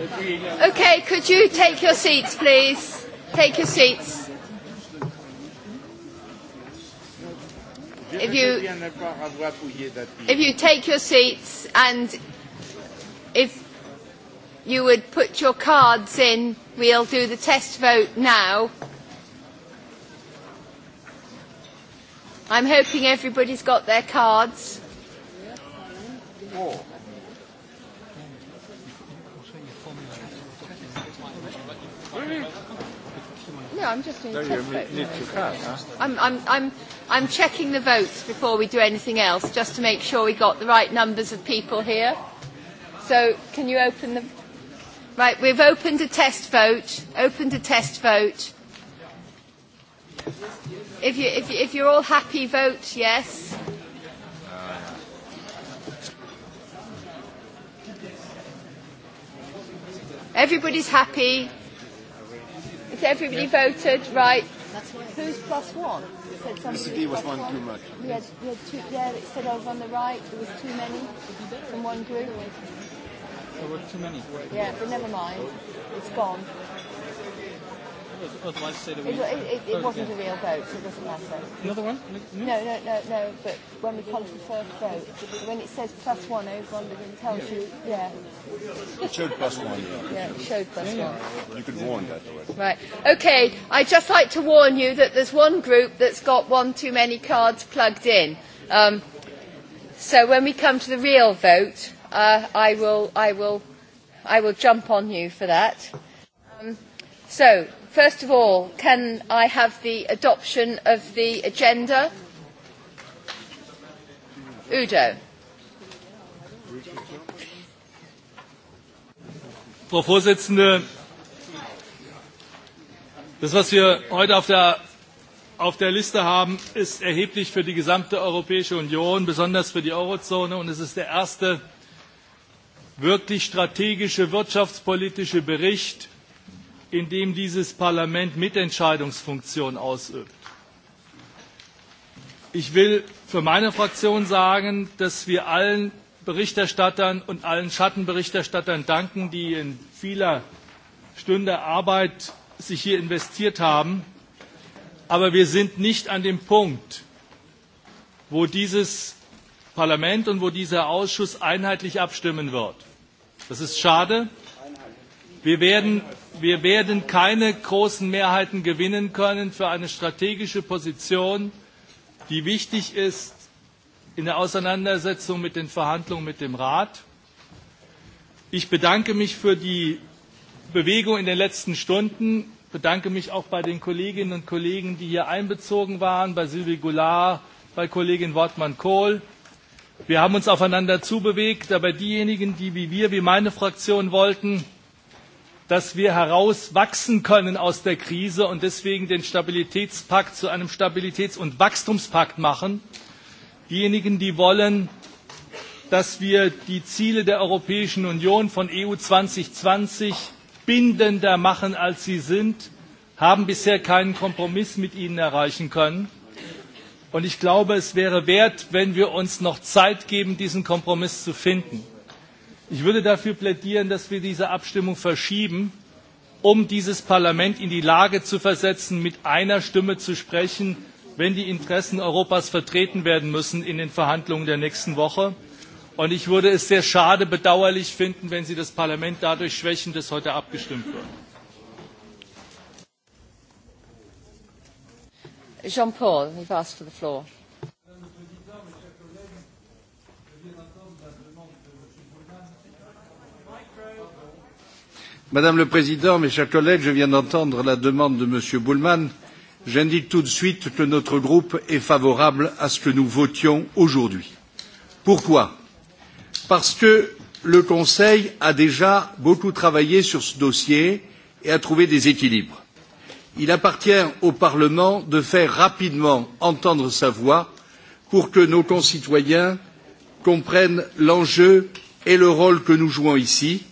Okay, could you take your seats, please? Take your seats. If you, if you take your seats and if you would put your cards in, we'll do the test vote now. I'm hoping everybody's got their cards. Oh. No, I'm just doing no, a test vote. Need to card, huh? I'm, I'm, I'm, I'm checking the votes before we do anything else, just to make sure we got the right numbers of people here. So can you open the... Right, we've opened a test vote. Opened a test vote. If, you, if, you, if you're all happy, vote yes. Everybody's happy. Has everybody yeah. voted? Right. Who's plus one? Mr. D was one, one too much. We had, we had two, yeah, it said over on the right there was too many from one group. There were too many. Yeah, but never mind. It's gone. Otherwise, say that we. It, it, it, it wasn't again. a real vote, so it doesn't matter. The other one? No, no, no, no. no but when we come to the first vote, when it says plus one over on the it tells yeah. you, yeah. It showed plus one. Yeah, yeah it showed plus yeah, yeah. one. You could warn that already. Right. Okay. I'd just like to warn you that there's one group that's got one too many cards plugged in. Um, so when we come to the real vote, uh, I will, I will, I will jump on you for that. Um, so First of all, can I have the adoption of the agenda? Udo. Frau Vorsitzende, das, was wir heute auf der, auf der Liste haben, ist erheblich für die gesamte Europäische Union, besonders für die Eurozone. Und es ist der erste wirklich strategische wirtschaftspolitische Bericht in dem dieses Parlament Mitentscheidungsfunktion ausübt. Ich will für meine Fraktion sagen, dass wir allen Berichterstattern und allen Schattenberichterstattern danken, die in vieler Stunde Arbeit sich hier investiert haben. Aber wir sind nicht an dem Punkt, wo dieses Parlament und wo dieser Ausschuss einheitlich abstimmen wird. Das ist schade. Wir werden wir werden keine großen Mehrheiten gewinnen können für eine strategische Position, die wichtig ist in der Auseinandersetzung mit den Verhandlungen mit dem Rat. Ich bedanke mich für die Bewegung in den letzten Stunden, bedanke mich auch bei den Kolleginnen und Kollegen, die hier einbezogen waren, bei Sylvie Goulart, bei Kollegin Wortmann-Kohl. Wir haben uns aufeinander zubewegt, aber diejenigen, die wie wir, wie meine Fraktion wollten, dass wir herauswachsen können aus der Krise und deswegen den Stabilitätspakt zu einem Stabilitäts- und Wachstumspakt machen. Diejenigen, die wollen, dass wir die Ziele der Europäischen Union von EU 2020 bindender machen, als sie sind, haben bisher keinen Kompromiss mit ihnen erreichen können. Und ich glaube, es wäre wert, wenn wir uns noch Zeit geben, diesen Kompromiss zu finden. Ich würde dafür plädieren, dass wir diese Abstimmung verschieben, um dieses Parlament in die Lage zu versetzen, mit einer Stimme zu sprechen, wenn die Interessen Europas vertreten werden müssen in den Verhandlungen der nächsten Woche. Und ich würde es sehr schade, bedauerlich finden, wenn Sie das Parlament dadurch schwächen, dass heute abgestimmt wird. Jean-Paul, you've asked for the floor. Madame le Président, mes chers collègues, je viens d'entendre la demande de M. Bullman. J'indique tout de suite que notre groupe est favorable à ce que nous votions aujourd'hui. Pourquoi Parce que le Conseil a déjà beaucoup travaillé sur ce dossier et a trouvé des équilibres. Il appartient au Parlement de faire rapidement entendre sa voix pour que nos concitoyens comprennent l'enjeu et le rôle que nous jouons ici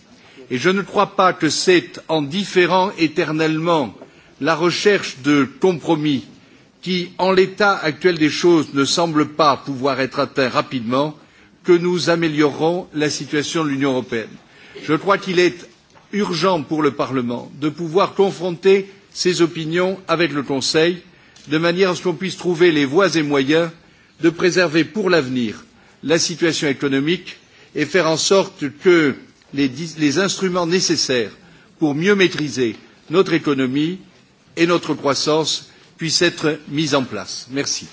Et je ne crois pas que c'est en différant éternellement la recherche de compromis qui, en l'état actuel des choses, ne semble pas pouvoir être atteint rapidement, que nous améliorerons la situation de l'Union européenne. Je crois qu'il est urgent pour le Parlement de pouvoir confronter ses opinions avec le Conseil, de manière à ce qu'on puisse trouver les voies et moyens de préserver pour l'avenir la situation économique et faire en sorte que les, les instruments nécessaires pour mieux maîtriser notre économie et notre croissance puissent être mis en place. Merci.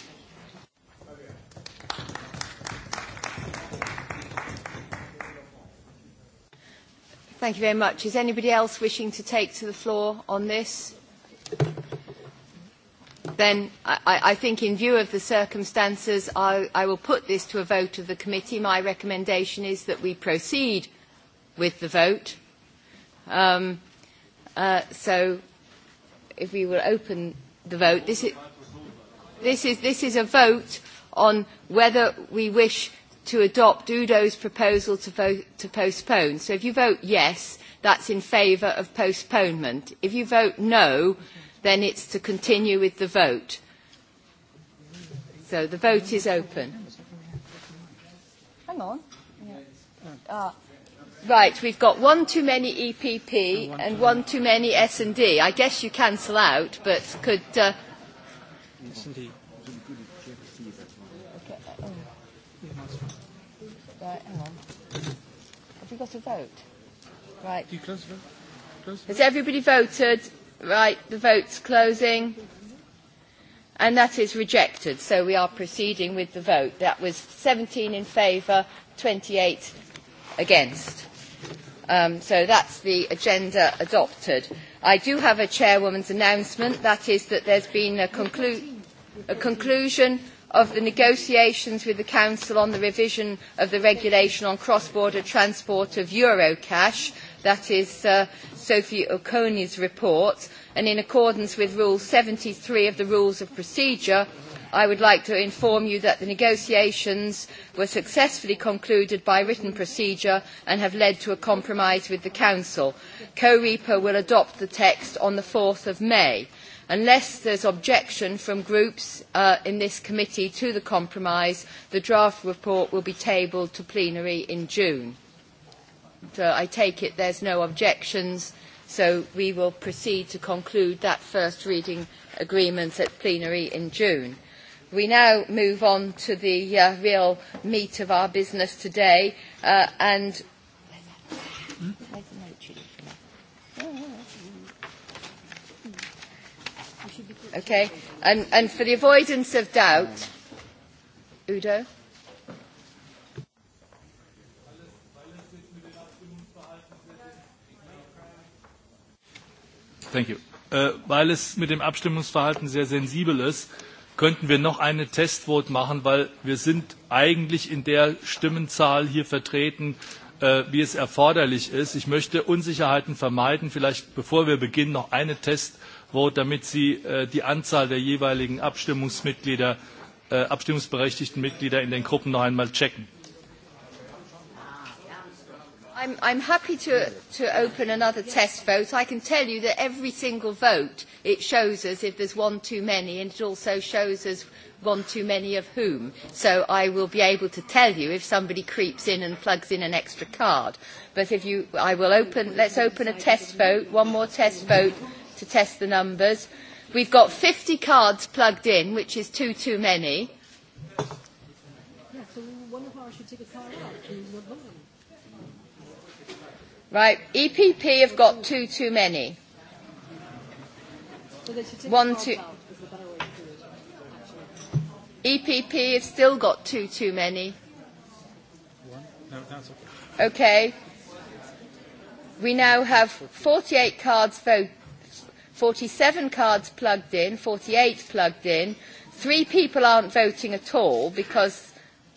Thank you very much. Is anybody else wishing to take to the floor on this? Then I, I think in view of the circumstances, I, I will put this to a vote of the committee. My recommendation is that we proceed with the vote. Um, uh, so if we will open the vote, this is, this is, this is a vote on whether we wish to adopt Udo's proposal to, vote, to postpone. So if you vote yes, that's in favour of postponement. If you vote no, then it's to continue with the vote. So the vote is open. Hang on. Yeah. Ah, Right, we've got one too many EPP and oh, one, and one too many S&D. I guess you cancel out, but could... Uh... S&D. Okay, oh. Right, hang on. Have we got a vote? Right. Do you close the vote? Close the vote? Has everybody voted? Right, the vote's closing. And that is rejected, so we are proceeding with the vote. That was 17 in favour, 28 against. Um, so that's the agenda adopted. I do have a chairwoman's announcement. That is that there's been a, conclu a conclusion of the negotiations with the Council on the revision of the regulation on cross-border transport of Eurocash. That is uh, Sophie O'Coney's report. And in accordance with Rule 73 of the Rules of Procedure, mm -hmm I would like to inform you that the negotiations were successfully concluded by written procedure and have led to a compromise with the Council. CoREPA will adopt the text on the 4th of May. Unless there's objection from groups uh, in this committee to the compromise, the draft report will be tabled to plenary in June. So I take it there's no objections, so we will proceed to conclude that first reading agreement at plenary in June. We now move on to the uh, real meat of our business today, uh, and okay, and, and for the avoidance of doubt, Udo. Thank you. Äh, weil es mit dem Abstimmungsverhalten sehr sensibel ist, könnten wir noch eine Testvote machen, weil wir sind eigentlich in der Stimmenzahl hier vertreten, äh, wie es erforderlich ist. Ich möchte Unsicherheiten vermeiden. Vielleicht, bevor wir beginnen, noch eine Testvote, damit Sie äh, die Anzahl der jeweiligen Abstimmungsmitglieder, äh, abstimmungsberechtigten Mitglieder in den Gruppen noch einmal checken. I'm, I'm happy to, to open another test vote. I can tell you that every single vote, it shows us if there's one too many, and it also shows us one too many of whom. So I will be able to tell you if somebody creeps in and plugs in an extra card. But if you, I will open, let's open a test vote, one more test vote to test the numbers. We've got 50 cards plugged in, which is too, too many. Yeah, so one of ours should take a card out and vote. Right, EPP have got two too many. One, two. EPP have still got two too many. Okay. We now have 48 cards vote, 47 cards plugged in, 48 plugged in. Three people aren't voting at all because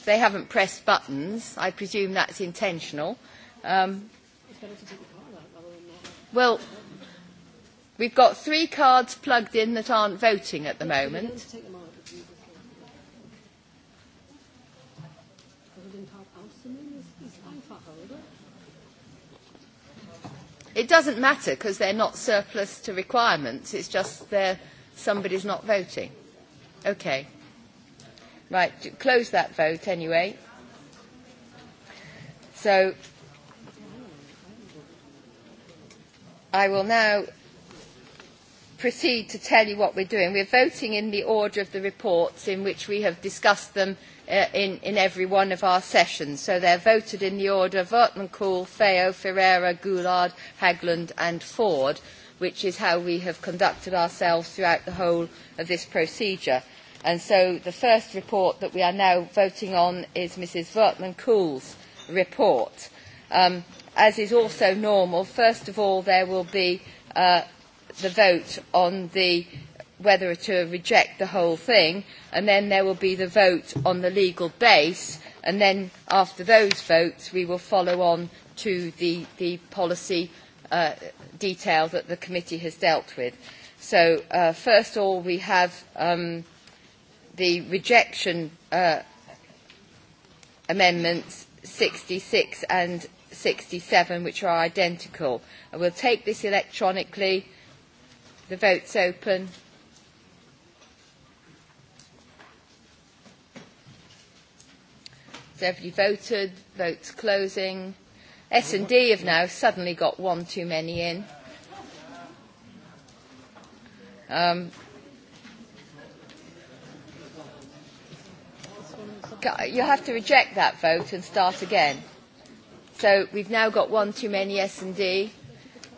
they haven't pressed buttons. I presume that's intentional. Um, Well, we've got three cards plugged in that aren't voting at the moment. It doesn't matter because they're not surplus to requirements. It's just they're, somebody's not voting. Okay. Right, close that vote anyway. So I will now proceed to tell you what we're doing. We're voting in the order of the reports in which we have discussed them uh, in, in every one of our sessions. So they're voted in the order Vertman Cool, Feo, Ferreira, Goulard, Hagland and Ford, which is how we have conducted ourselves throughout the whole of this procedure. And so the first report that we are now voting on is Mrs. Vertman Cool's report. Um, as is also normal, first of all, there will be uh, the vote on the whether to reject the whole thing, and then there will be the vote on the legal base, and then after those votes, we will follow on to the, the policy uh, detail that the committee has dealt with. So, uh, first of all, we have um, the rejection uh, amendments 66 and 67, which are identical. And we'll take this electronically. The vote's open. Has everybody voted? Votes closing. S&D have now suddenly got one too many in. Um, you have to reject that vote and start again. So we've now got one too many S&D.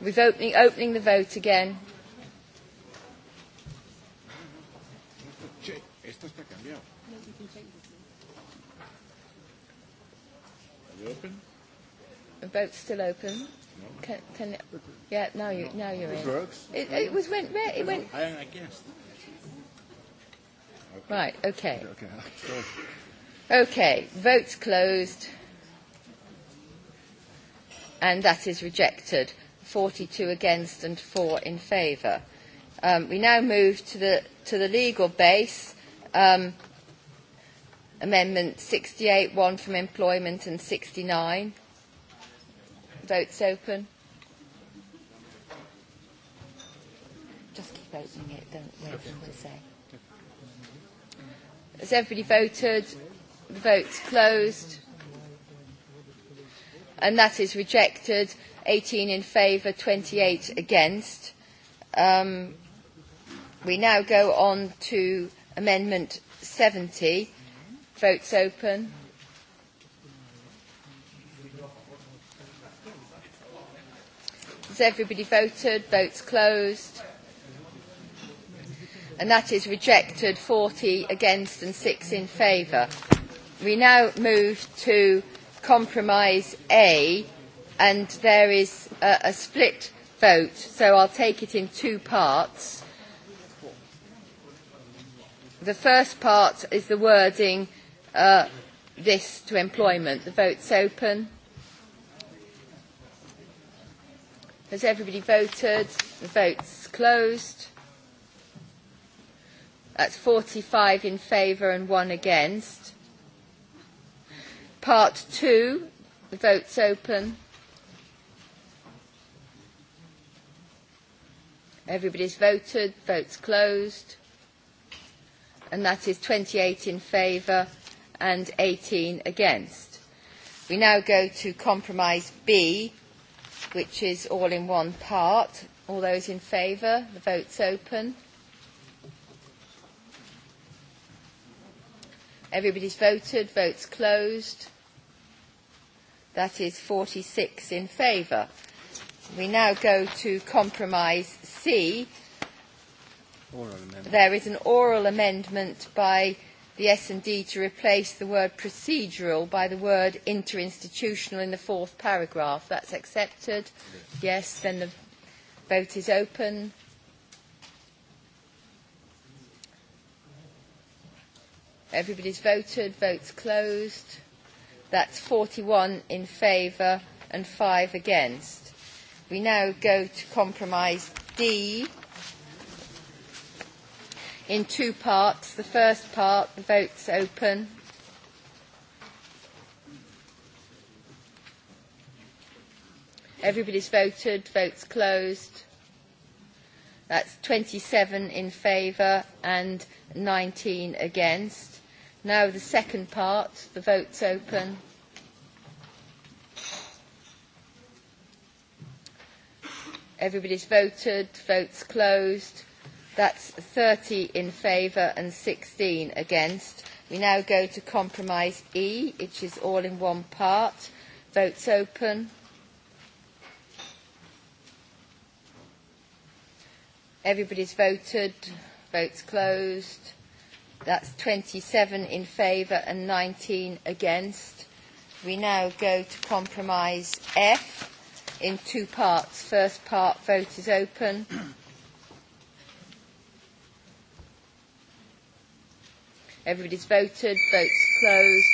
We've opening, opening the vote again. Esto está cambiado. Are you open? The vote's still open. No. Can, can it, yeah, now you now you're it in. Works. It, it was went it went. I, I guessed. Okay. Right. Okay. Okay. okay. Votes closed and that is rejected. 42 against and 4 in favour. Um, we now move to the, to the legal base. Um, amendment 68.1 from employment and 69. Votes open. Just keep opening it, don't wait for them to say. Has everybody voted? The vote's closed and that is rejected. 18 in favour, 28 against. Um, we now go on to Amendment 70. Votes open. Has everybody voted? Votes closed. And that is rejected, 40 against and 6 in favour. We now move to compromise A, and there is a, a split vote, so I'll take it in two parts. The first part is the wording, uh, this to employment. The vote's open. Has everybody voted? The vote's closed. That's 45 in favour and one against. Part 2, the vote's open. Everybody's voted, votes closed. And that is 28 in favour and 18 against. We now go to compromise B, which is all in one part. All those in favour, the vote's open. Everybody's voted. Votes closed. That is 46 in favour. We now go to compromise C. Oral amendment. There is an oral amendment by the S&D to replace the word procedural by the word interinstitutional in the fourth paragraph. That's accepted. Yes, yes then the vote is open. Yes. Everybody's voted. Votes closed. That's 41 in favour and 5 against. We now go to compromise D in two parts. The first part, the vote's open. Everybody's voted. Votes closed. That's 27 in favour and 19 against. Now the second part, the vote's open. Everybody's voted, votes closed. That's 30 in favour and 16 against. We now go to compromise E, which is all in one part. Votes open. Everybody's voted, votes closed. That's 27 in favour and 19 against. We now go to compromise F in two parts. First part, vote is open. Everybody's voted, votes closed.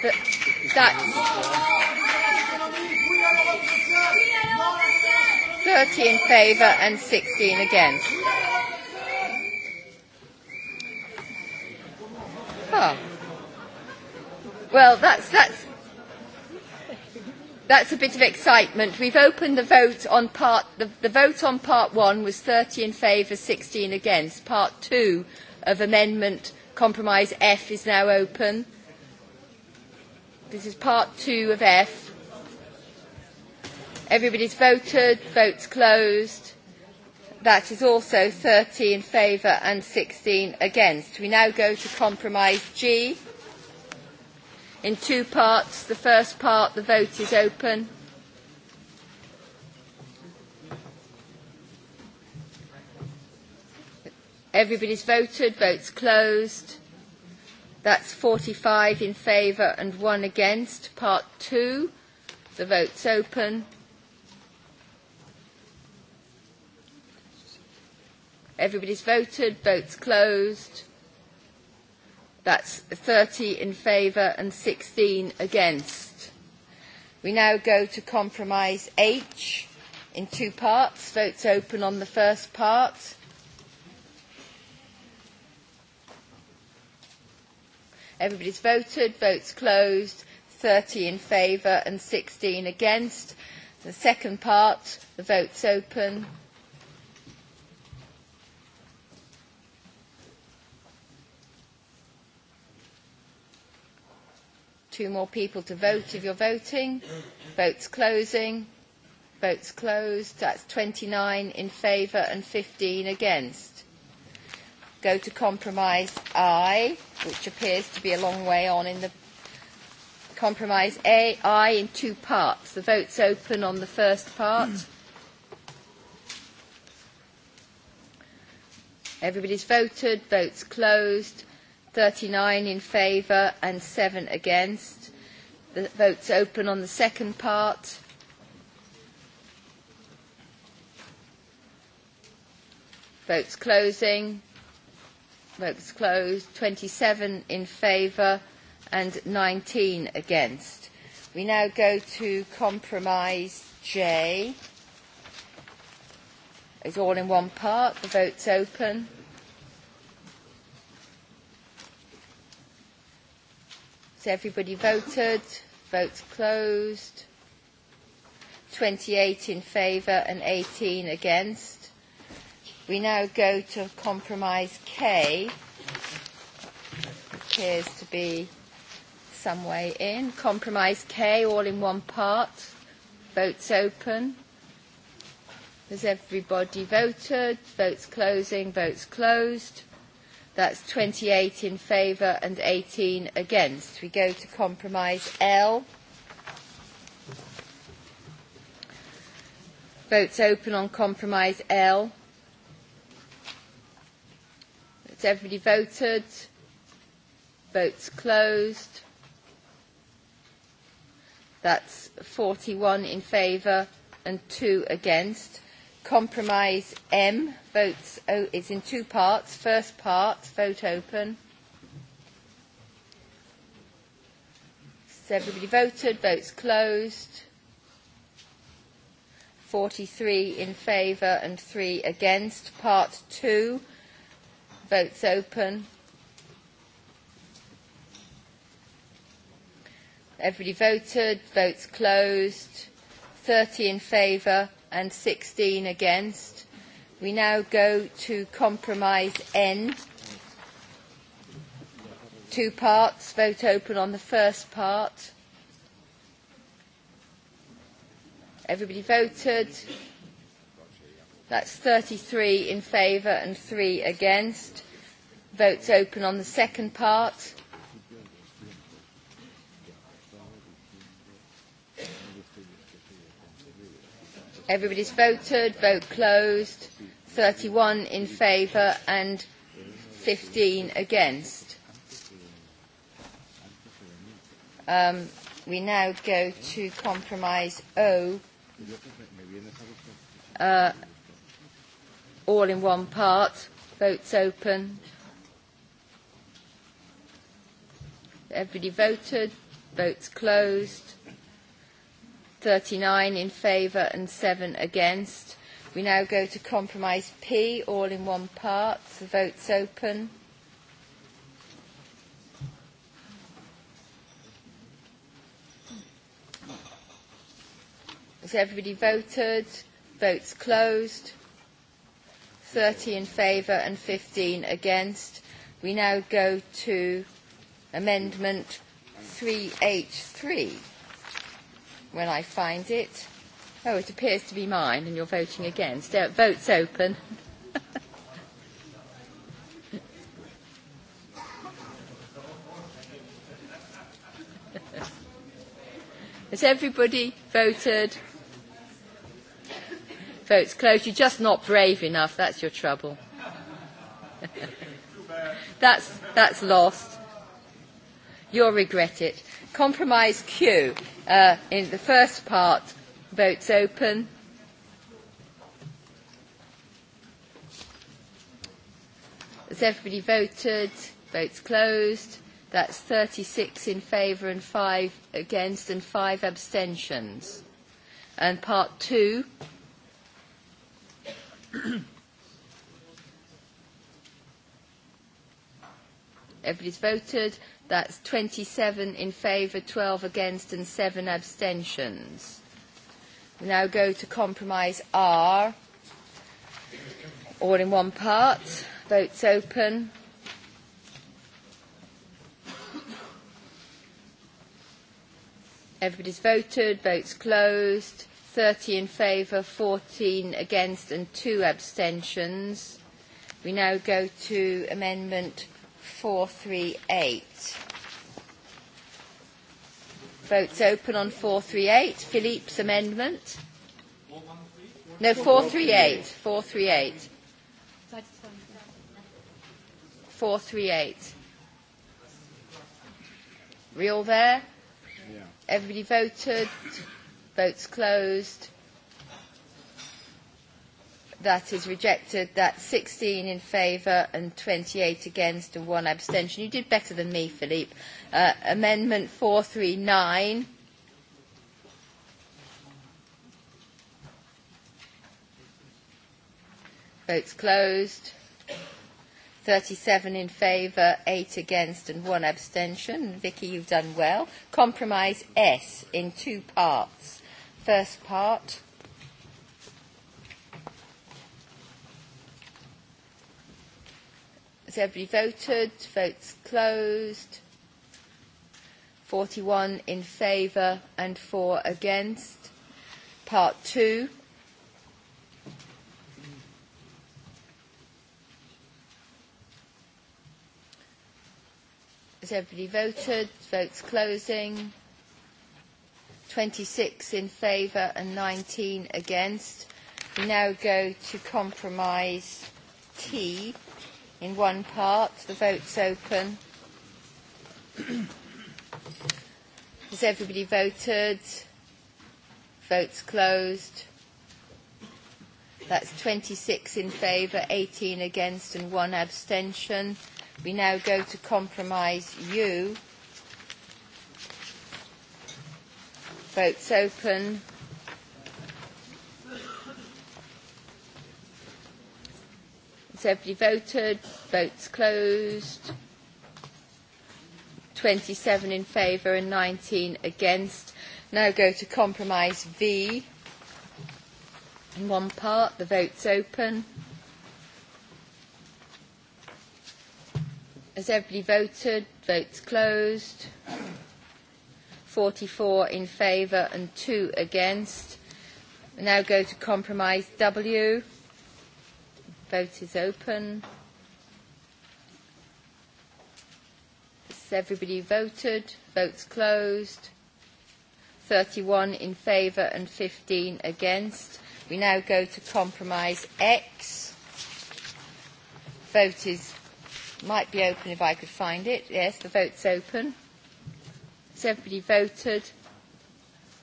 But that's 30 in favour and 16 against. Oh. Well, that's, that's, that's a bit of excitement. We've opened the vote on part, the, the vote on part one was 30 in favour, 16 against. Part two of amendment compromise F is now open. This is part two of F. Everybody's voted. Votes closed. That is also 30 in favour and 16 against. We now go to compromise G. In two parts. The first part, the vote is open. Everybody's voted. Votes closed. That's 45 in favour and one against. Part two. The vote's open. Everybody's voted. Votes closed. That's 30 in favour and 16 against. We now go to compromise H in two parts. Votes open on the first part. Everybody's voted. Votes closed. 30 in favour and 16 against. The second part, the vote's open. two more people to vote if you're voting. Votes closing. Votes closed. That's 29 in favour and 15 against. Go to compromise I, which appears to be a long way on in the compromise A, I in two parts. The vote's open on the first part. Everybody's voted. Votes closed. 39 in favour and 7 against. The vote's open on the second part. Votes closing. Votes closed. 27 in favour and 19 against. We now go to compromise J. It's all in one part. The vote's open. Has everybody voted? Votes closed. 28 in favour and 18 against. We now go to compromise K. Appears to be some way in. Compromise K, all in one part. Votes open. Has everybody voted? Votes closing, votes closed. That's 28 in favour and 18 against. We go to compromise L. Votes open on compromise L. Has everybody voted? Votes closed. That's 41 in favour and 2 against. Compromise M votes, oh, it's in two parts. First part, vote open. So everybody voted, votes closed. 43 in favour and 3 against. Part 2, votes open. Everybody voted, votes closed. 30 in favour, and 16 against. We now go to compromise N. Two parts. Vote open on the first part. Everybody voted. That's 33 in favour and 3 against. Votes open on the second part. Everybody's voted. Vote closed. 31 in favour and 15 against. Um, we now go to compromise O. Uh, all in one part. Votes open. Everybody voted. Votes closed. 39 in favour and 7 against. We now go to compromise P, all in one part. The vote's open. Has everybody voted? Votes closed. 30 in favour and 15 against. We now go to amendment 383 when I find it. Oh, it appears to be mine, and you're voting against. So, uh, vote's open. Has everybody voted? Votes closed. You're just not brave enough. That's your trouble. that's, that's lost. You'll regret it. Compromise Q uh, in the first part. Votes open. Has everybody voted? Votes closed. That's 36 in favour and 5 against and 5 abstentions. And part 2. Everybody's voted. That's 27 in favour, 12 against and 7 abstentions. We now go to compromise R. All in one part. Votes open. Everybody's voted. Votes closed. 30 in favour, 14 against and 2 abstentions. We now go to amendment 438. Votes open on 438. Philippe's amendment. No, 438. 438. 438. We all there? Yeah. Everybody voted. Votes closed. That is rejected. That's 16 in favour and 28 against and one abstention. You did better than me, Philippe. Uh, amendment 439. Votes closed. 37 in favour, 8 against and 1 abstention. Vicky, you've done well. Compromise S in two parts. First part. everybody voted? Votes closed. 41 in favour and 4 against. Part 2. Has everybody voted? Votes closing. 26 in favour and 19 against. We now go to compromise T in one part. The vote's open. Has everybody voted? Votes closed. That's 26 in favour, 18 against and one abstention. We now go to compromise U. Votes open. Has everybody voted? Votes closed. 27 in favour and 19 against. Now go to compromise V. In one part, the vote's open. Has everybody voted? Votes closed. 44 in favour and 2 against. We now go to compromise W. Vote is open. Has everybody voted? Votes closed. 31 in favour and 15 against. We now go to compromise X. Vote is, might be open if I could find it. Yes, the vote's open. Has everybody voted?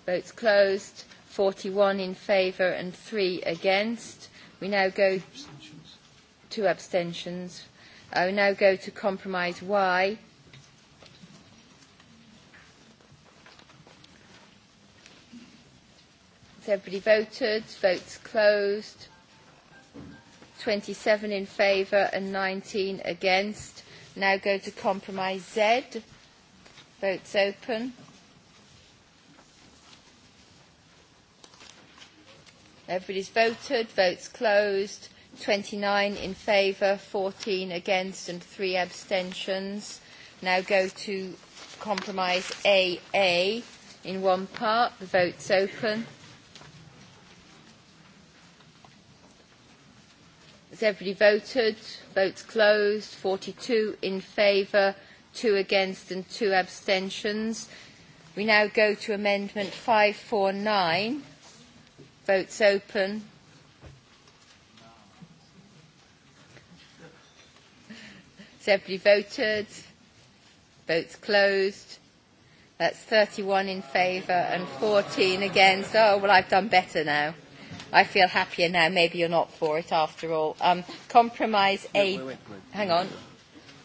Votes closed. 41 in favour and 3 against. We now go two abstentions. I will now go to compromise Y. Has everybody voted? Votes closed. 27 in favour and 19 against. Now go to compromise Z. Votes open. Everybody's voted. Votes closed. 29 in favour, 14 against and 3 abstentions. Now go to compromise AA in one part. The vote's open. Has everybody voted? Votes closed. 42 in favour, 2 against and 2 abstentions. We now go to amendment 549. Votes open. Has everybody voted? Votes closed. That's 31 in favour and 14 against. Oh, well, I've done better now. I feel happier now. Maybe you're not for it after all. Um, compromise no, A. Wait, wait, wait. Hang on.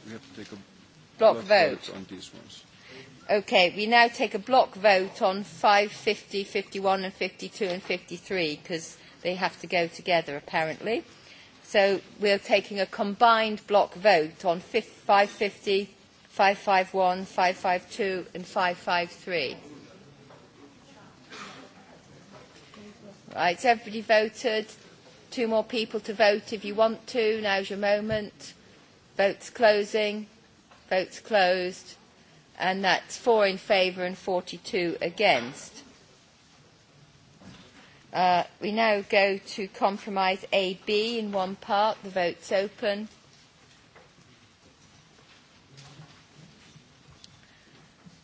We have to take a block, block vote. vote on these ones. Okay, we now take a block vote on 5, 50, 51 and 52 and 53 because they have to go together apparently. So we're taking a combined block vote on 550, 551, 552 and 553. Right, so everybody voted. Two more people to vote if you want to. Now's your moment. Votes closing. Votes closed. And that's four in favour and 42 against. Uh, we now go to compromise AB in one part. The vote's open.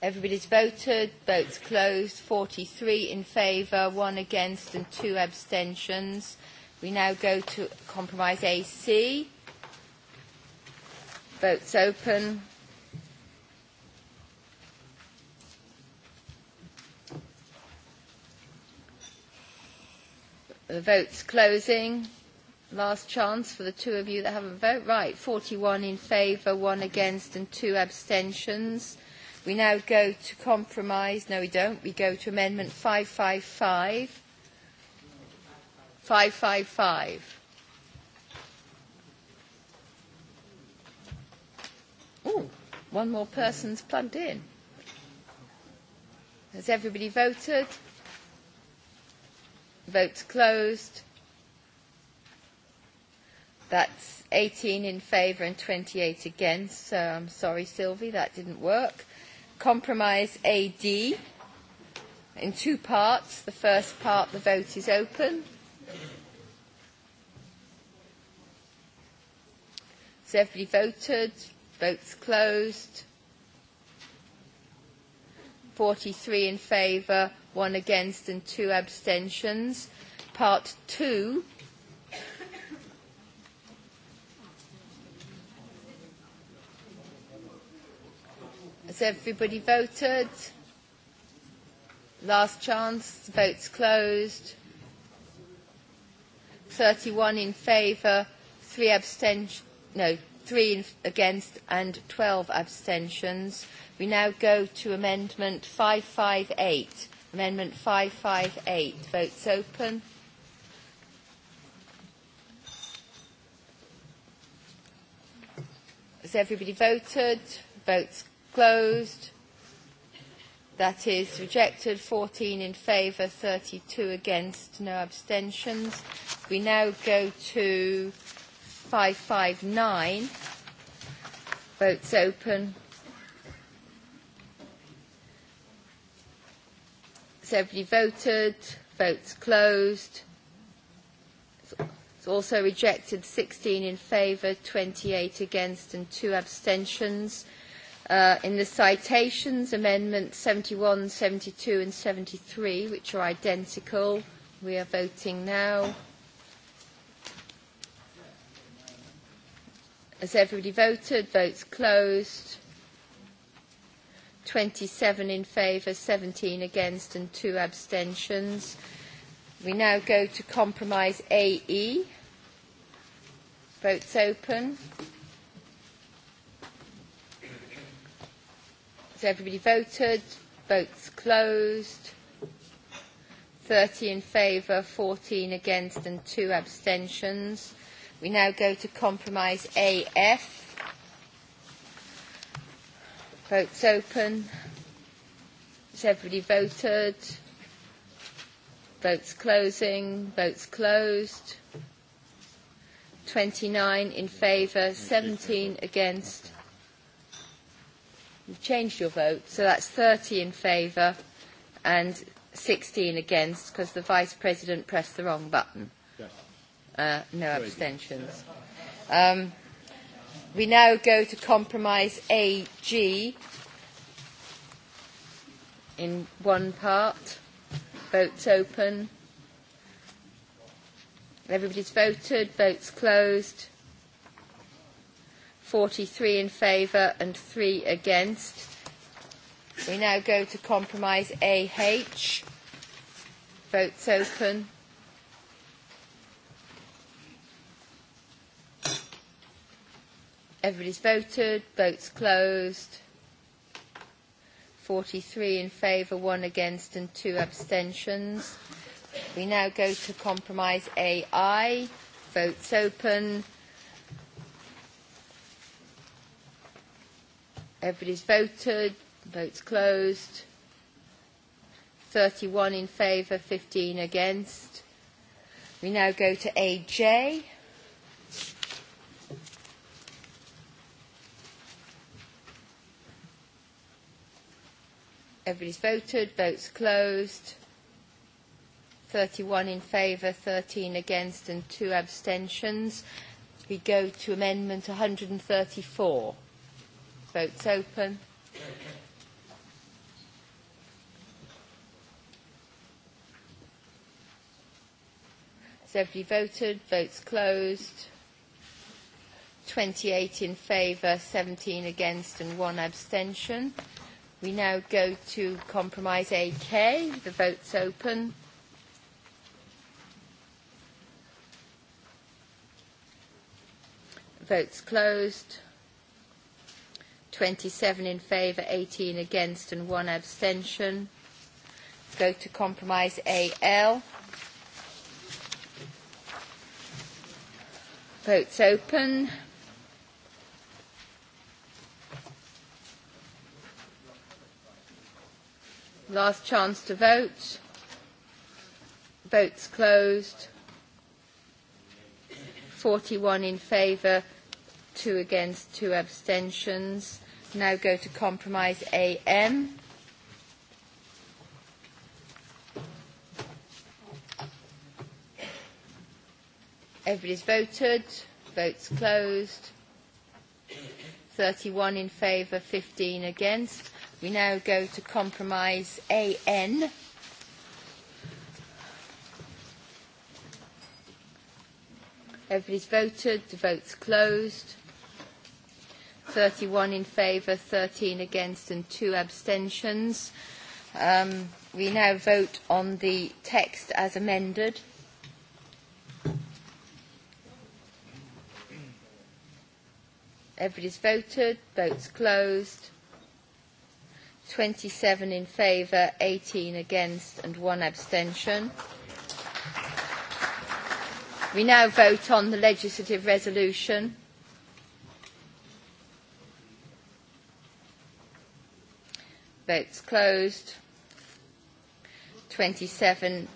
Everybody's voted. Votes closed. 43 in favour, one against and two abstentions. We now go to compromise AC. Votes open. The uh, vote's closing. Last chance for the two of you that haven't voted. Right, 41 in favour, one against and two abstentions. We now go to compromise. No, we don't. We go to amendment 555. 555. Ooh, one more person's plugged in. Has everybody voted? Votes closed. That's 18 in favour and 28 against. So I'm sorry, Sylvie, that didn't work. Compromise AD in two parts. The first part, the vote is open. Has everybody voted? Votes closed. 43 in favour, one against and two abstentions. Part two. Has everybody voted? Last chance. Votes closed. 31 in favour, three abstentions. No, three in, against and 12 abstentions. We now go to amendment 558. Amendment 558. Votes open. Has everybody voted? Votes closed. That is rejected. 14 in favour, 32 against, no abstentions. We now go to 559. Votes open. Has everybody voted? Votes closed. It's also rejected 16 in favour, 28 against and two abstentions. Uh, in the citations, amendments 71, 72 and 73, which are identical, we are voting now. Has everybody voted? Votes closed. 27 in favour, 17 against and two abstentions. We now go to compromise AE. Votes open. Has everybody voted? Votes closed. 30 in favour, 14 against and two abstentions. We now go to compromise AF. Votes open. Has everybody voted? Votes closing. Votes closed. 29 in favour, 17 against. You've changed your vote, so that's 30 in favour and 16 against because the Vice President pressed the wrong button. Yes. Uh, no abstentions. Um, We now go to compromise AG in one part. Votes open. Everybody's voted. Votes closed. 43 in favour and 3 against. We now go to compromise AH. Votes open. Everybody's voted. Votes closed. 43 in favour, 1 against and 2 abstentions. We now go to compromise AI. Votes open. Everybody's voted. Votes closed. 31 in favour, 15 against. We now go to AJ. Everybody's voted. Votes closed. 31 in favour, 13 against and two abstentions. We go to Amendment 134. Votes open. Has everybody voted? Votes closed. 28 in favour, 17 against and one abstention. We now go to compromise AK. The vote's open. Votes closed. 27 in favour, 18 against and one abstention. Let's go to compromise AL. Votes open. Last chance to vote. Votes closed. 41 in favour, 2 against, 2 abstentions. Now go to compromise AM. Everybody's voted. Votes closed. 31 in favour, 15 against. We now go to compromise AN. Everybody's voted. The vote's closed. 31 in favour, 13 against and two abstentions. Um, we now vote on the text as amended. Everybody's voted. Vote's closed. 27 in favour, 18 against and one abstention. We now vote on the legislative resolution. Votes closed. 27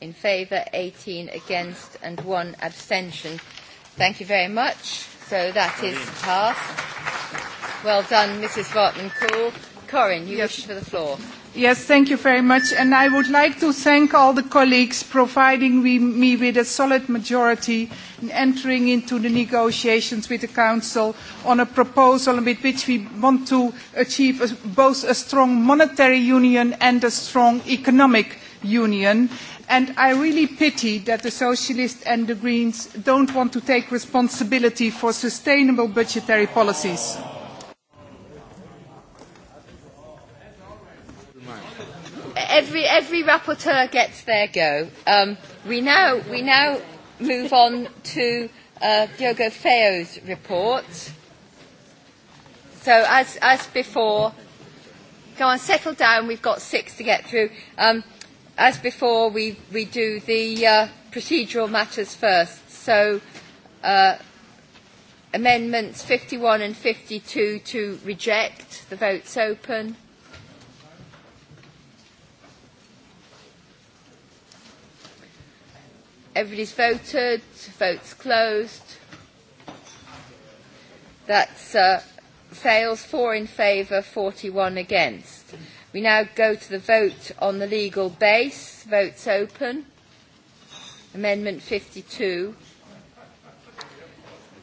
in favour, 18 against and one abstention. Thank you very much. So that is passed. Well done, Mrs. Vartman-Cool. Corin, you yes. wish for the floor. Yes, thank you very much. And I would like to thank all the colleagues providing we, me with a solid majority in entering into the negotiations with the Council on a proposal with which we want to achieve a, both a strong monetary union and a strong economic union. And I really pity that the Socialists and the Greens don't want to take responsibility for sustainable budgetary policies. every, every rapporteur gets their go. Um, we, now, we now move on to uh, Diogo Feo's report. So as, as before, go on, settle down. We've got six to get through. Um, as before, we, we do the uh, procedural matters first. So uh, amendments 51 and 52 to reject. The vote's open. Everybody's voted. Votes closed. That's uh, fails. Four in favour, 41 against. We now go to the vote on the legal base. Votes open. Amendment 52.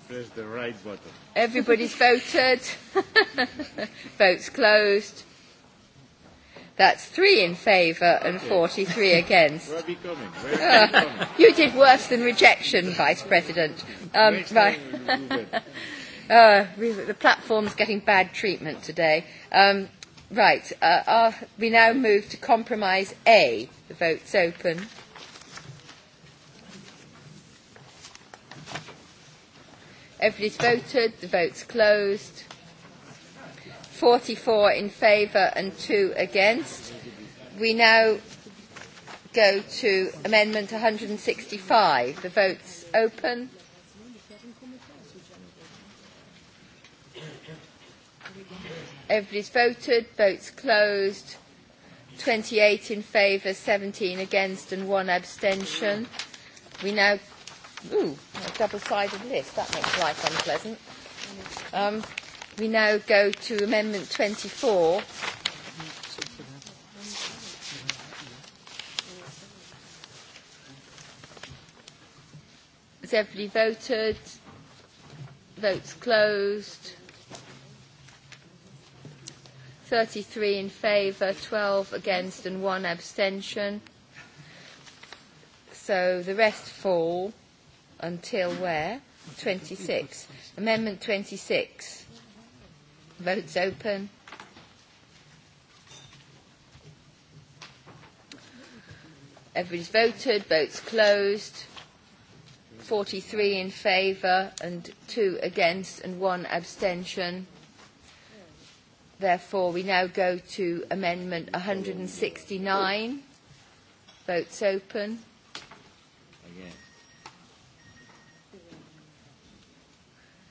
Press the right button. Everybody's voted. Votes closed. That's three in favour and okay. 43 against. Where are we coming? Where are ah, we coming? Uh, you did worse than rejection, Vice President. Um, right. uh, the platform's getting bad treatment today. Um, right. Uh, uh, we now move to compromise A. The vote's open. Everybody's voted. The vote's closed. 44 in favour and 2 against. We now go to Amendment 165. The vote's open. Everybody's voted. Votes closed. 28 in favour, 17 against and one abstention. We now... Ooh, a double-sided list. That makes life unpleasant. Um, We now go to Amendment 24. Has everybody voted? Votes closed. 33 in favour, 12 against and one abstention. So the rest fall until where? 26. Amendment 26. Votes open. Everybody's voted. Votes closed. 43 in favour and 2 against and 1 abstention. Therefore, we now go to Amendment 169. Votes open.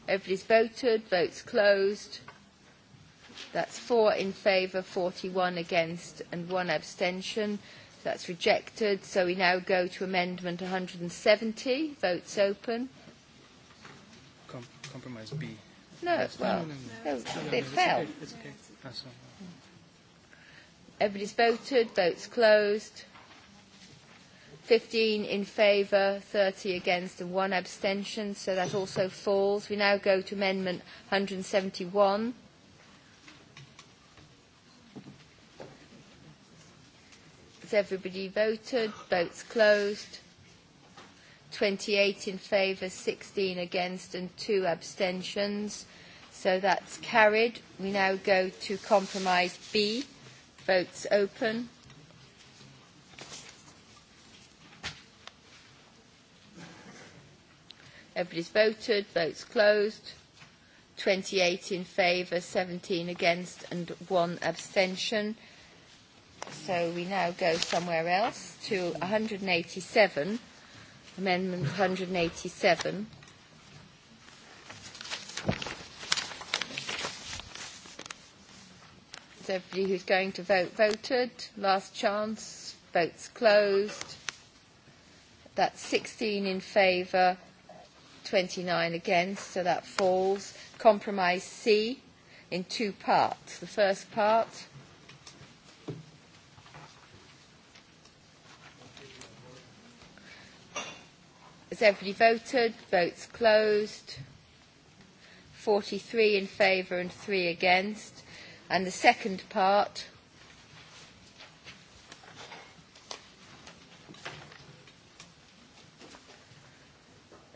Everybody's voted. Votes closed. That's four in favour, 41 against and one abstention. That's rejected. So we now go to amendment 170. Votes open. Com- compromise B. No, it's well, no, no, no. no, it fell. Okay. It's okay. Oh, sorry. Everybody's voted. Votes closed. 15 in favour, 30 against and one abstention. So that also falls. We now go to amendment 171. Has everybody voted? Votes closed. 28 in favour, 16 against and two abstentions. So that's carried. We now go to compromise B. Votes open. Everybody's voted. Votes closed. 28 in favour, 17 against and one abstention. So we now go somewhere else to 187, Amendment 187. Has everybody who's going to vote voted? Last chance. Votes closed. That's 16 in favour, 29 against, so that falls. Compromise C in two parts. The first part. Has everybody voted? Votes closed. 43 in favour and 3 against. And the second part.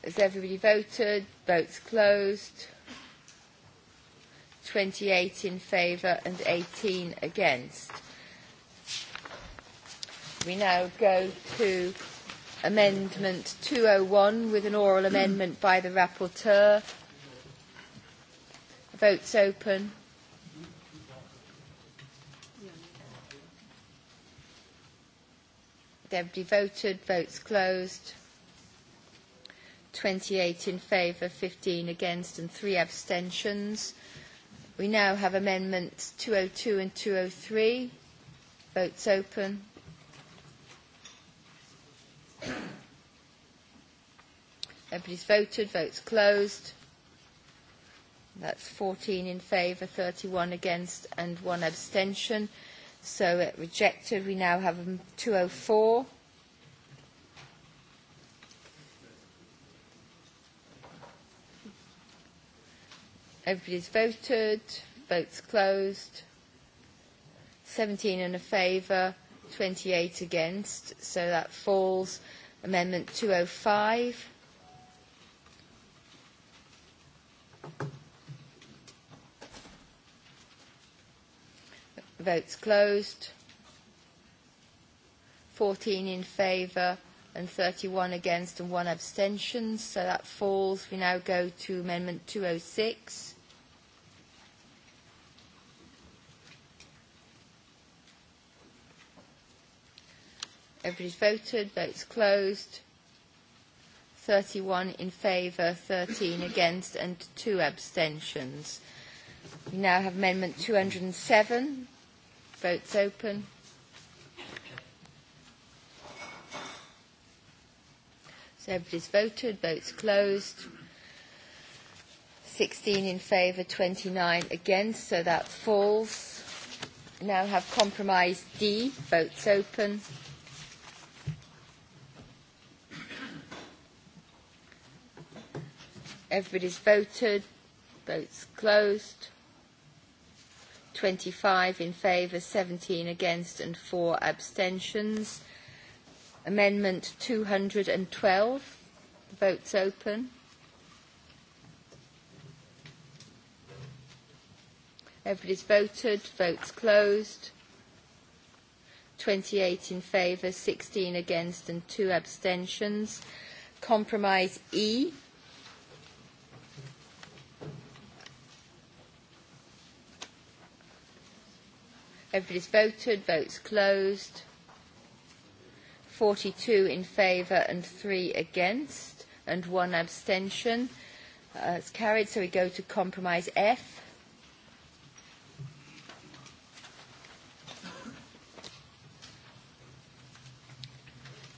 Has everybody voted? Votes closed. 28 in favour and 18 against. We now go to Amendment 201 with an oral amendment by the rapporteur. Votes open. Deputy voted. Votes closed. 28 in favour, 15 against and 3 abstentions. We now have amendments 202 and 203. Votes open. Everybody's voted. Votes closed. That's 14 in favour, 31 against and one abstention. So it uh, rejected. We now have 204. Everybody's voted. Votes closed. 17 in a favour, 28 against. So that falls. Amendment 205. Votes closed. 14 in favour and 31 against and one abstention, so that falls. We now go to Amendment 206. Everybody's voted. Votes closed. 31 in favour, 13 against and two abstentions. We now have Amendment 207. Votes open. So everybody's voted. Votes closed. 16 in favour, 29 against, so that falls. Now have compromise D. Votes open. Everybody's voted. Votes closed. 25 in favour, 17 against and 4 abstentions. Amendment 212. The vote's open. Everybody's voted. Votes closed. 28 in favour, 16 against and 2 abstentions. Compromise E. Everybody's voted. Votes closed. 42 in favour and 3 against and 1 abstention. Uh, it's carried, so we go to compromise F.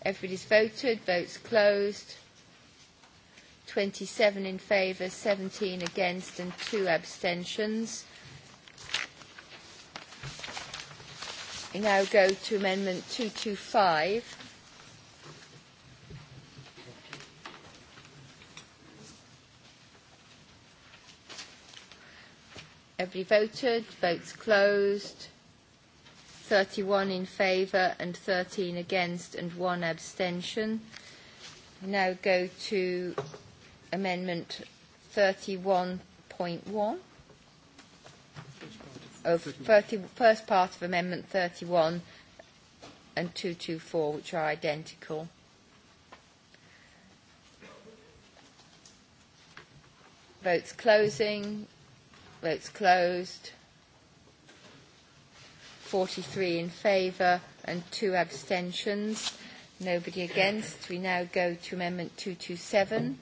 Everybody's voted. Votes closed. 27 in favour, 17 against and 2 abstentions. We now go to Amendment 225. Every voted, votes closed. 31 in favour and 13 against and one abstention. We now go to Amendment 31.1 of 30, first part of Amendment 31 and 224, which are identical. Votes closing. Votes closed. 43 in favour and two abstentions. Nobody against. We now go to Amendment 227.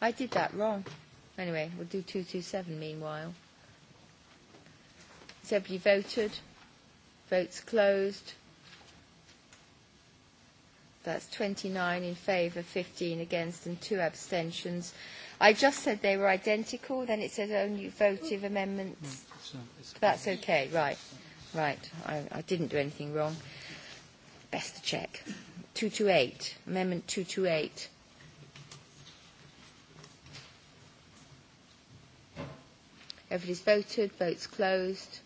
I did that wrong. Anyway, we'll do 227 meanwhile. Has everybody voted? Votes closed. That's 29 in favour, 15 against and two abstentions. I just said they were identical, then it says only votive amendments. No, it's not, it's That's okay, right. Right, I, I didn't do anything wrong. Best to check. 228, Amendment 228. Everybody's voted. Votes closed.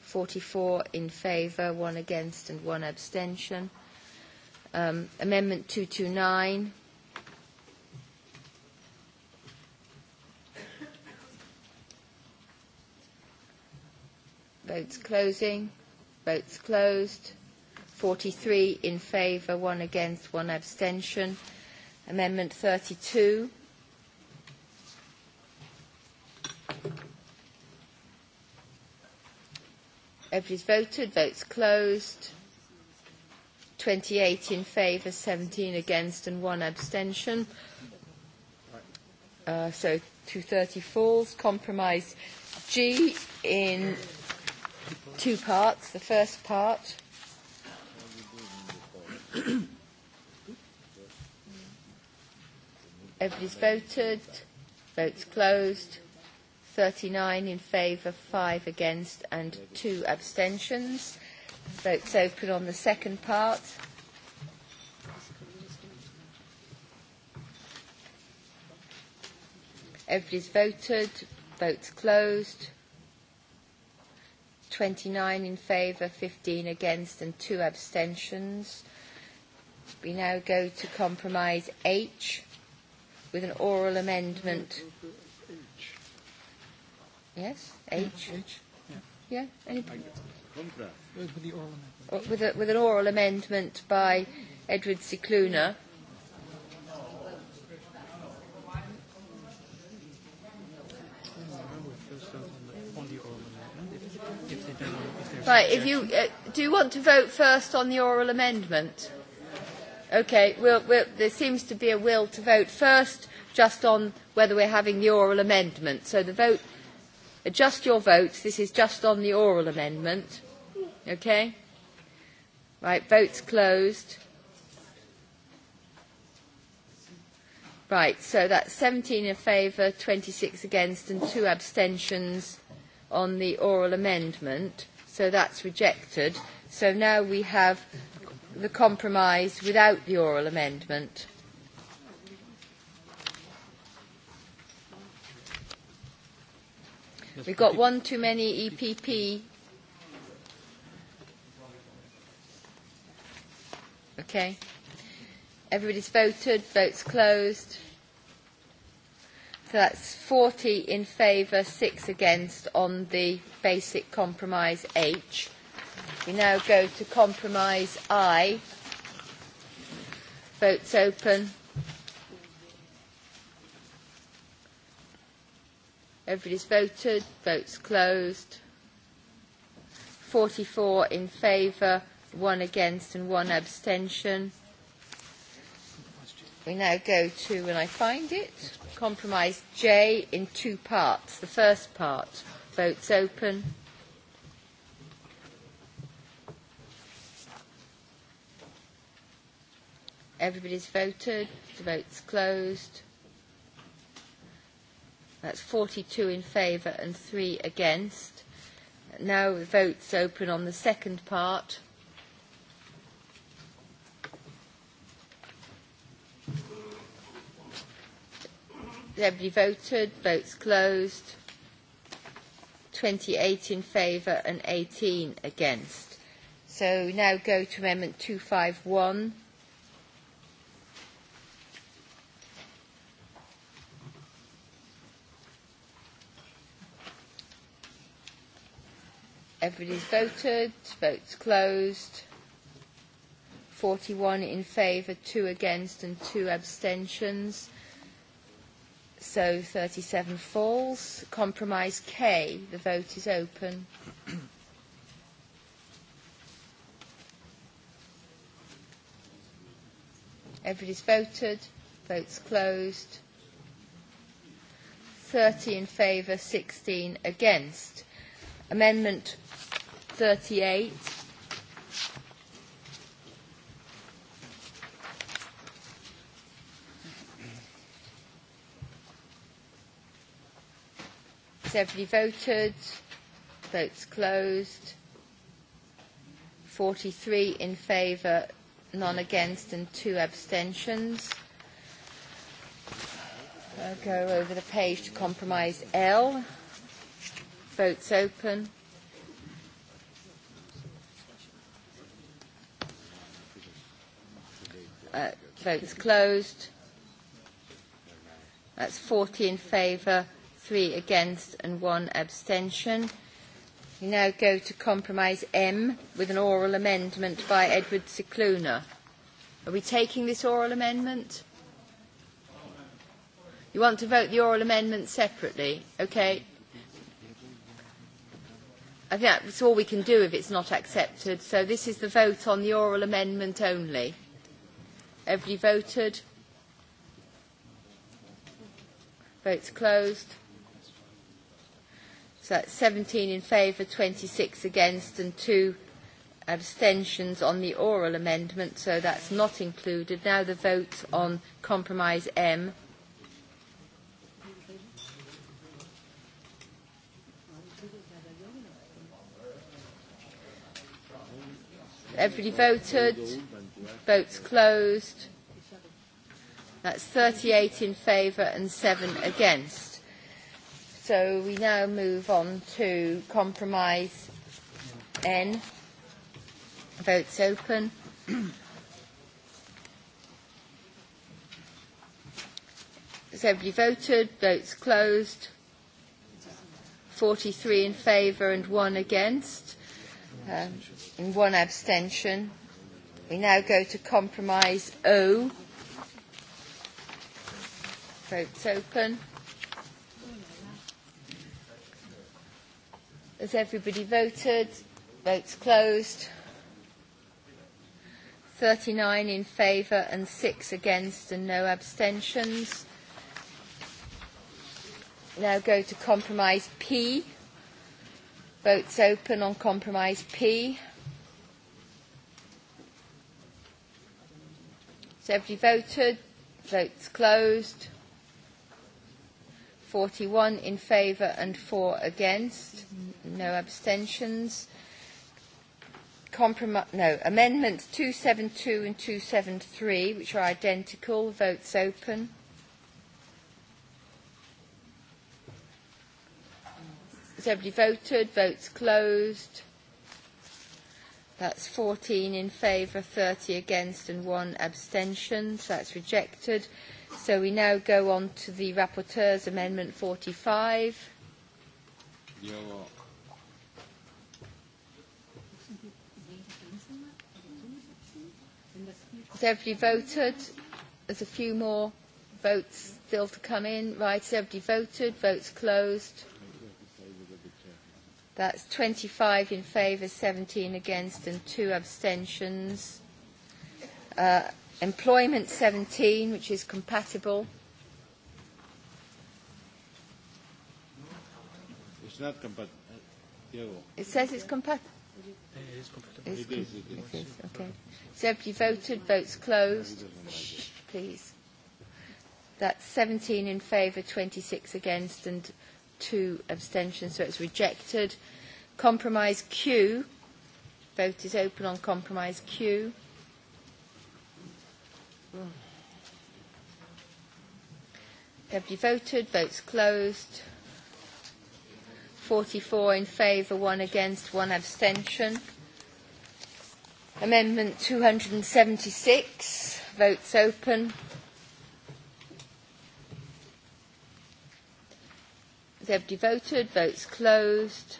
44 in favour, one against and one abstention. Um, amendment 229. Votes closing. Votes closed. 43 in favour, one against, one abstention. Amendment 32. Everybody's voted. Votes closed. 28 in favour, 17 against and one abstention. Uh, so 230 falls. Compromise G in two parts. The first part. Everybody's voted. Votes closed. 39 in favour, 5 against and 2 abstentions. Votes open on the second part. Everybody's voted. Votes closed. 29 in favour, 15 against and 2 abstentions. We now go to compromise H with an oral amendment Yes? H? H? Yeah. yeah? Any Contra. With the oral amendment. Oh, with, a, with an oral amendment by Edward Cicluna. Right, if you uh, do you want to vote first on the oral amendment? Okay, we'll, we'll, there seems to be a will to vote first just on whether we're having the oral amendment. So the vote Adjust your votes. This is just on the oral amendment. Okay? Right, votes closed. Right, so that's 17 in favour, 26 against and two abstentions on the oral amendment. So that's rejected. So now we have the compromise without the oral amendment. We've got one too many EPP. Okay. Everybody's voted. Votes closed. So that's 40 in favour, 6 against on the basic compromise H. We now go to compromise I. Votes open. Everybody's voted. Votes closed. 44 in favour, one against and one abstention. We now go to, when I find it, compromise J in two parts. The first part, votes open. Everybody's voted. The vote's closed. That's 42 in favour and 3 against. Now the vote's open on the second part. Everybody voted. Votes closed. 28 in favour and 18 against. So we now go to Amendment 251. Everybody's voted. Votes closed. 41 in favour, 2 against and 2 abstentions. So 37 falls. Compromise K. The vote is open. Everybody's voted. Votes closed. 30 in favour, 16 against. Amendment 38. Everybody voted. Votes closed. 43 in favour, none against, and two abstentions. I'll go over the page to compromise L. Votes open. Uh, votes closed. That's 40 in favour, 3 against and 1 abstention. We now go to compromise M with an oral amendment by Edward Cicluna. Are we taking this oral amendment? You want to vote the oral amendment separately? Okay. I think that's all we can do if it's not accepted. So this is the vote on the oral amendment only. Everybody voted? Votes closed. So that's 17 in favour, 26 against and two abstentions on the oral amendment, so that's not included. Now the vote on compromise M. Everybody voted. Votes closed. That's 38 in favour and 7 against. So we now move on to compromise N. Votes open. Has everybody voted? Votes closed. 43 in favour and 1 against. Um, and one abstention. We now go to compromise O. Votes open. Has everybody voted? Votes closed. 39 in favour and 6 against and no abstentions. Now go to compromise P. Votes open on compromise P. Has everybody voted? Votes closed. 41 in favour and 4 against. No abstentions. Compromi- no, amendments 272 and 273, which are identical. Votes open. Has everybody voted? Votes closed. That's 14 in favour, 30 against and one abstention. So that's rejected. So we now go on to the rapporteur's amendment 45. You're up. Has everybody voted? There's a few more votes still to come in. Right, has everybody voted? Votes closed. That's 25 in favour, 17 against and two abstentions. Uh, employment 17, which is compatible. It's not compatible. Uh, it says it's compatible. It is compatible. It is, it is. It is, okay. So if you voted, votes closed. Shh, please. That's 17 in favour, 26 against and two abstentions, so it's rejected. Compromise Q. Vote is open on compromise Q. Have you voted? Votes closed. 44 in favour, one against, one abstention. Amendment 276. Votes open. Has everybody voted? Votes closed.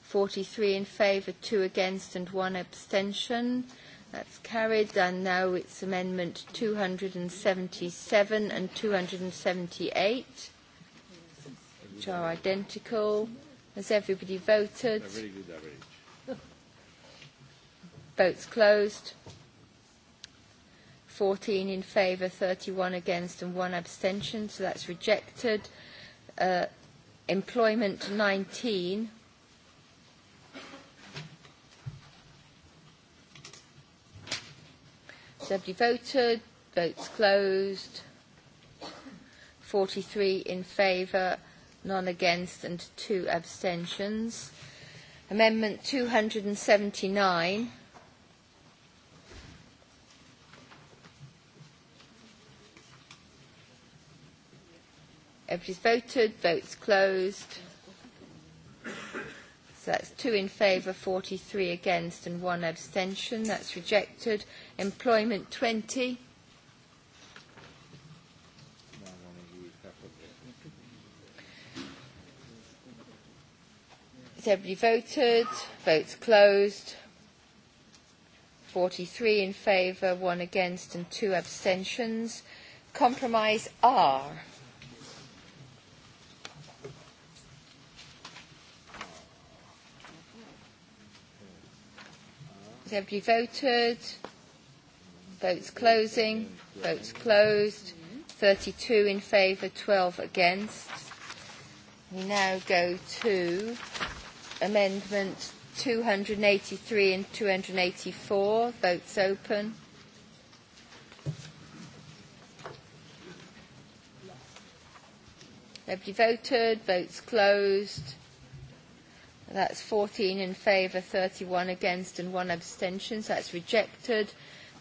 43 in favour, 2 against and 1 abstention. That's carried. And now it's amendment 277 and 278, which are identical. Has everybody voted? They're very good average. Votes closed. 14 in favour, 31 against and 1 abstention, so that's rejected. Uh, employment 19. Somebody voted. Votes closed. 43 in favour, none against and two abstentions. Amendment 279. Everybody's voted. Votes closed. So that's two in favour, 43 against and one abstention. That's rejected. Employment 20. Has everybody voted? Votes closed. 43 in favour, one against and two abstentions. Compromise R. Has everybody voted? Votes closing. Votes closed. 32 in favour, 12 against. We now go to amendment 283 and 284. Votes open. Everybody voted. Votes closed. That's 14 in favour, 31 against and one abstention. So that's rejected.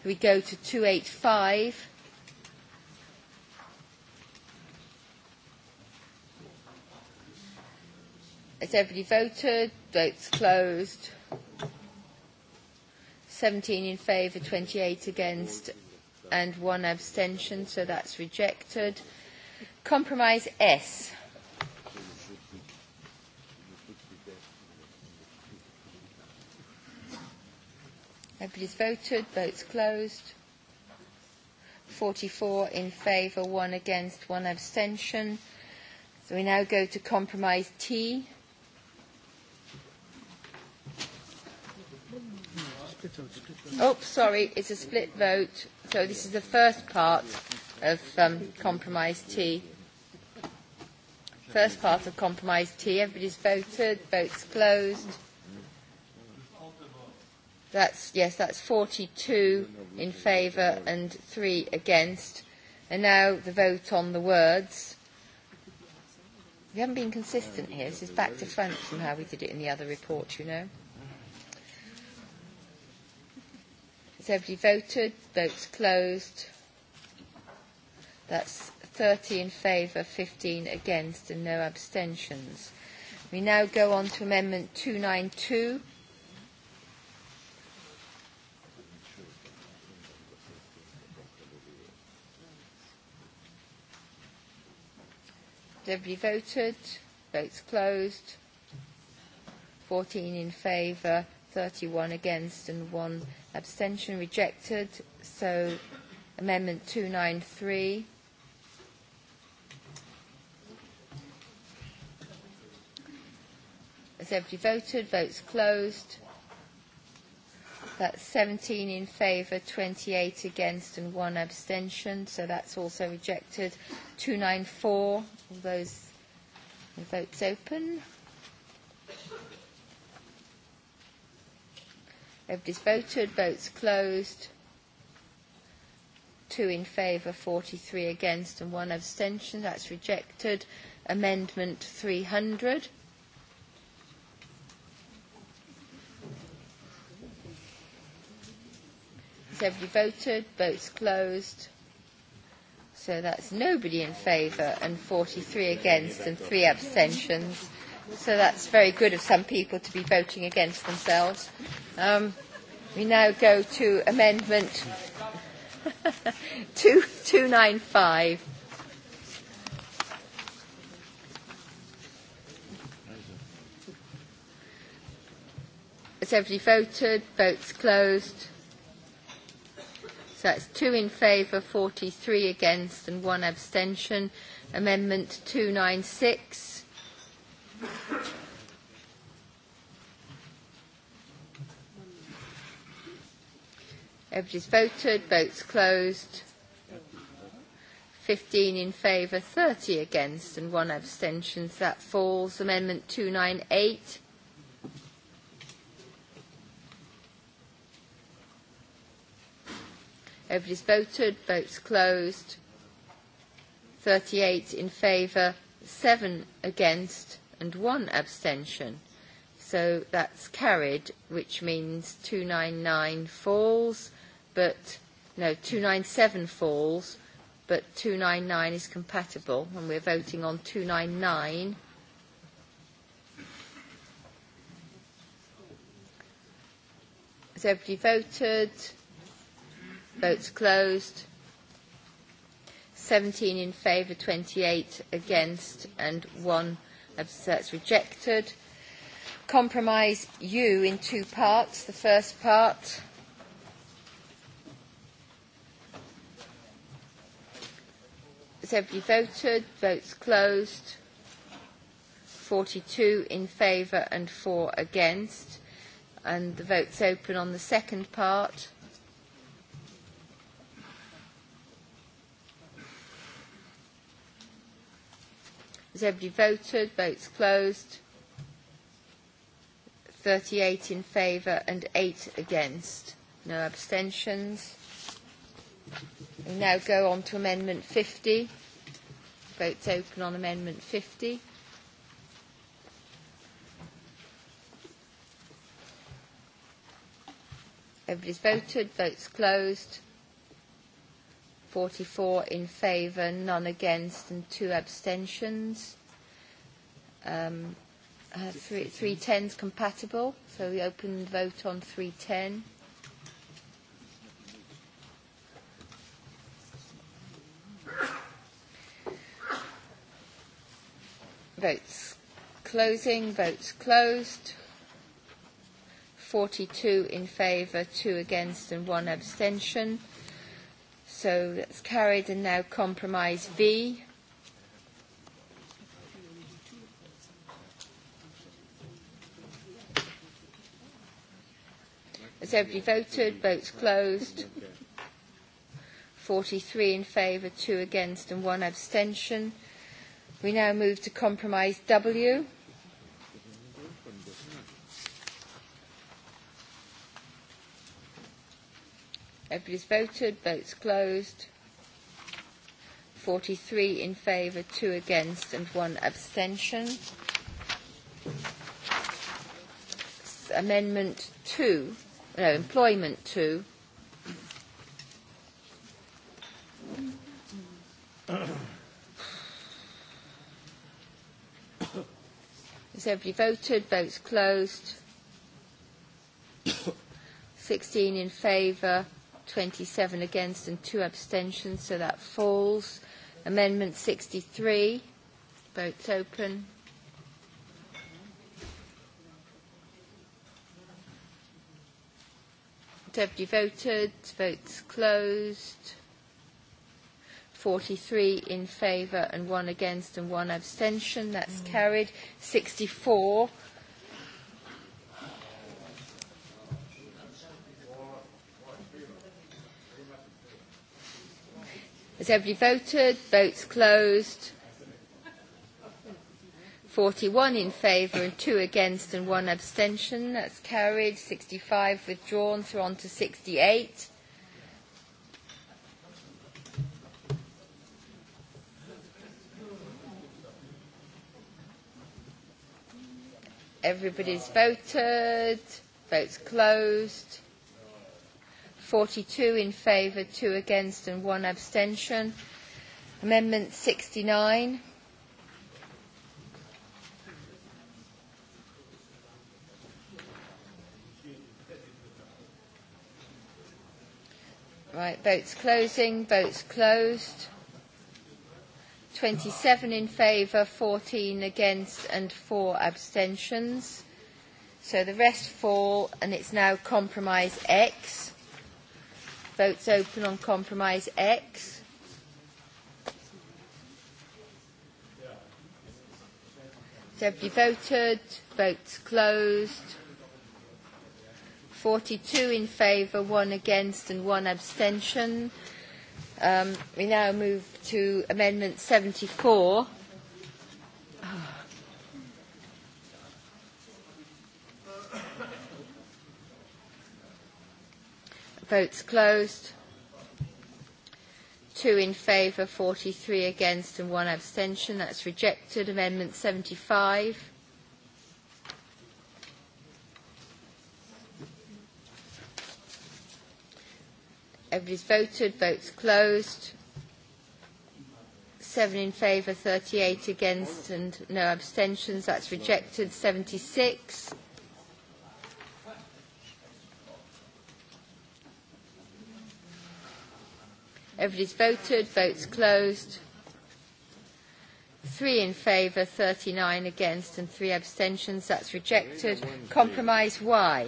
We go to 285. Has everybody voted? Votes closed. 17 in favour, 28 against and one abstention. So that's rejected. Compromise S. Everybody's voted. Votes closed. 44 in favour, 1 against, 1 abstention. So we now go to compromise T. Oh, sorry, it's a split vote. So this is the first part of um, compromise T. First part of compromise T. Everybody's voted. Votes closed. That's, yes, that's 42 in favour and 3 against. And now the vote on the words. We haven't been consistent here. This is back to front from how we did it in the other report, you know. Has everybody voted? Votes closed. That's 30 in favour, 15 against and no abstentions. We now go on to Amendment 292. Everybody voted? Votes closed. 14 in favour, 31 against and one abstention rejected. So Amendment 293. Has everybody voted? Votes closed. That's 17 in favour, 28 against and one abstention, so that's also rejected. 294, all those the votes open. Everybody's voted, votes closed. Two in favour, 43 against and one abstention, that's rejected. Amendment 300. Has everybody voted? Votes closed. So that's nobody in favour and 43 against and three abstentions. So that's very good of some people to be voting against themselves. Um, we now go to amendment 2, 295. Has everybody voted? Votes closed. So that's two in favour, 43 against and one abstention. Amendment 296. Everybody's voted, votes closed. 15 in favour, 30 against and one abstention. So that falls. Amendment 298. Everybody's voted. Votes closed. 38 in favour, 7 against and 1 abstention. So that's carried, which means 299 falls, but no, 297 falls, but 299 is compatible, and we're voting on 299. Has everybody voted? Votes closed. 17 in favour, 28 against, and one that's rejected. Compromise U in two parts. The first part. Has everybody voted? Votes closed. 42 in favour and 4 against. And the vote's open on the second part. Has everybody voted? Votes closed. 38 in favour and 8 against. No abstentions. We now go on to Amendment 50. Votes open on Amendment 50. Everybody's voted. Votes closed. 44 in favour, none against and two abstentions. Um, uh, three, 310 is compatible, so we open the vote on 310. Votes closing, votes closed. 42 in favour, 2 against and 1 abstention. So that's carried and now compromise V. Has everybody voted? Votes closed. 43 in favour, 2 against and 1 abstention. We now move to compromise W. Everybody's voted. Votes closed. 43 in favour, 2 against and 1 abstention. Amendment 2, no, Employment 2. Has everybody voted? Votes closed. 16 in favour, 27 against and two abstentions, so that falls. Amendment 63. Votes open. Deputy voted. Votes closed. 43 in favour and one against and one abstention. That's mm. carried. 64 Has everybody voted? Votes closed. 41 in favour and 2 against and 1 abstention. That's carried. 65 withdrawn. So on to 68. Everybody's voted. Votes closed. 42 in favour, 2 against and 1 abstention. Amendment 69. Right, votes closing, votes closed. 27 in favour, 14 against and 4 abstentions. So the rest fall and it's now compromise X. Votes open on compromise X. Deputy voted. Votes closed. 42 in favour, one against and one abstention. Um, we now move to Amendment 74. Votes closed. Two in favour, 43 against and one abstention. That's rejected. Amendment 75. Everybody's voted. Votes closed. Seven in favour, 38 against and no abstentions. That's rejected. 76. 76. Everybody's voted. Votes closed. Three in favour, 39 against and three abstentions. That's rejected. Compromise Y.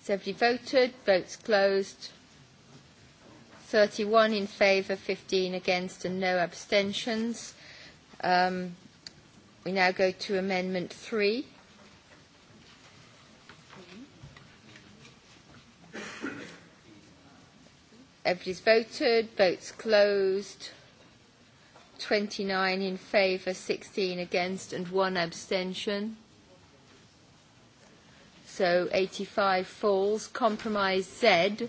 Has everybody voted? Votes closed. 31 in favour, 15 against and no abstentions. Um, we now go to Amendment 3. Everybody's voted. Votes closed. 29 in favour, 16 against and one abstention. So 85 falls. Compromise Z.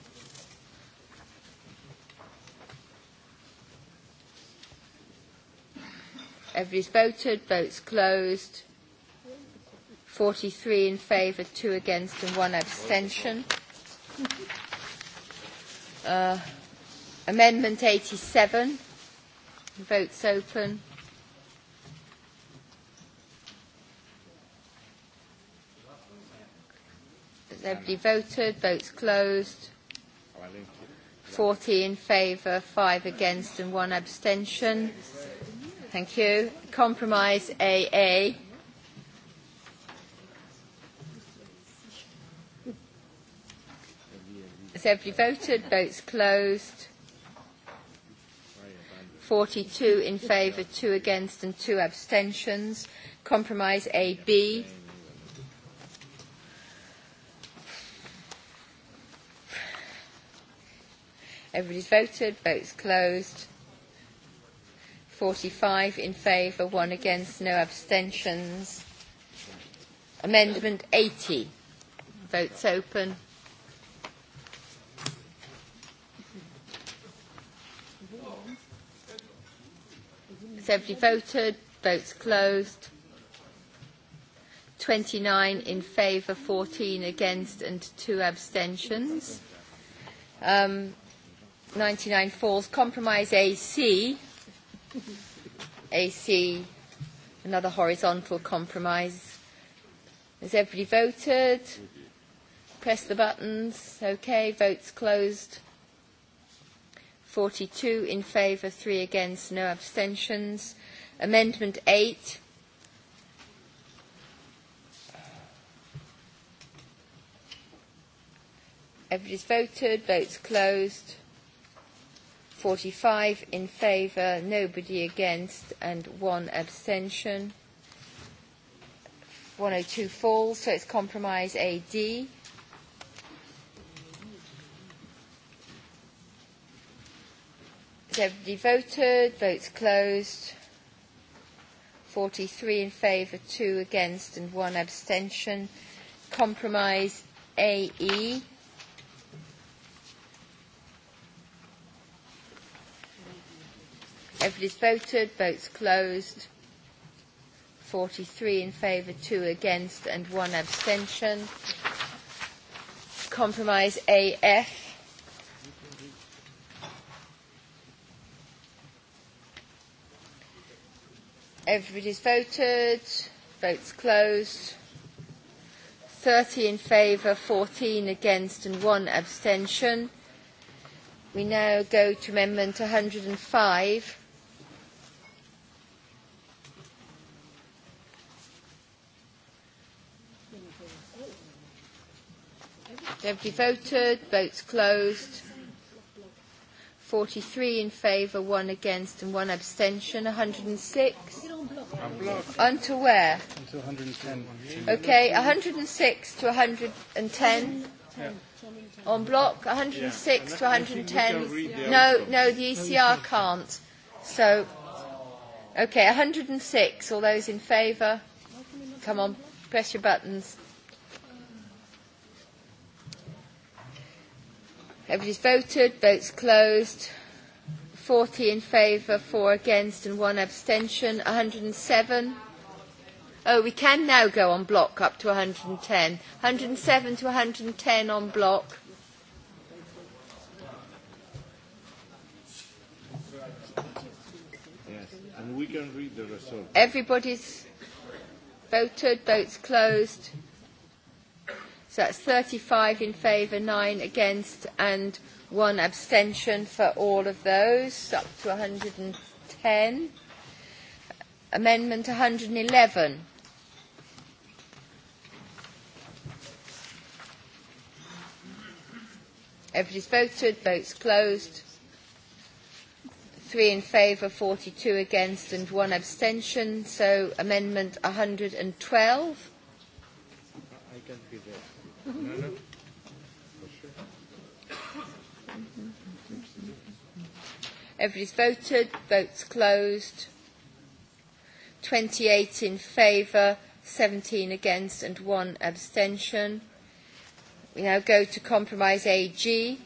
Everybody's voted. Votes closed. 43 in favour, two against and one abstention. Uh, amendment 87. Votes open. Has everybody voted? Votes closed. 40 in favour, 5 against and 1 abstention. Thank you. Compromise AA. everybody voted? Votes closed. 42 in favour, 2 against and 2 abstentions. Compromise AB. Everybody's voted. Votes closed. 45 in favour, 1 against, no abstentions. Amendment 80. Votes open. Has everybody voted? Votes closed. 29 in favour, 14 against and two abstentions. Um, 99 falls. Compromise AC. AC, another horizontal compromise. Has everybody voted? Press the buttons. Okay, votes closed. 42 in favour, 3 against, no abstentions. Amendment 8. Everybody's voted, votes closed. 45 in favour, nobody against and one abstention. 102 falls, so it's compromise AD. Has everybody voted? Votes closed. 43 in favour, 2 against and 1 abstention. Compromise AE. Everybody's voted. Votes closed. 43 in favour, 2 against and 1 abstention. Compromise AF. Everybody's voted. Votes closed. 30 in favour, 14 against and one abstention. We now go to Amendment 105. Everybody voted. Votes closed. 43 in favour, 1 against and 1 abstention. 106. Unto where? Until 110. Okay, 106 to 110. Yeah. On block, 106 yeah. to 110. No, no, the ECR can't. So, okay, 106. All those in favour? Come on, press your buttons. Everybody's voted. Votes closed. 40 in favour, 4 against and 1 abstention. 107. Oh, we can now go on block up to 110. 107 to 110 on block. Yes, and we can read the result. Everybody's voted. Votes closed. So that's 35 in favour, 9 against and 1 abstention for all of those, up to 110. Amendment 111. Everybody's voted, votes closed. Three in favour, 42 against and one abstention. So amendment 112. Everybody's voted. Votes closed. 28 in favour, 17 against and one abstention. We now go to compromise AG.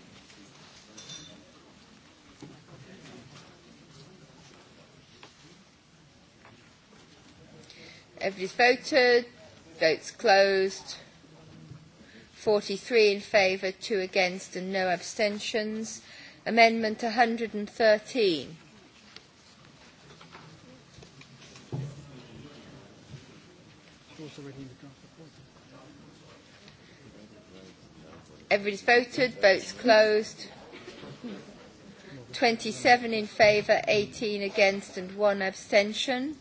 Everybody's voted. Votes closed. 43 in favour, 2 against and no abstentions. Amendment 113. Everybody's voted, votes closed. 27 in favour, 18 against and one abstention.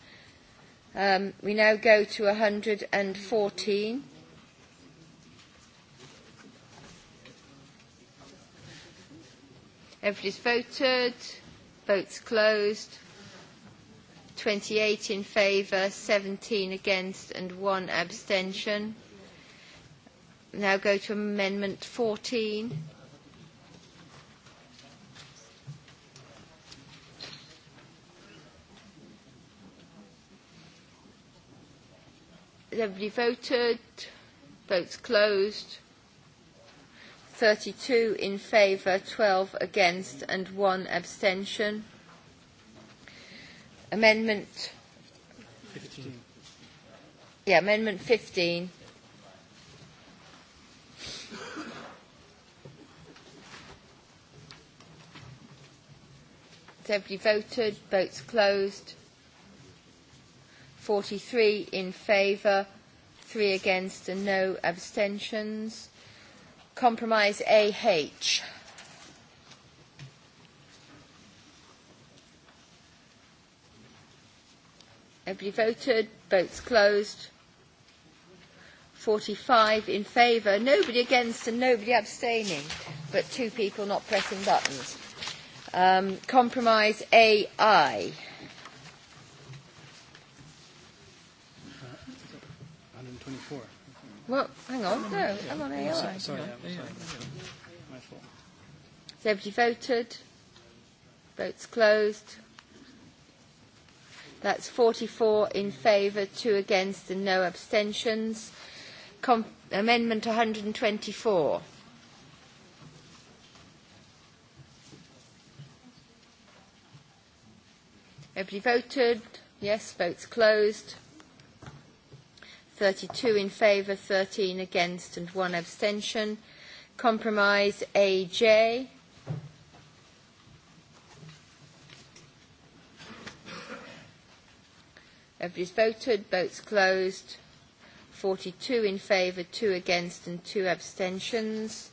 Um, we now go to 114. Everybody's voted. Votes closed. 28 in favour, 17 against and one abstention. Now go to Amendment 14. Everybody voted. Votes closed. 32 in favour, 12 against and one abstention. Amendment 15. Yeah, Amendment 15. Everybody voted, votes closed. 43 in favour, 3 against and no abstentions. Compromise AH. Everybody voted. Votes closed. 45 in favour. Nobody against and nobody abstaining, but two people not pressing buttons. Um, compromise AI. Well, hang on. No, I'm on AI. Sorry, sorry. Yeah, sorry. My fault. Has everybody voted? Votes closed. That's 44 in favour, 2 against and no abstentions. Com- amendment 124. Everybody voted? Yes, votes closed. 32 in favour, 13 against and one abstention. Compromise AJ. Everybody's voted, votes closed. 42 in favour, 2 against and 2 abstentions.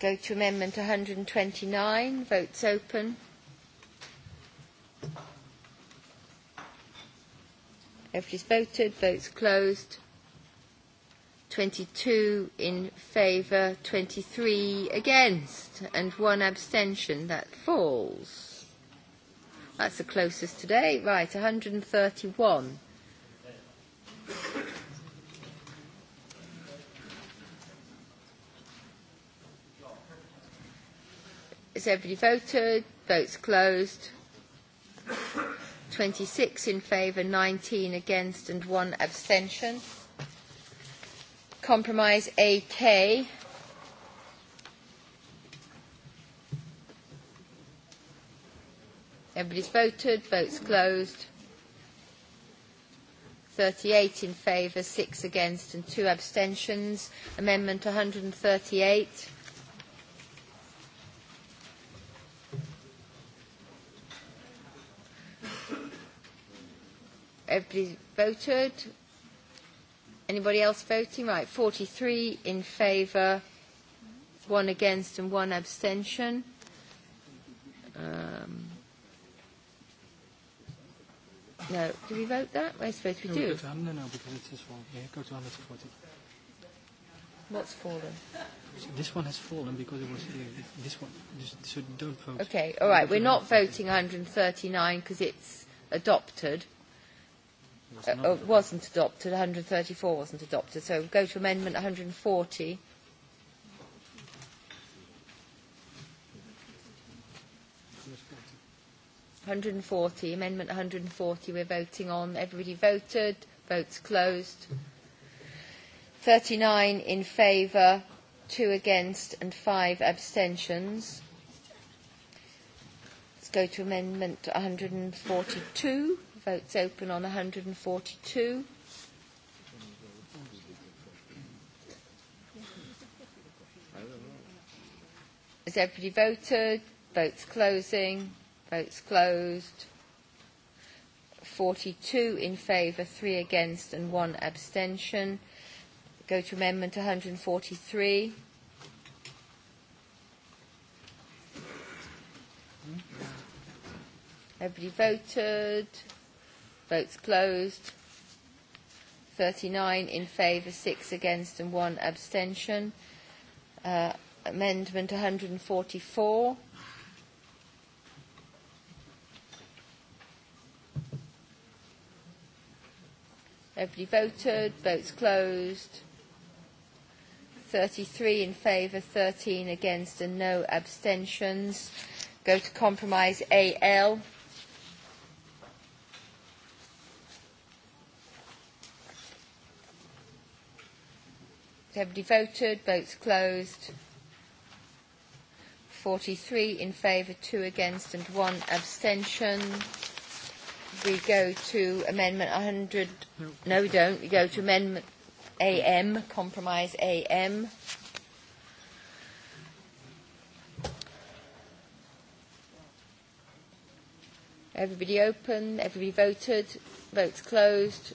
Go to Amendment 129, votes open. Everybody's voted. Votes closed. 22 in favour, 23 against, and one abstention. That falls. That's the closest today. Right, 131. Has everybody voted? Votes closed. 26 in favour, 19 against and one abstention. Compromise AK. Everybody's voted, votes closed. 38 in favour, 6 against and 2 abstentions. Amendment 138. Everybody's voted. Anybody else voting? Right, 43 in favour, one against and one abstention. Um, no, do we vote that? We're supposed to no, do. To, um, no, no, because it is fallen. Yeah, go to 140. What's fallen? So this one has fallen because it was here. This one. This, so don't vote. Okay, all right. We're not voting 139 because it's adopted was uh, not uh, wasn't adopted. 134 wasn't adopted. So go to Amendment 140. Hundred and forty, Amendment one hundred and forty we're voting on. Everybody voted, votes closed. Thirty nine in favour, two against and five abstentions. Let's go to amendment one hundred and forty two. Votes open on 142. Has everybody voted? Votes closing. Votes closed. 42 in favour, 3 against and 1 abstention. Go to Amendment 143. Everybody voted. Votes closed. 39 in favour, 6 against and 1 abstention. Uh, amendment 144. Everybody voted. Votes closed. 33 in favour, 13 against and no abstentions. Go to compromise AL. Everybody voted. Votes closed. 43 in favour, 2 against and 1 abstention. We go to Amendment 100. No, we don't. We go to Amendment AM, Compromise AM. Everybody open. Everybody voted. Votes closed.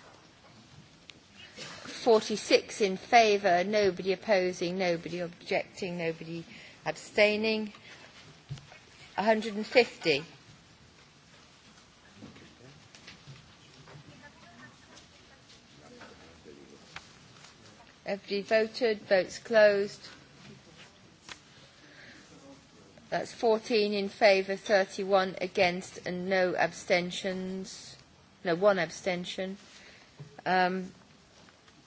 46 in favour, nobody opposing, nobody objecting, nobody abstaining. 150. Everybody voted, votes closed. That's 14 in favour, 31 against and no abstentions. No, one abstention. Um,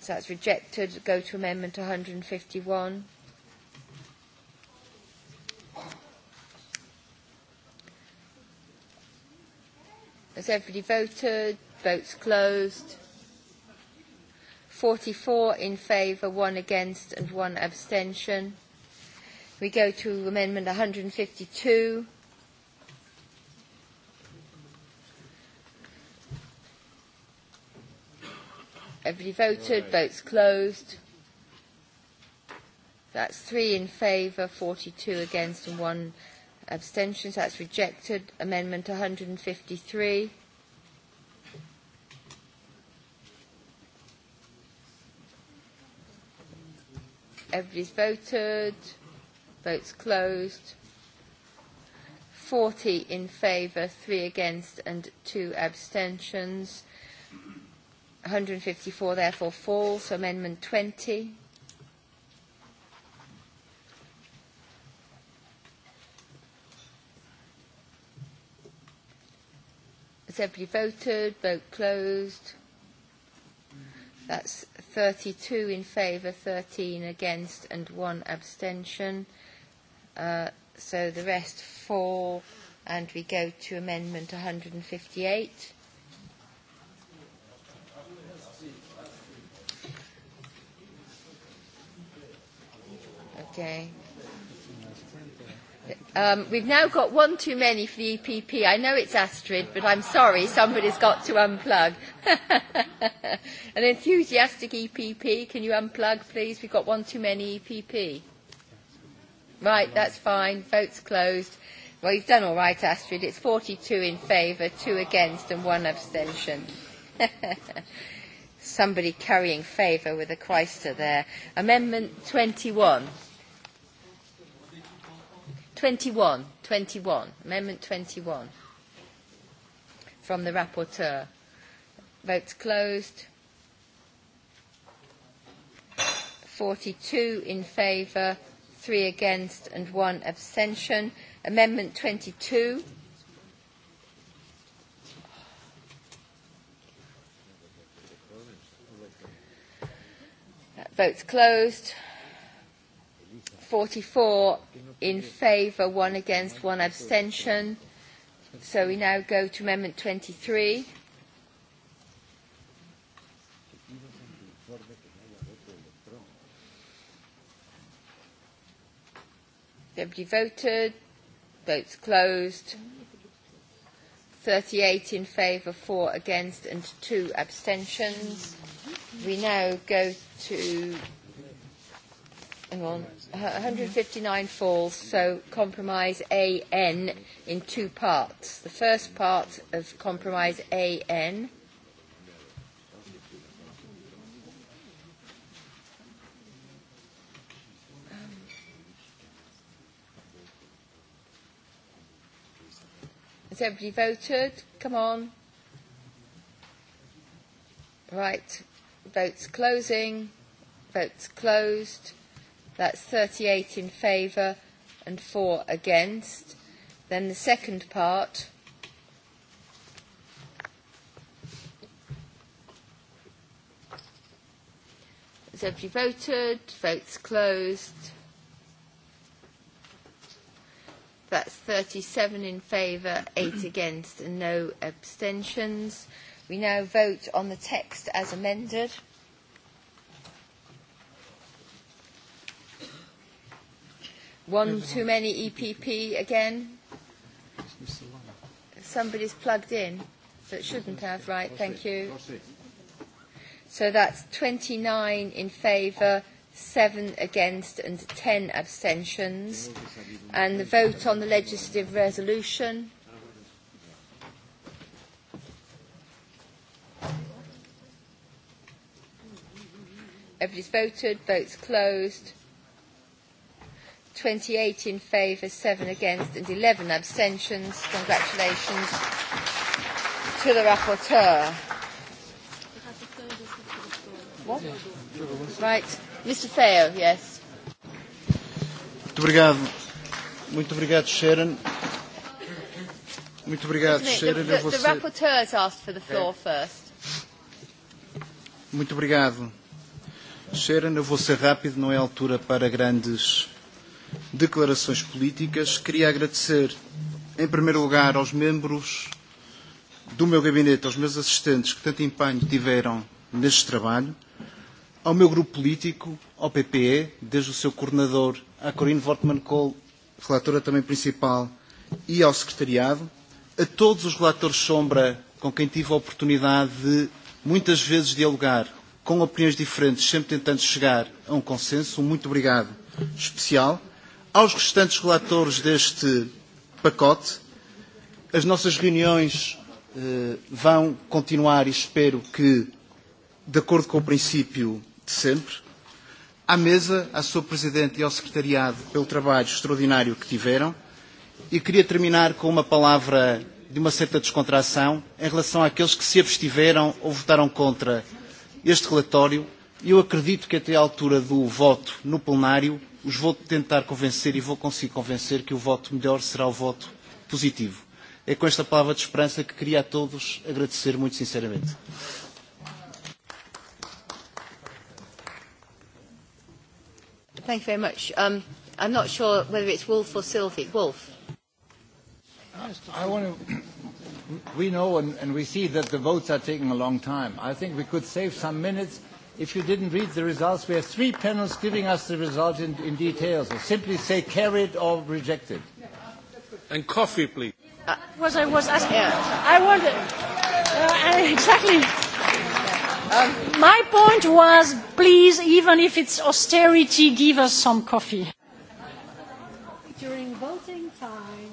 So that's rejected. Go to Amendment 151. Has everybody voted? Votes closed. 44 in favour, 1 against and 1 abstention. We go to Amendment 152. Everybody voted. Right. Votes closed. That's three in favour, 42 against and one abstention. So that's rejected. Amendment 153. Everybody's voted. Votes closed. 40 in favour, 3 against and 2 abstentions. 154 therefore falls. So amendment 20. Has everybody voted? Vote closed. That's 32 in favour, 13 against and one abstention. Uh, so the rest fall and we go to amendment 158. Okay. Um, we've now got one too many for the EPP. I know it's Astrid, but I'm sorry, somebody's got to unplug. An enthusiastic EPP, can you unplug, please? We've got one too many EPP. Right, that's fine. Vote's closed. Well, you've done all right, Astrid. It's 42 in favour, two against, and one abstention. Somebody carrying favour with a Christer there. Amendment 21. 21, 21, Amendment 21 from the rapporteur. Votes closed. 42 in favour, 3 against and 1 abstention. Amendment 22. Votes closed. 44 in favour, one against, one abstention. So we now go to Amendment 23. Everybody voted. Votes closed. 38 in favour, 4 against and 2 abstentions. We now go to Hang on. 159 falls, so compromise AN in two parts. The first part of compromise AN. Has everybody voted? Come on. Right. Votes closing. Votes closed. That's 38 in favour and 4 against. Then the second part. Has everybody voted? Votes closed. That's 37 in favour, 8 against and no abstentions. We now vote on the text as amended. One too many EPP again? Somebody's plugged in that shouldn't have. Right, thank you. So that's 29 in favour, 7 against and 10 abstentions. And the vote on the legislative resolution. Everybody's voted, votes closed 28 in favour, 7 against and 11 abstentions. Congratulations to the rapporteur. What? Right. Mr Feo, yes. Muito obrigado. Muito obrigado, Sharon. Muito obrigado, Sharon. The, the, the rapporteur has asked for the floor yeah. first. Muito obrigado. Sharon, eu vou ser rápido, não é altura para grandes declarações políticas, queria agradecer, em primeiro lugar, aos membros do meu gabinete, aos meus assistentes que tanto empenho tiveram neste trabalho, ao meu grupo político, ao PPE, desde o seu coordenador, à Corinne Wortmann-Kohl, relatora também principal, e ao secretariado, a todos os relatores sombra com quem tive a oportunidade de, muitas vezes, dialogar com opiniões diferentes, sempre tentando chegar a um consenso. Um muito obrigado especial aos restantes relatores deste pacote. As nossas reuniões eh, vão continuar e espero que de acordo com o princípio de sempre. À mesa, à sua Presidente e ao Secretariado pelo trabalho extraordinário que tiveram. E queria terminar com uma palavra de uma certa descontração em relação àqueles que se abstiveram ou votaram contra este relatório. E eu acredito que até à altura do voto no plenário os vou tentar convencer e vou conseguir convencer que o voto melhor será o voto positivo. É com esta palavra de esperança que queria a todos agradecer muito sinceramente. Thank you very much. Um, I'm not sure whether it's Wolf or Sylvie. Wolf. I want to. We know and, and we see that the votes are taking a long time. I think we could save some minutes if you didn't read the results, we have three panels giving us the result in, in detail. So simply say carried or rejected. And coffee, please. Uh, was I was asking. Yeah. I wanted uh, uh exactly. Um, My point was, please, even if it's austerity, give us some coffee. During voting time.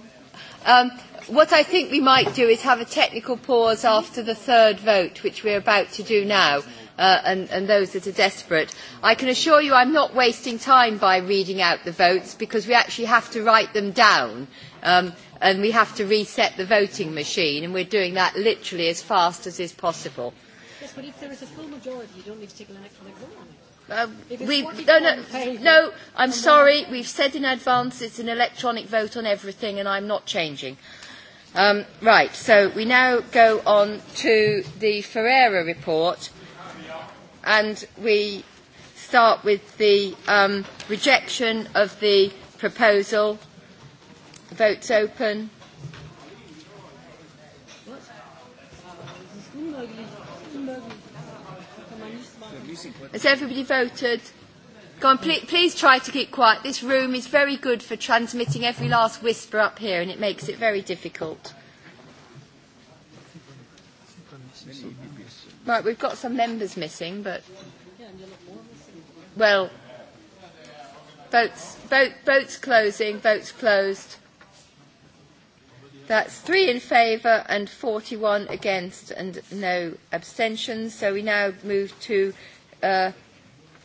Um, what I think we might do is have a technical pause after the third vote, which we're about to do now uh, and, and those that are desperate. I can assure you I'm not wasting time by reading out the votes because we actually have to write them down um, and we have to reset the voting machine and we're doing that literally as fast as is possible. Yes, but if there is a full majority, you don't need to take an electronic vote on it. Uh, we, no, no, no, I'm sorry. We've said in advance it's an electronic vote on everything, and I'm not changing. Um, right, so we now go on to the Ferreira report, and we start with the um, rejection of the proposal. The vote's open. Has everybody voted? Go on, please, please try to keep quiet. This room is very good for transmitting every last whisper up here, and it makes it very difficult. Right, we've got some members missing, but well, votes, vote, votes closing, votes closed. That's three in favour and 41 against and no abstentions. So we now move to uh,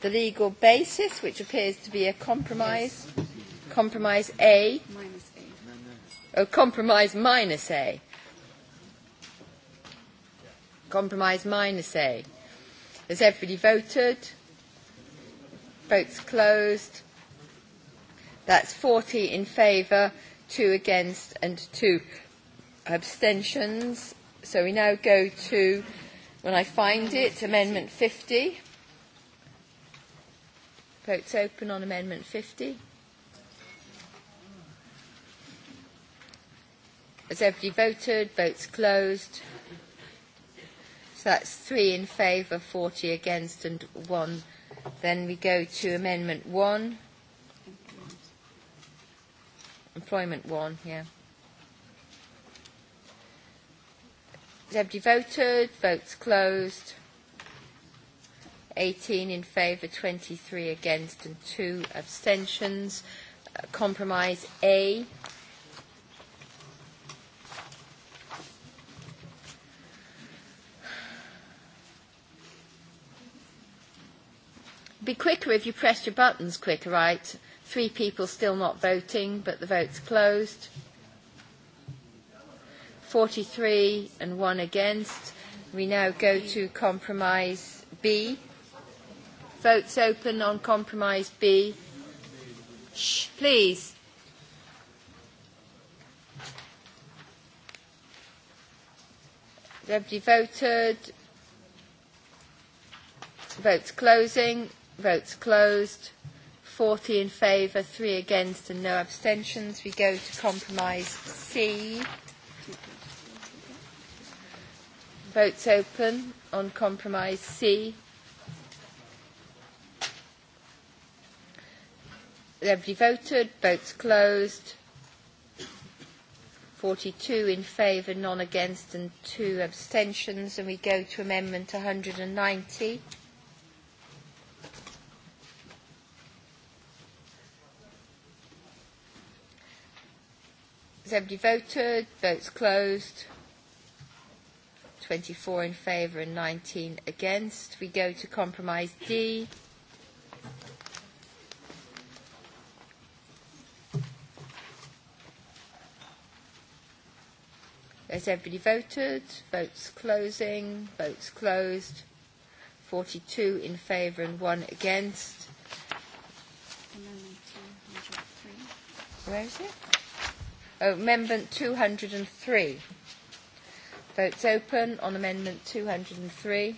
the legal basis, which appears to be a compromise. Yes. Compromise A. Minus A. No, no. Oh, compromise minus A. Compromise minus A. Has everybody voted? Votes closed. That's 40 in favour, 2 against and 2 abstentions. So we now go to, when I find it, Amendment 50. Votes open on Amendment 50. Has everybody voted? Votes closed. So that's three in favour, 40 against and one. Then we go to Amendment 1. Employment 1, yeah. Has everybody voted? Votes closed. 18 in favour, 23 against and two abstentions. Uh, compromise A. be quicker if you pressed your buttons quicker, right? Three people still not voting, but the vote's closed. 43 and one against. We now go to compromise B. Votes open on compromise B. Shh, please. Everybody voted. Votes closing. Votes closed. 40 in favour, 3 against and no abstentions. We go to compromise C. Votes open on compromise C. Everybody voted. Votes closed. 42 in favour, none against and two abstentions. And we go to amendment 190. Has everybody voted? Votes closed. 24 in favour and 19 against. We go to compromise D. Has everybody voted? Votes closing. Votes closed. 42 in favour and 1 against. Where is it? Amendment 203. Votes open on Amendment 203.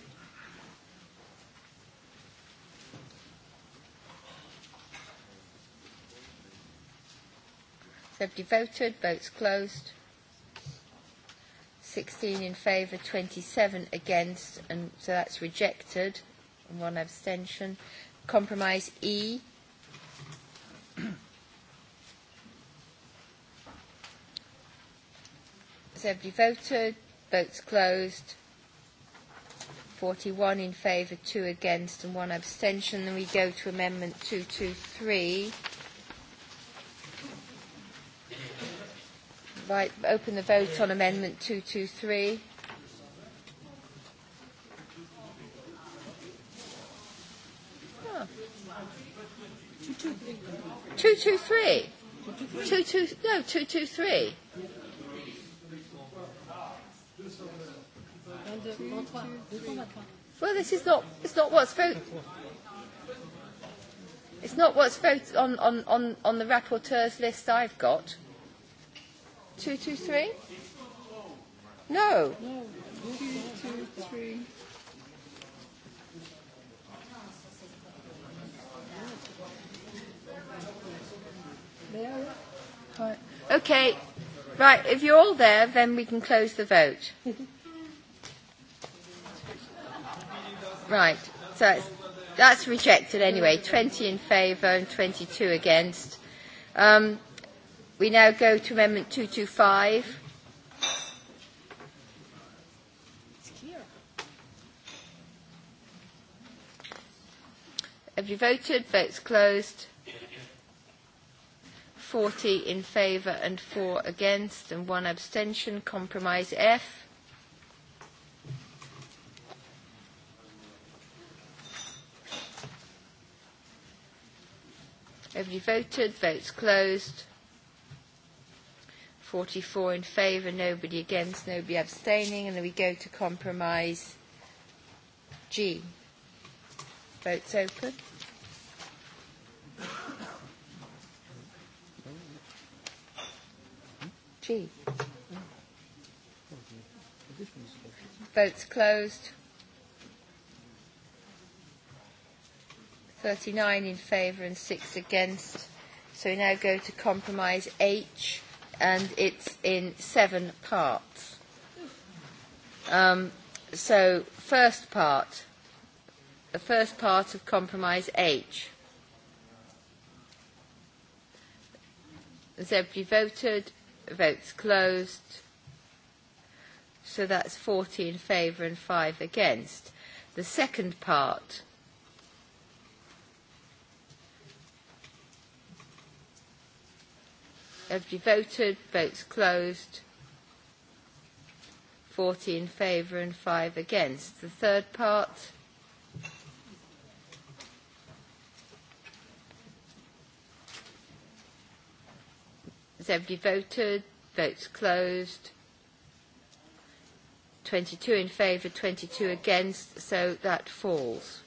Somebody voted. Votes closed. 16 in favour, 27 against, and so that's rejected, and one abstention. Compromise E. everybody voted? Votes closed. 41 in favour, 2 against and 1 abstention. Then we go to Amendment 223. Right, open the vote on Amendment 223. Oh. 223. 223. 223. No, 223. Well, this is not, it's not what's voted. It's not what's voted on, on, on, on the rapporteur's list I've got. 223? No. No. 223. Okay. Right, if you're all there, then we can close the vote. Right. So it's, that's rejected anyway. 20 in favour and 22 against. Um, we now go to Amendment 225. Have you voted? Votes closed. 40 in favour and 4 against and 1 abstention. Compromise F. Everybody voted. Votes closed. 44 in favour, nobody against, nobody abstaining. And then we go to compromise G. Votes open. G. Votes closed. 39 in favour and 6 against. So we now go to compromise H, and it's in seven parts. Um, so, first part, the first part of compromise H. Has everybody voted? Votes closed. So that's 40 in favour and 5 against. The second part Everybody voted. Votes closed. 40 in favour and 5 against. The third part. Has everybody voted? Votes closed. 22 in favour, 22 against, so that falls.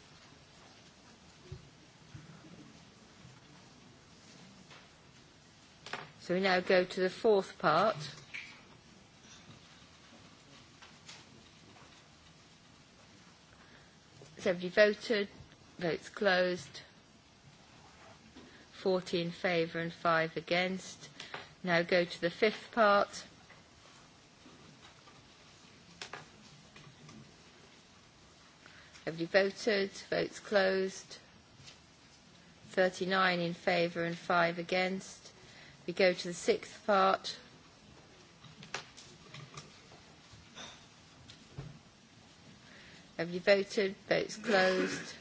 So we now go to the fourth part. Has everybody voted? Votes closed. 40 in favour and 5 against. Now go to the fifth part. Have you voted? Votes closed. 39 in favour and 5 against. We go to the sixth part. Have you voted? Votes closed.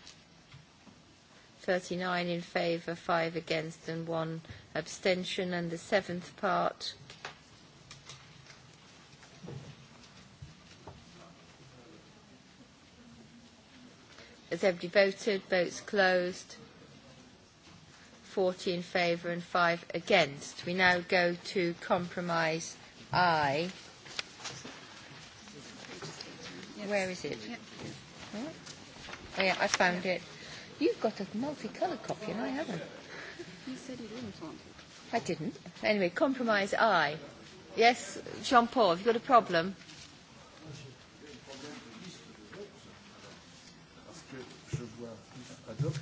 39 in favour, 5 against and 1 abstention. And the seventh part. Has everybody voted? Votes closed. 40 in favour and 5 against. We now go to compromise I. Yes. Where is it? Yep. Yeah. Huh? Oh, yeah, I found yeah. it. You've got a multicoloured copy and I haven't. You said you didn't want it. I didn't. Anyway, compromise I. Yes, Jean-Paul, have you got a problem? adopte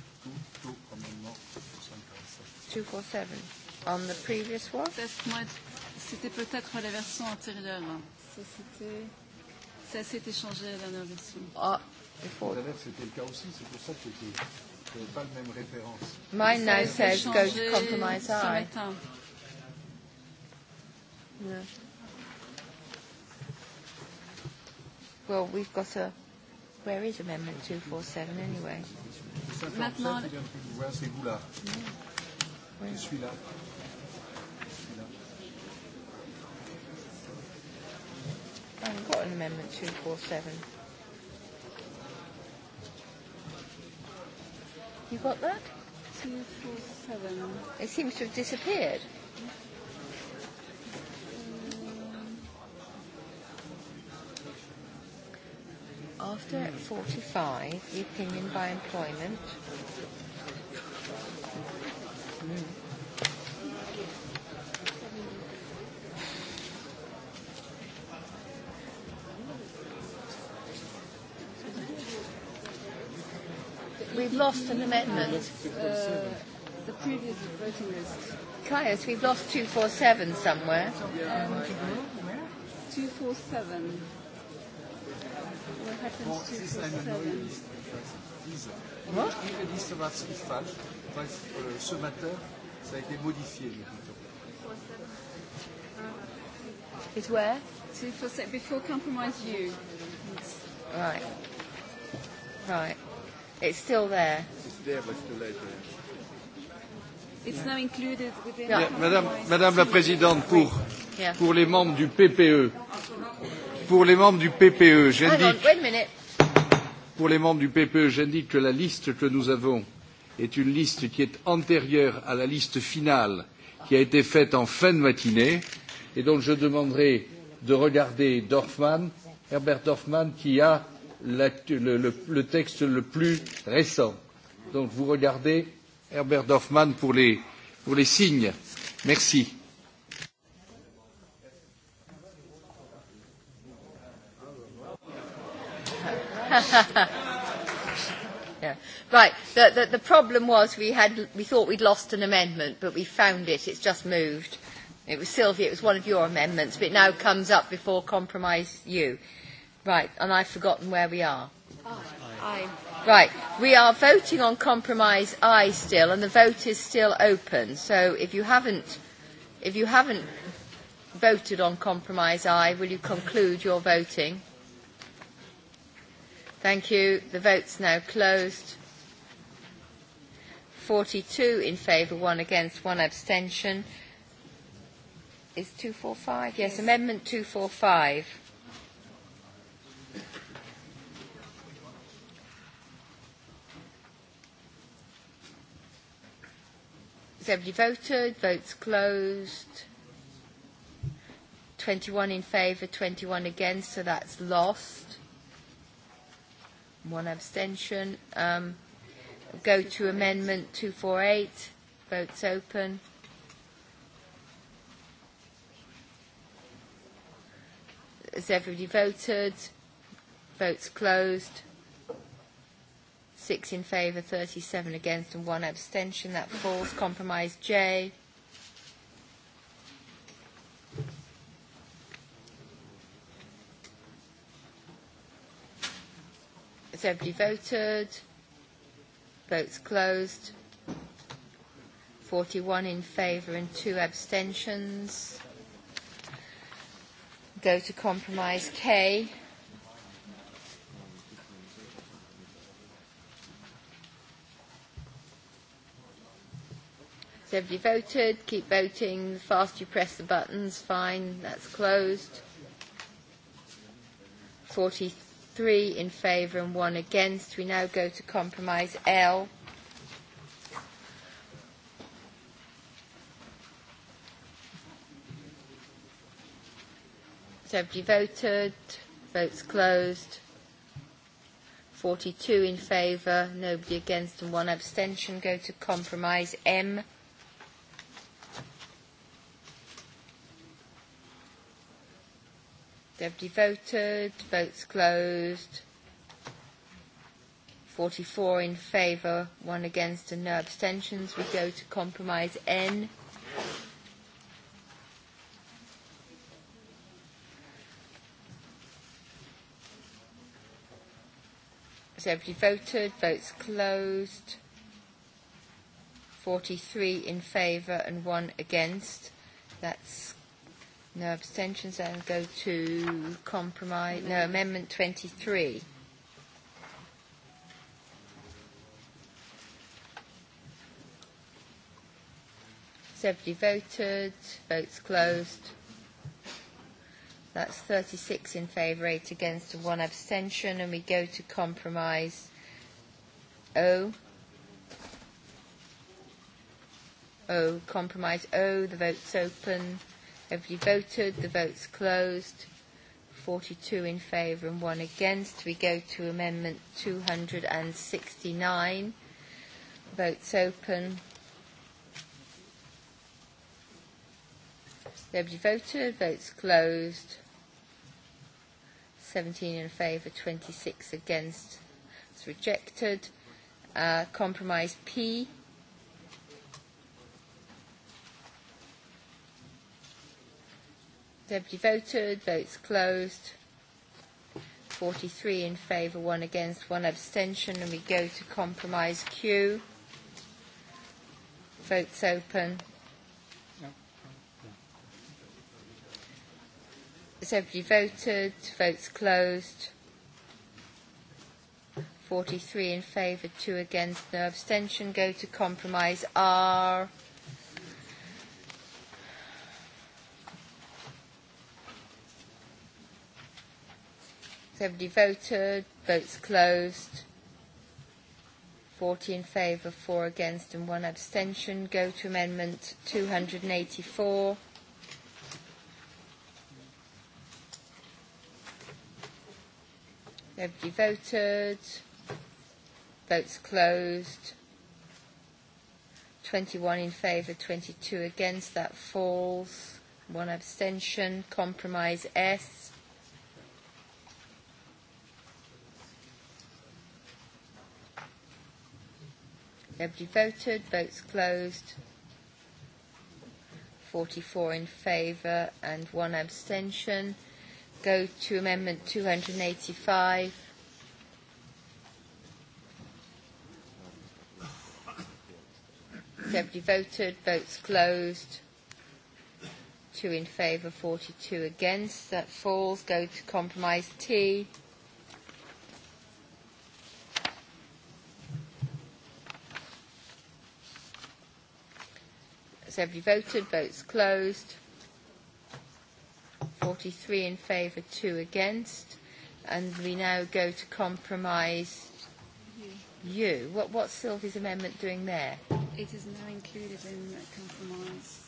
247 on the previous one. C'était peut-être la version antérieure. Ça, c'était... Ça s'est échangé la dernière version. Ah, il faut... Tout à l'heure, c'était le cas aussi. C'est pour ça que c'était pas la même référence. Mine now says go to compromise I. Yeah. Well, we've got a... Where is Amendment 247 anyway? Maintenant... C'est vous là. Mm. Je suis là. I haven't got an amendment 247. You got that? 247. It seems to have disappeared. After 45, the opinion by employment. We've lost an amendment. Uh, the previous voting list. Caius, we've lost 247 somewhere. Yeah. Um, where? 247. What happens to 247? What? presse euh, ce matin, ça a été modifié. Is where? To, for, before compromise you. Right. Right. It's still there. It's there, but it's too late. Yeah. It's now included within yeah. Madame, Madame la Présidente, pour, yeah. pour les membres du PPE, pour les membres du PPE, j'indique, pour les membres du PPE, j'indique que la liste que nous avons est une liste qui est antérieure à la liste finale qui a été faite en fin de matinée et donc je demanderai de regarder Dorfman, Herbert Dorfman qui a la, le, le, le texte le plus récent. Donc vous regardez Herbert Dorfman pour les, pour les signes. Merci. Ha ha ha. Yeah. Right. The, the, the problem was we had we thought we'd lost an amendment, but we found it. It's just moved. It was Sylvia. It was one of your amendments, but it now comes up before compromise you. Right. And I've forgotten where we are. Aye. Aye. Right. We are voting on compromise I still, and the vote is still open. So if you haven't, if you haven't voted on compromise I, will you conclude your voting? Thank you. The vote's now closed. 42 in favour, 1 against, 1 abstention. Is 245? Yes, yes. Amendment 245. Has everybody voted? Votes closed. 21 in favour, 21 against, so that's lost. One abstention. Um, go to amendment 248. Votes open. Has everybody voted? Votes closed. Six in favour, 37 against and one abstention. That falls. Compromise J. everybody voted? Votes closed. 41 in favour and two abstentions. Go to compromise K. Has everybody voted? Keep voting. The faster you press the buttons, fine. That's closed. 43 three in favour and one against. We now go to compromise L. So have you voted? Votes closed. 42 in favour, nobody against and one abstention. Go to compromise M. Deputy voted. Votes closed. 44 in favour, one against and no abstentions. We go to compromise N. Has everybody voted? Votes closed. 43 in favour and one against. That's No abstentions and go to compromise. No, Amendment 23. Everybody voted. Votes closed. That's 36 in favour, 8 against and 1 abstention. And we go to compromise O. O, compromise O. The vote's open. Everybody voted. The vote's closed. 42 in favour and 1 against. We go to Amendment 269. Votes open. Nobody voted. Votes closed. 17 in favour, 26 against. It's rejected. Uh, compromise P. Deputy voted. Votes closed. 43 in favour, 1 against, 1 abstention. And we go to compromise Q. Votes open. Has everybody voted? Votes closed. 43 in favour, 2 against, no abstention. Go to compromise R. Has everybody voted? Votes closed. 40 in favour, 4 against and 1 abstention. Go to amendment 284. Nobody voted. Votes closed. 21 in favour, 22 against. That falls. One abstention. Compromise S. Everybody voted. Votes closed. 44 in favour and one abstention. Go to Amendment 285. Everybody voted. Votes closed. Two in favour, 42 against. That falls. Go to Compromise T. Has everybody voted? Votes closed. 43 in favour, 2 against. And we now go to compromise U. What, what's Sylvie's amendment doing there? It is now included in the compromise.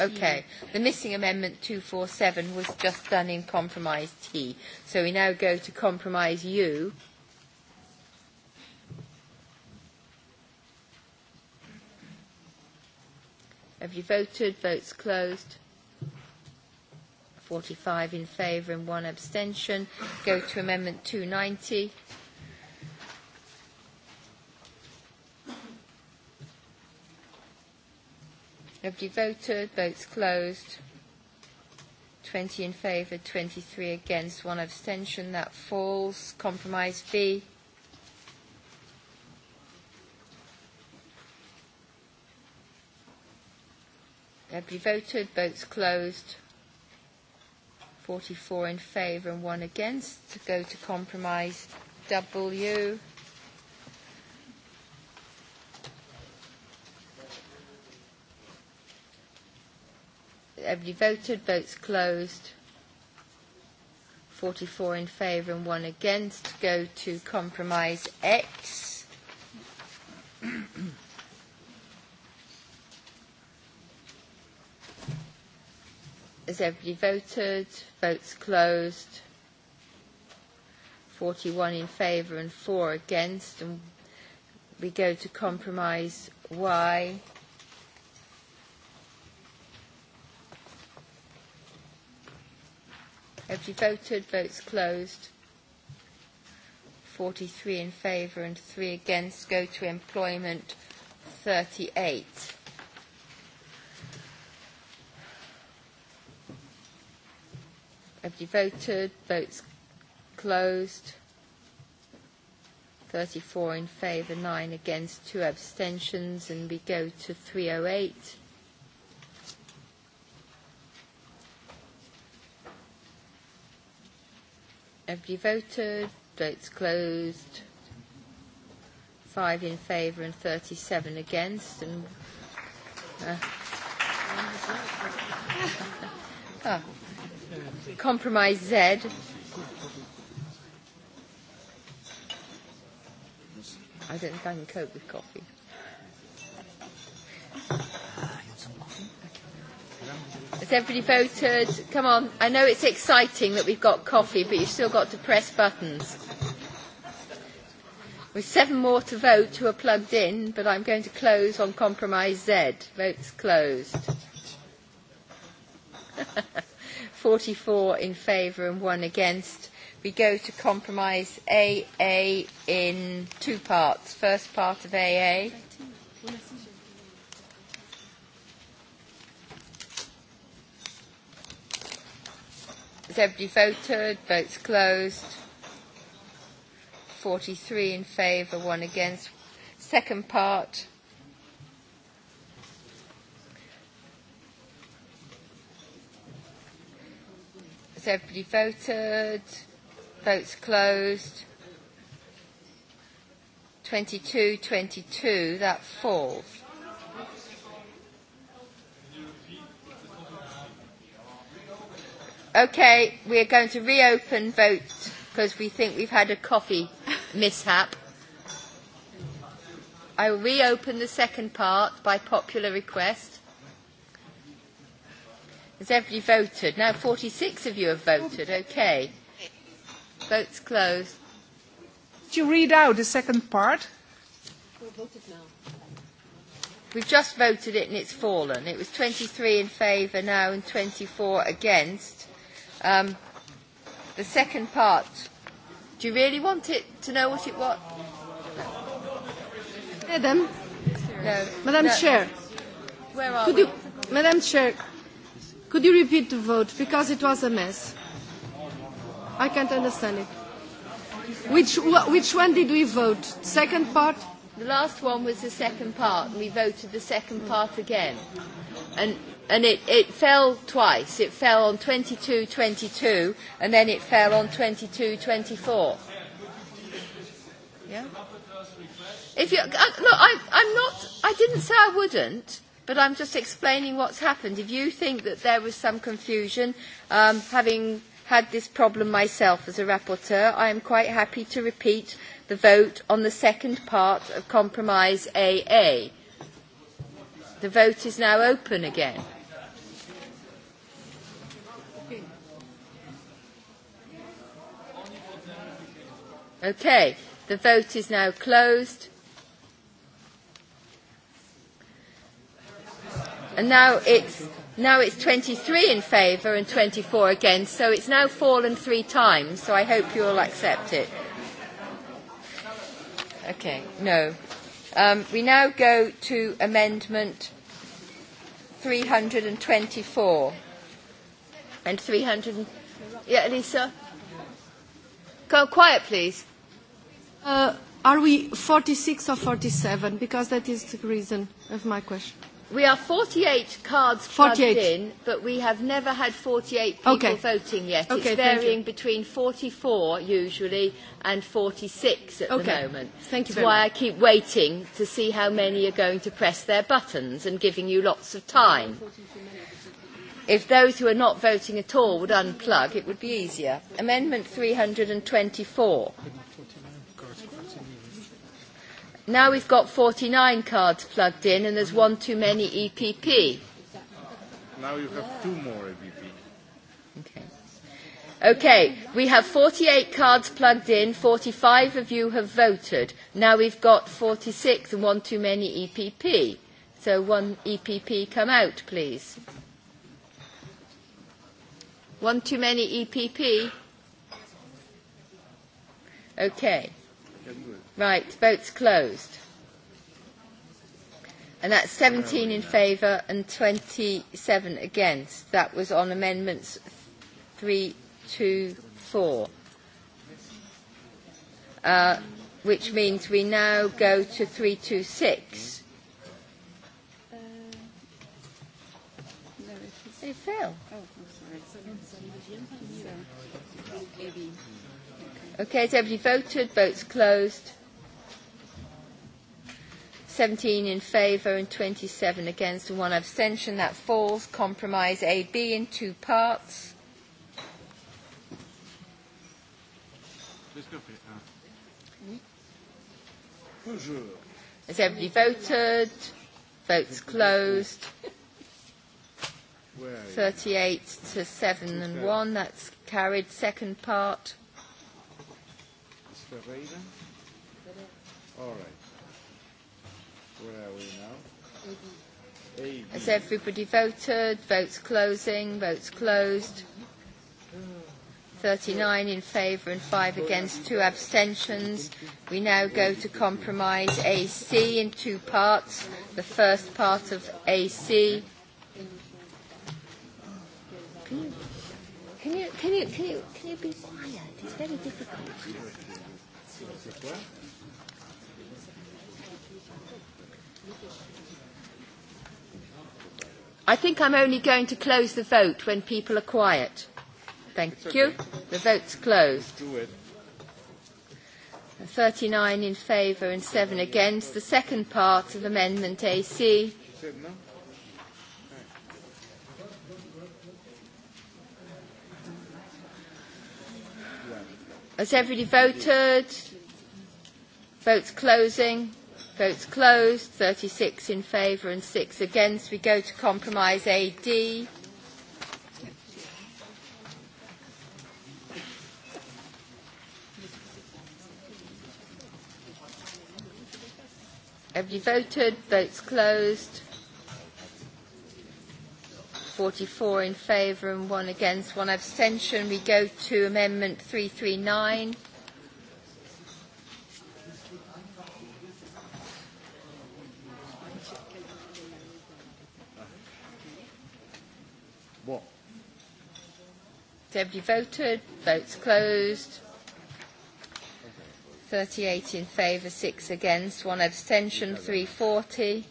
Okay, the missing amendment 247 was just done in compromise T. So we now go to compromise U. Have you voted? Votes closed. 45 in favour and one abstention. Go to Amendment 290. Nobody voted. Votes closed. 20 in favour, 23 against, one abstention. That falls. Compromise B. Everybody voted. Votes closed. 44 in favour and one against. To go to compromise W. Everybody voted. Votes closed. 44 in favour and one against. Go to compromise X. Has everybody voted? Votes closed. 41 in favour and 4 against. And we go to compromise Y. Everybody voted? Votes closed. 43 in favour and 3 against. Go to employment 38. Have you voted? Votes closed. 34 in favour, 9 against, 2 abstentions, and we go to 308. Have you voted? Votes closed. 5 in favour and 37 against. And, uh, ah, Compromise Z. I don't think I can cope with coffee. Has everybody voted? Come on. I know it's exciting that we've got coffee, but you've still got to press buttons. With seven more to vote who are plugged in, but I'm going to close on compromise Z. Votes closed. 44 in favour and one against. We go to compromise AA in two parts. First part of AA. Has everybody voted? Votes closed. 43 in favour, one against. Second part. Has everybody voted? Votes closed. 22, 22, that falls. Okay, we're going to reopen vote because we think we've had a coffee mishap. I will reopen the second part by popular request. Has everybody voted? Now 46 of you have voted. Okay. Votes closed. Did you read out the second part? We'll vote it now. We've just voted it and it's fallen. It was 23 in favour now and 24 against. Um, the second part. Do you really want it to know what it was? Madam. No. Madam no. Chair. Where are Could we? You, Madam Chair, Could you repeat the vote? Because it was a mess. I can't understand it. Which, which one did we vote? Second part? The last one was the second part, and we voted the second part again. And, and it, it fell twice. It fell on 22-22, and then it fell on 22-24. Yeah? If you, I, uh, look, I, I'm not, I didn't say I wouldn't but I'm just explaining what's happened. If you think that there was some confusion, um, having had this problem myself as a rapporteur, I am quite happy to repeat the vote on the second part of Compromise AA. The vote is now open again. Okay, the vote is now closed. And now it's, now it's 23 in favour and 24 against, so it's now fallen three times, so I hope you'll accept it. Okay, no. Um, we now go to Amendment 324 and 300. Yeah, Lisa? Go quiet, please. Uh, are we 46 or 47? Because that is the reason of my question. We are 48 cards 48. plugged in, but we have never had 48 people okay. voting yet. Okay, it's varying between 44 usually and 46 at okay. the moment. Thank you That's why much. I keep waiting to see how many are going to press their buttons and giving you lots of time. If those who are not voting at all would unplug, it would be easier. Amendment 324. Now we've got 49 cards plugged in and there's one too many EPP. Now you have two more EPP. Okay. Okay, we have 48 cards plugged in, 45 of you have voted. Now we've got 46 and one too many EPP. So one EPP come out, please. One too many EPP? Okay. Can do it. Right, votes closed. And that's 17 in favour and 27 against. That was on amendments 3, 2, 4. Uh, which means we now go to 326. Uh, no, they fell. Oh, I'm sorry. Okay, has everybody voted? Votes closed. 17 in favour and 27 against and one abstention. That falls. Compromise AB in two parts. Has everybody voted? Votes closed. 38 to 7 and 1. That's carried. Second part. All right. Where are we now? AB. Has everybody voted? Votes closing. Votes closed. 39 in favour and 5 against, 2 abstentions. We now go to compromise AC in two parts. The first part of AC. Can you, can you, can you, can you, can you be quiet? It's very difficult. I think I'm only going to close the vote when people are quiet. Thank it's you. Okay. The vote's closed. Let's do it. 39 in favour and 7 against. The second part of Amendment AC. Has everybody voted? Votes closing. Votes closed. 36 in favour and 6 against. We go to compromise AD. Have you voted? Votes closed. 44 in favour and 1 against, 1 abstention. We go to Amendment 339. Deputy voted. Votes closed. 38 in favour, 6 against, 1 abstention, 340.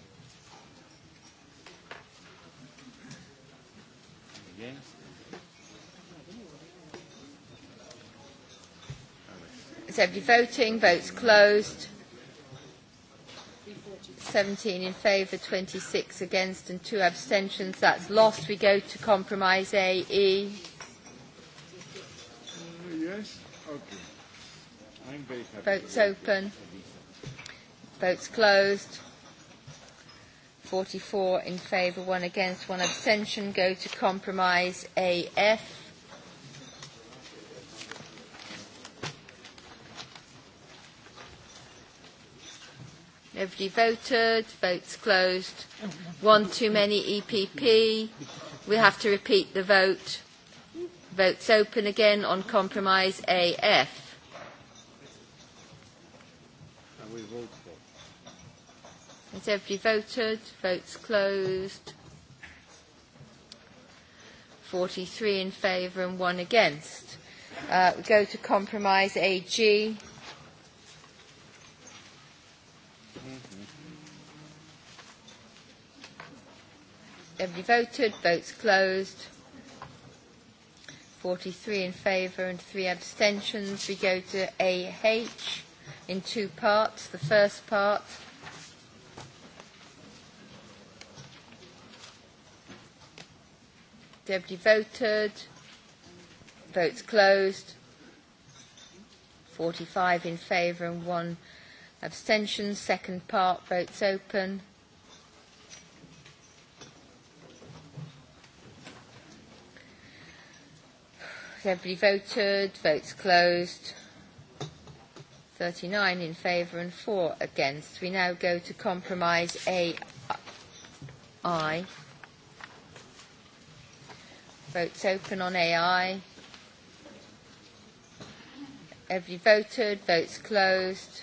Is everybody voting? Votes closed. 17 in favour, 26 against and 2 abstentions. That's lost. We go to compromise AE. Okay. Votes open. Votes closed. 44 in favour, one against, one abstention. Go to compromise AF. Everybody voted, votes closed. One too many EPP. We have to repeat the vote. Votes open again on compromise AF. And we vote for. Has everybody voted? Votes closed. 43 in favour and one against. Uh, we go to compromise AG. Everybody voted, votes closed. 43 in favour and three abstentions. We go to AH in two parts. The first part. Deputy voted. Votes closed. 45 in favour and one abstention. Second part. Votes open. everybody voted? Votes closed. 39 in favour and 4 against. We now go to compromise AI. Votes open on AI. Everybody voted? Votes closed.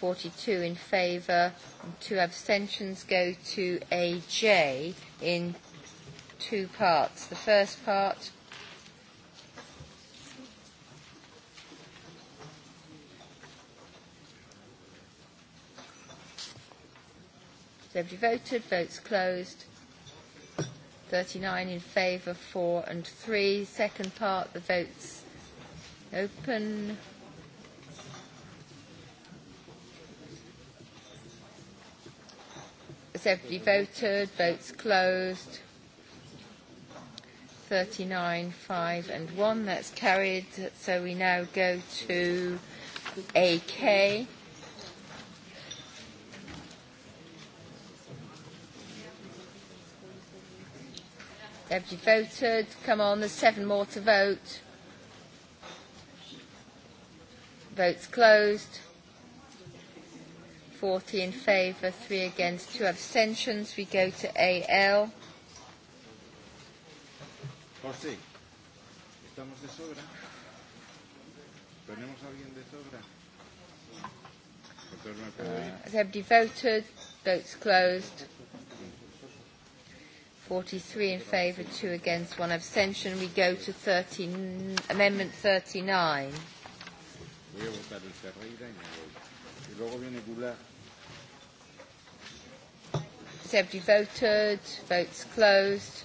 42 in favour and 2 abstentions go to AJ in two parts. The first part Has everybody voted? Votes closed. 39 in favour, 4 and 3. Second part, the votes open. Has everybody voted? Votes closed. 39, 5 and 1. That's carried. So we now go to AK. Have you voted? Come on, there's seven more to vote. Votes closed. 40 in favour, 3 against, 2 abstentions. We go to AL. Por sí. ¿Estamos de sobra? ¿Tenemos alguien de sobra? Uh, has everybody voted? Votes closed. 43 in favour, 2 against, 1 abstention. We go to 13, Amendment 39. Voy a votar el Ferreira y me voy. Y luego viene Goulart. Has everybody voted? Votes closed.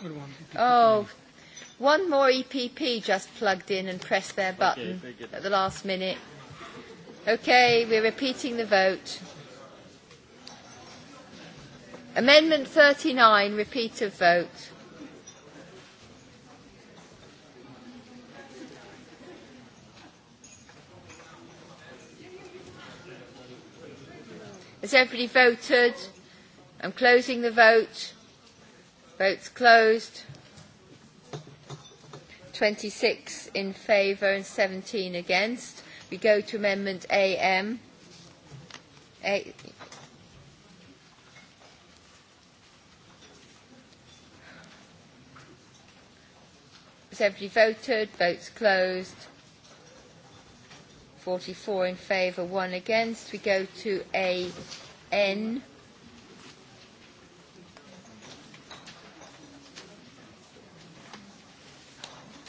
Good one. E oh, one more EPP just plugged in and pressed their button okay, at the last minute. Okay, we're repeating the vote. Amendment 39, repeat of vote. Has everybody voted? I'm closing the vote. Votes closed. 26 in favour and 17 against. We go to Amendment AM. A, Has everybody voted? Votes closed. 44 in favour, 1 against. We go to a N.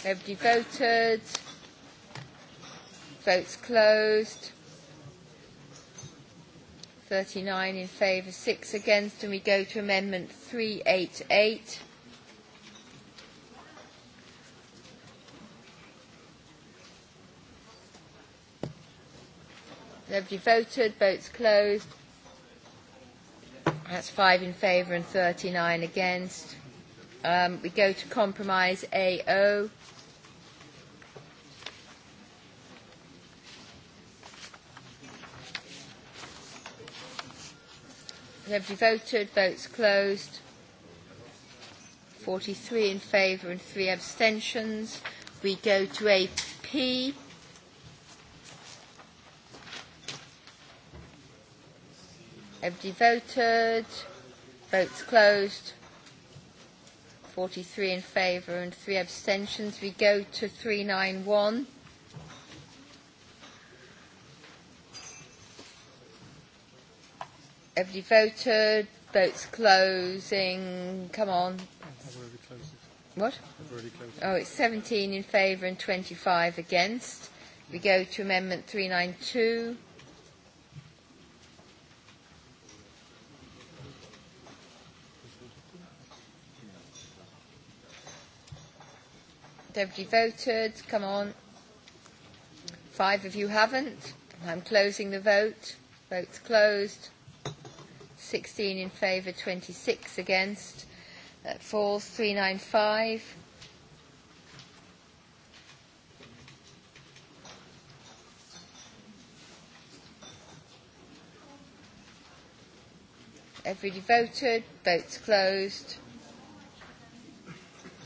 Everybody voted. Votes closed. 39 in favour, 6 against, and we go to Amendment 388. Nobody voted. Votes closed. That's five in favour and 39 against. Um, we go to compromise AO. Nobody voted. Votes closed. 43 in favour and 3 abstentions. We go to AP. Everybody voted. Votes closed. 43 in favour and 3 abstentions. We go to 391. Everybody voted. Votes closing. Come on. What? Oh, it's 17 in favour and 25 against. We go to Amendment 392. everybody voted? Come on. Five of you haven't. I'm closing the vote. Vote's closed. 16 in favour, 26 against. That falls 395. Everybody voted. Vote's closed.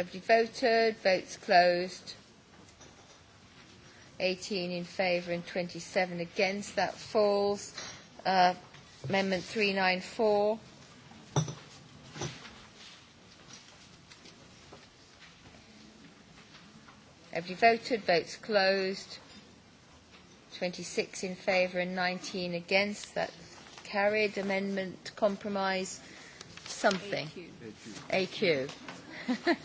Everybody voted. Votes closed. 18 in favour and 27 against. That falls. Uh, amendment 394. Everybody voted. Votes closed. 26 in favour and 19 against. That carried. Amendment compromise something. AQ. AQ. AQ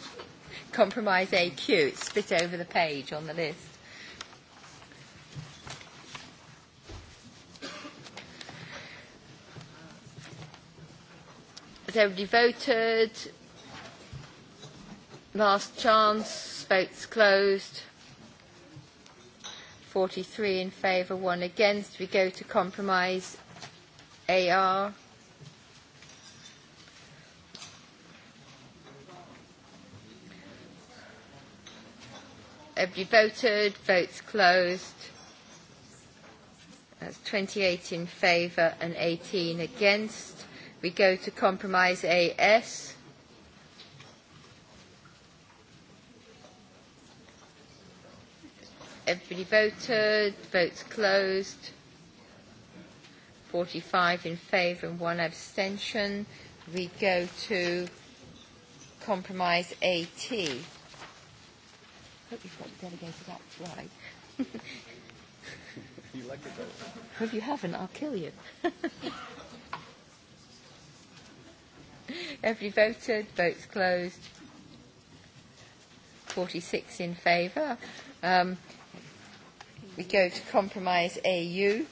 Compromise AQ. It's spit over the page on the list. Has everybody voted? Last chance. Votes closed. 43 in favour, 1 against. We go to compromise AR. Everybody voted. Votes closed. That's 28 in favour and 18 against. We go to compromise AS. Everybody voted. Votes closed. 45 in favour and one abstention. We go to compromise AT hope you've got the delegated acts right. you like it though. Well, if you haven't, I'll kill you. Have you voted? Votes closed. 46 in favour. Um, we go to compromise AU.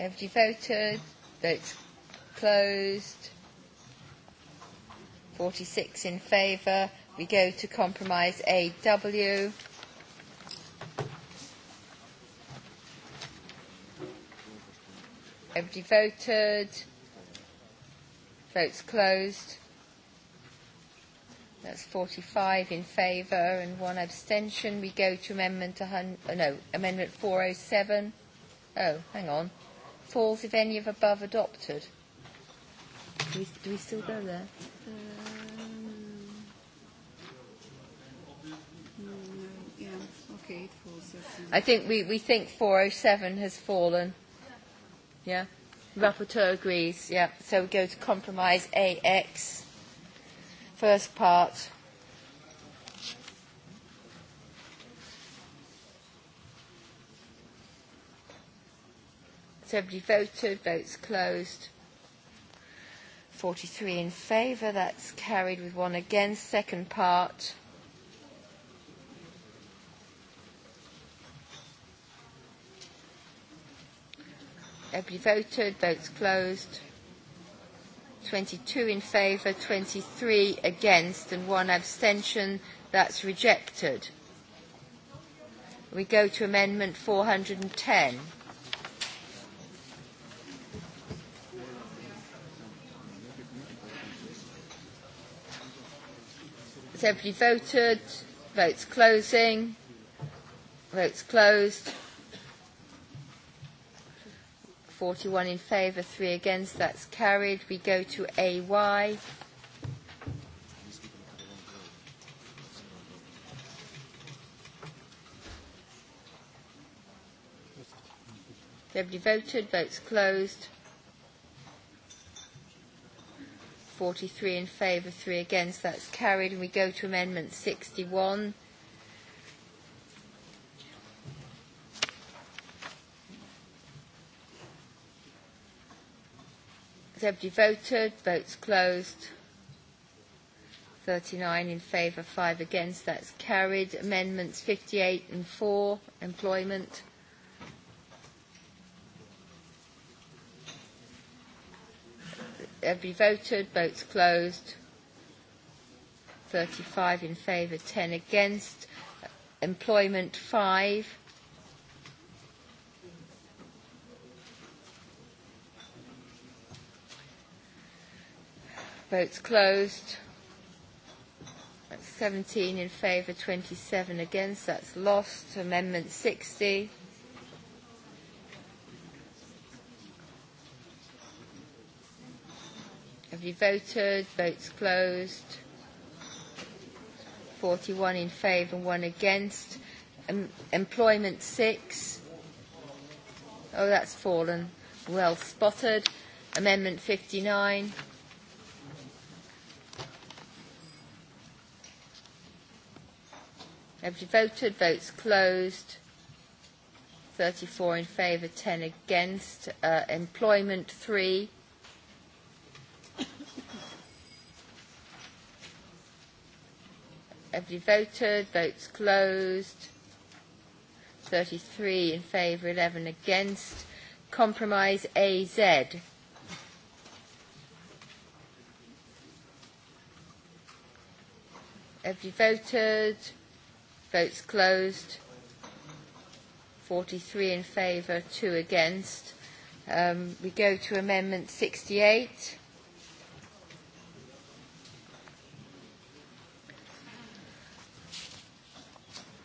Have you voted? Votes closed. 46 in favour. We go to compromise AW. Everybody voted. Votes closed. That's 45 in favour and one abstention. We go to amendment 100, uh, no, amendment 407. Oh, hang on. Falls if any of above adopted. Do we, do we still go there? Okay, it falls. I think we, we think 407 has fallen. Yeah? Rapporteur agrees, yeah. So we go to compromise AX. First part. So everybody voted, votes closed. 43 in favour, that's carried with one against. Second part. Everybody voted. Votes closed. 22 in favour, 23 against and one abstention. That's rejected. We go to Amendment 410. Has everybody voted? Votes closing. Votes closed. 41 in favour, 3 against. That's carried. We go to AY. Everybody voted. Votes closed. 43 in favour, 3 against. That's carried. And we go to Amendment 61. everybody voted? Votes closed. 39 in favour, 5 against. That's carried. Amendments 58 and 4, employment. Everybody voted? Votes closed. 35 in favour, 10 against. Employment 5. Votes closed. That's 17 in favour, 27 against. That's lost. Amendment 60. Have you voted? Votes closed. 41 in favour and 1 against. Um, employment 6. Oh, that's fallen. Well spotted. Amendment 59. Everybody voted. Votes closed. 34 in favour, 10 against. Uh, employment, 3. Everybody voted. Votes closed. 33 in favour, 11 against. Compromise AZ. Everybody voted. Votes closed. 43 in favour, 2 against. Um, we go to Amendment 68.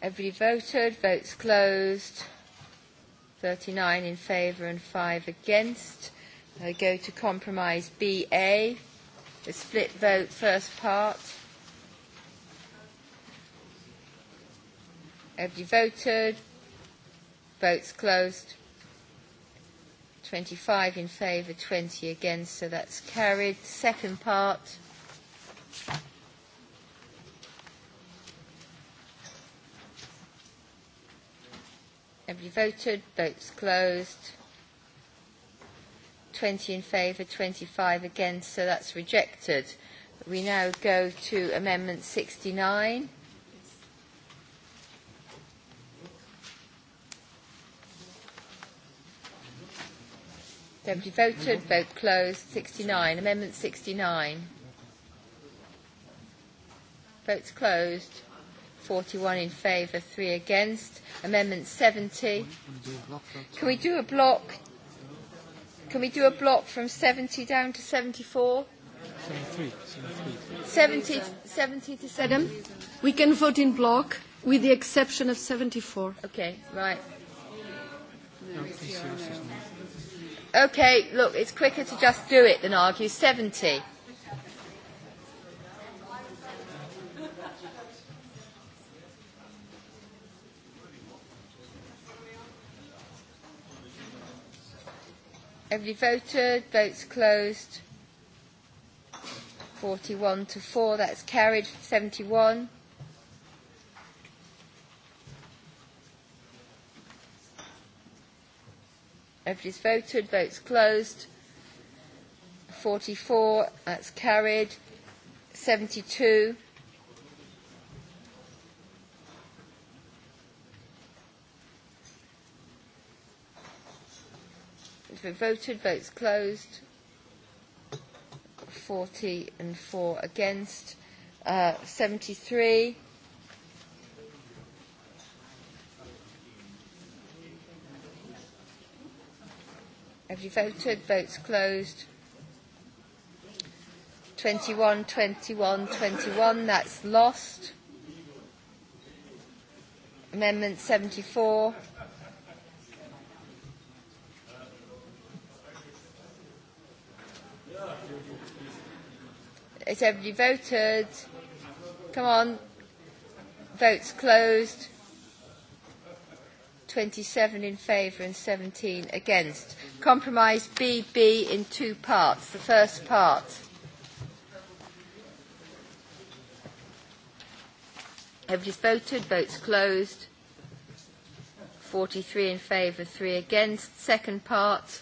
Everybody voted. Votes closed. 39 in favour and 5 against. I go to compromise BA. A split vote, first part. Have you voted? Votes closed. 25 in favour, 20 against, so that's carried. Second part. Have you voted? Votes closed. 20 in favour, 25 against, so that's rejected. We now go to Amendment 69. Nobody voted. Vote closed. 69. Amendment 69. Votes closed. 41 in favour, 3 against. Amendment 70. Can we do a block? Can we do a block from 70 down to 74? 73. 73. 70, 70 to 7. We can vote in block with the exception of 74. Okay, right. No, Okay, look, it's quicker to just do it than argue. 70. Everybody voted, votes closed. 41 to 4, that's carried. 71. Everybody's voted. Votes closed. 44. That's carried. 72. If voted, votes closed. 40 and 4 against. Uh, 73. Everybody voted. Votes closed. 21, 21, 21. That's lost. Amendment 74. Has everybody voted? Come on. Votes closed. 27 in favour and 17 against. Compromise BB in two parts. The first part. Everybody's voted. Votes closed. 43 in favour, 3 against. Second part.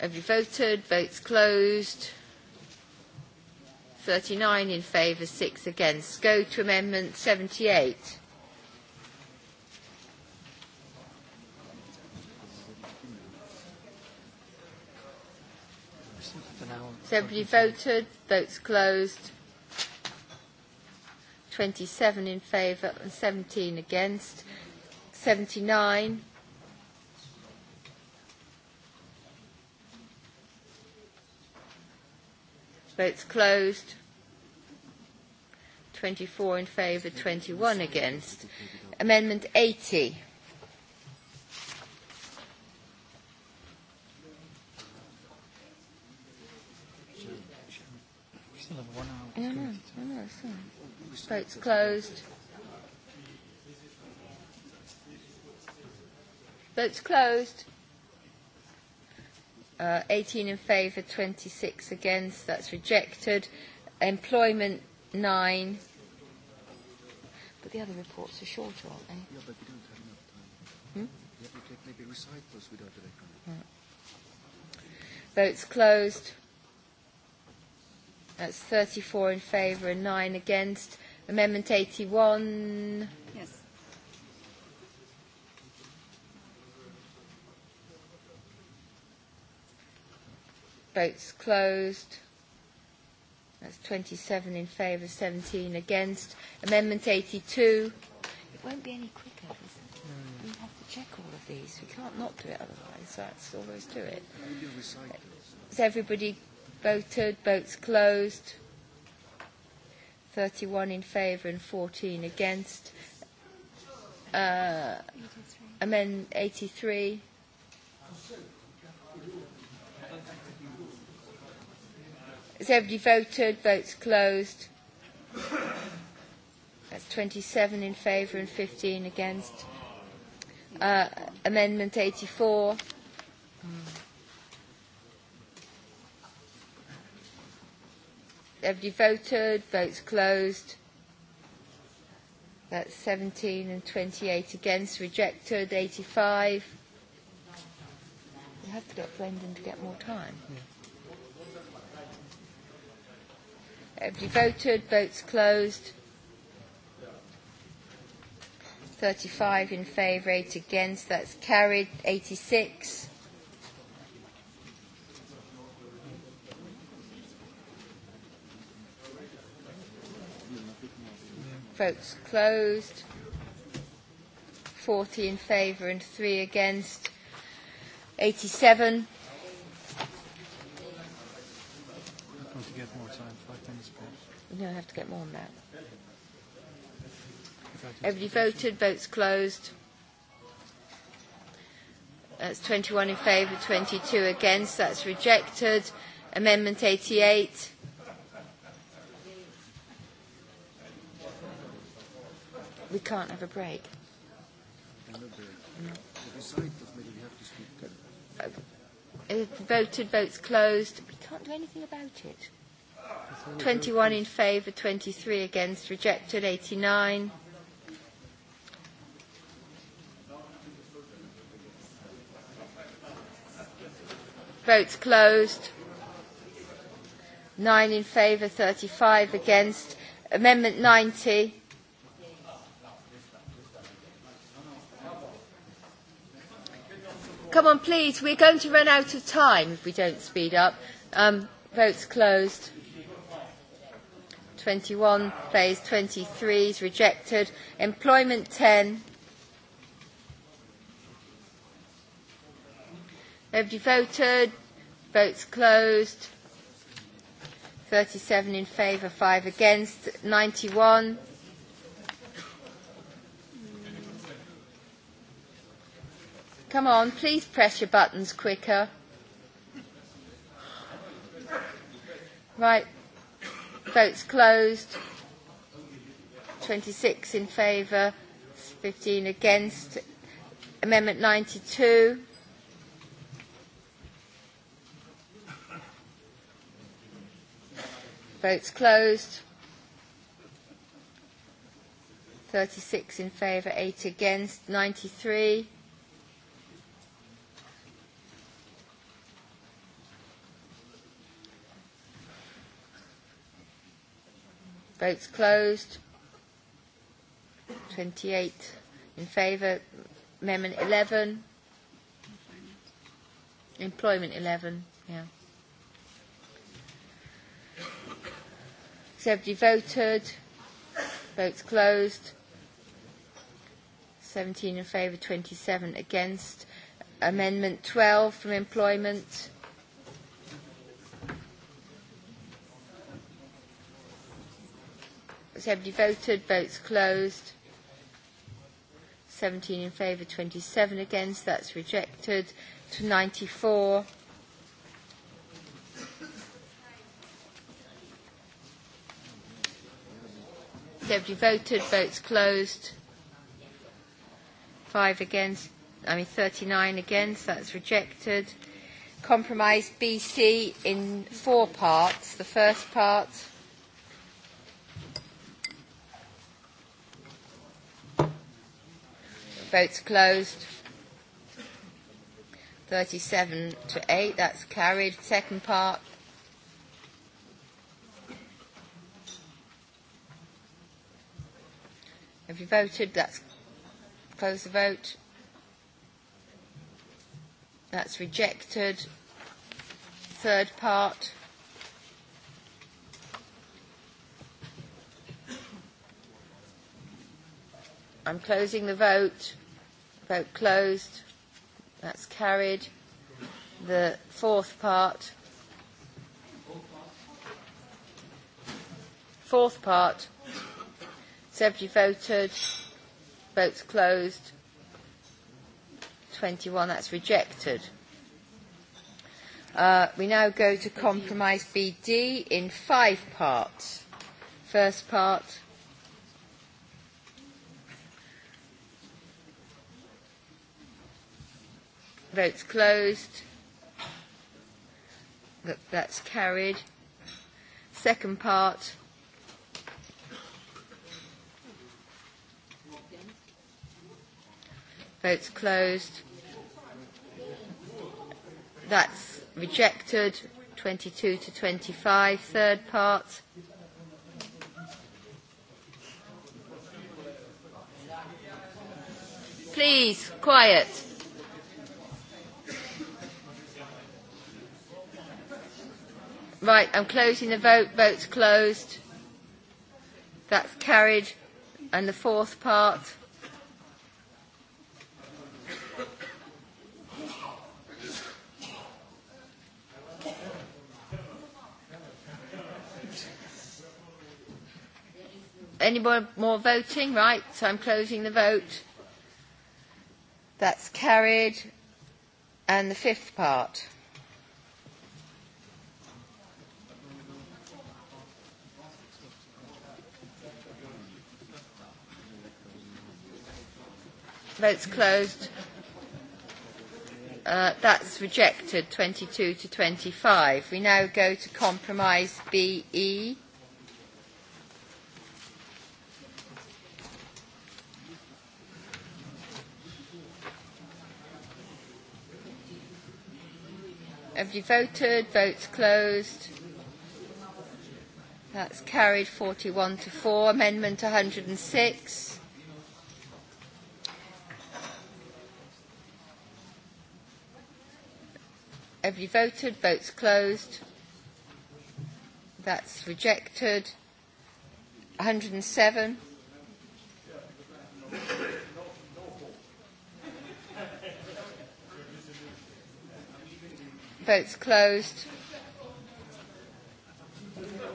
Have you voted? Votes closed. 39 in favour, 6 against. Go to Amendment 78. Has everybody voted? Votes closed. 27 in favour and 17 against. 79 Votes closed. 24 in favour, 21 against. Amendment 80. No, no, no, Votes closed. Votes closed. Uh, 18 in favour, 26 against. That's rejected. Employment, 9. But the other reports are short, aren't they? Yeah, but we don't have enough time. Hmm? Yeah, we take maybe recite those without electronic. Yeah. Votes closed. That's 34 in favour and 9 against. Amendment 81. Yes. Votes closed. That's 27 in favour, 17 against. Amendment 82. It won't be any quicker, is it? No. We have to check all of these. We can't not do it otherwise. So that's all there is to it. Has everybody voted? Votes closed. 31 in favour and 14 against. Uh, amend 83. Has everybody voted? Votes closed. That's 27 in favour and 15 against. Uh, amendment 84. Everybody voted? Votes closed. That's 17 and 28 against. Rejected, 85. You have to get Brendan to get more time. Yeah. Everybody voted. Votes closed. 35 in favour, 8 against. That's carried. 86. Votes closed. 40 in favour and 3 against. 87. No, I have to get more on that. Everybody voted, votes closed. That's 21 in favour, 22 against. That's rejected. Amendment 88. We can't have a break. No. Voted, votes closed. We can't do anything about it. 21 in favour, 23 against, rejected 89. Votes closed. 9 in favour, 35 against. Amendment 90. Come on, please. We're going to run out of time if we don't speed up. Um, votes closed. 21 plays 23 is rejected. Employment 10. Nobody voted. Votes closed. 37 in favour, 5 against. 91. Come on, please press your buttons quicker. Right, Votes closed. 26 in favour, 15 against. Amendment 92. Votes closed. 36 in favour, 8 against. 93. Votes closed. 28 in favour. Amendment 11. Employment 11, yeah. Seventy voted. Votes closed. 17 in favour, 27 against. Amendment 12 from employment. Has everybody voted? Votes closed. 17 in favour, 27 against. That's rejected. To 94. Deputy voted. Votes closed. Five against. I mean, 39 against. That's rejected. Compromise BC in four parts. The first part. Votes closed. 37 to 8, that's carried. Second part. Have you voted? That's close the vote. That's rejected. Third part. I'm closing the vote. Vote closed. That's carried. The fourth part. Fourth part. Seventy voted. Votes closed. 21, that's rejected. Uh, we now go to compromise BD in five parts. First part, Votes closed. That, that's carried. Second part. Votes closed. That's rejected. 22 to 25. Third part. Please, quiet. Right, I'm closing the vote. Vote's closed. That's carried. And the fourth part. Any more, more voting? Right, so I'm closing the vote. That's carried. And the fifth part. Votes closed. Uh, that's rejected, 22 to 25. We now go to compromise BE. Have you voted? Votes closed. That's carried 41 to 4. Amendment 106. Everybody voted. Votes closed. That's rejected. 107. Votes closed.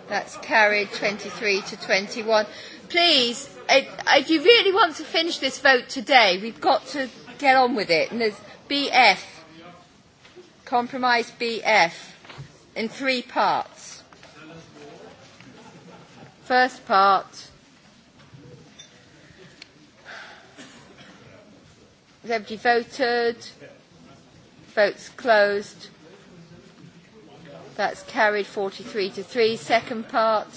That's carried 23 to 21. Please, uh, uh, if you really want to finish this vote today, we've got to get on with it. And there's BF. Compromise BF in three parts. First part. Has everybody voted? Votes closed. That's carried 43 to 3. Second part.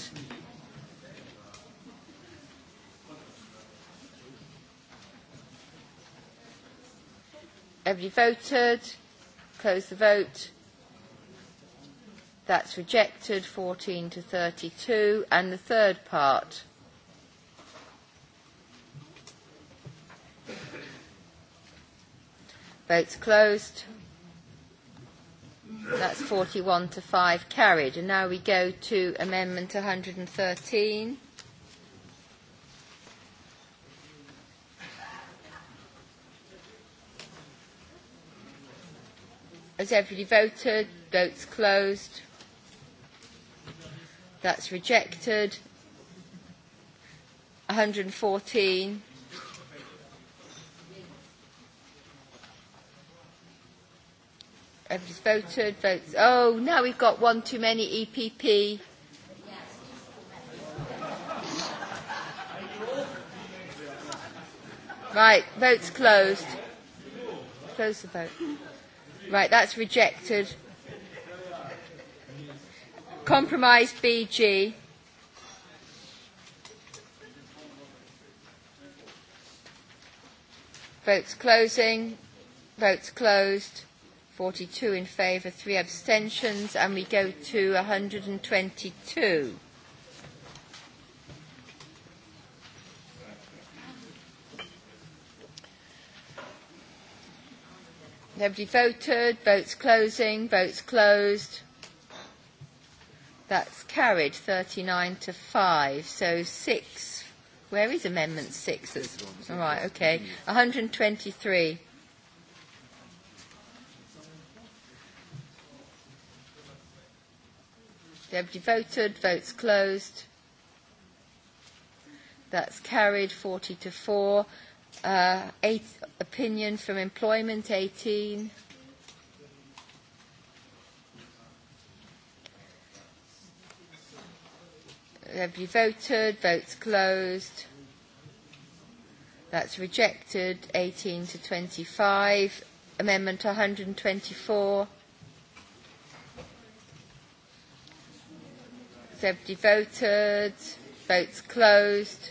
Everybody voted? Close the vote. That's rejected, 14 to 32. And the third part. Votes closed. That's 41 to 5 carried. And now we go to Amendment 113. Has everybody voted? Votes closed. That's rejected. 114. Everybody's voted. Votes. Oh, now we've got one too many EPP. Right, votes closed. Close the vote. Right, that's rejected. Compromise BG. Votes closing. Votes closed. 42 in favour, 3 abstentions, and we go to 122. Nobody voted. Votes closing. Votes closed. That's carried 39 to 5. So 6. Where is Amendment 6? That's, all right, okay. 123. Nobody voted. Votes closed. That's carried 40 to 4. Uh, eight, opinion from employment 18. Have you voted? Votes closed. That's rejected. 18 to 25. Amendment 124. Has everybody voted? Votes closed.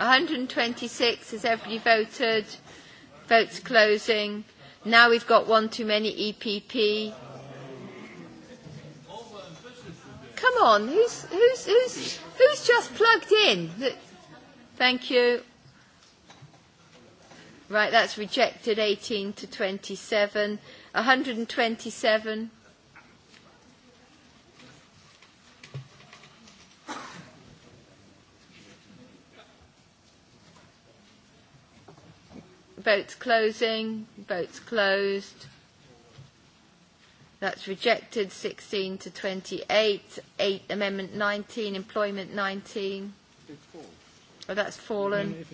126 has everybody voted? Votes closing. Now we've got one too many EPP. Come on, who's, who's, who's, who's just plugged in? Thank you. Right, that's rejected 18 to 27. 127. Votes closing. Votes closed. That's rejected. 16 to 28. 8 Amendment 19. Employment 19. Oh, that's fallen.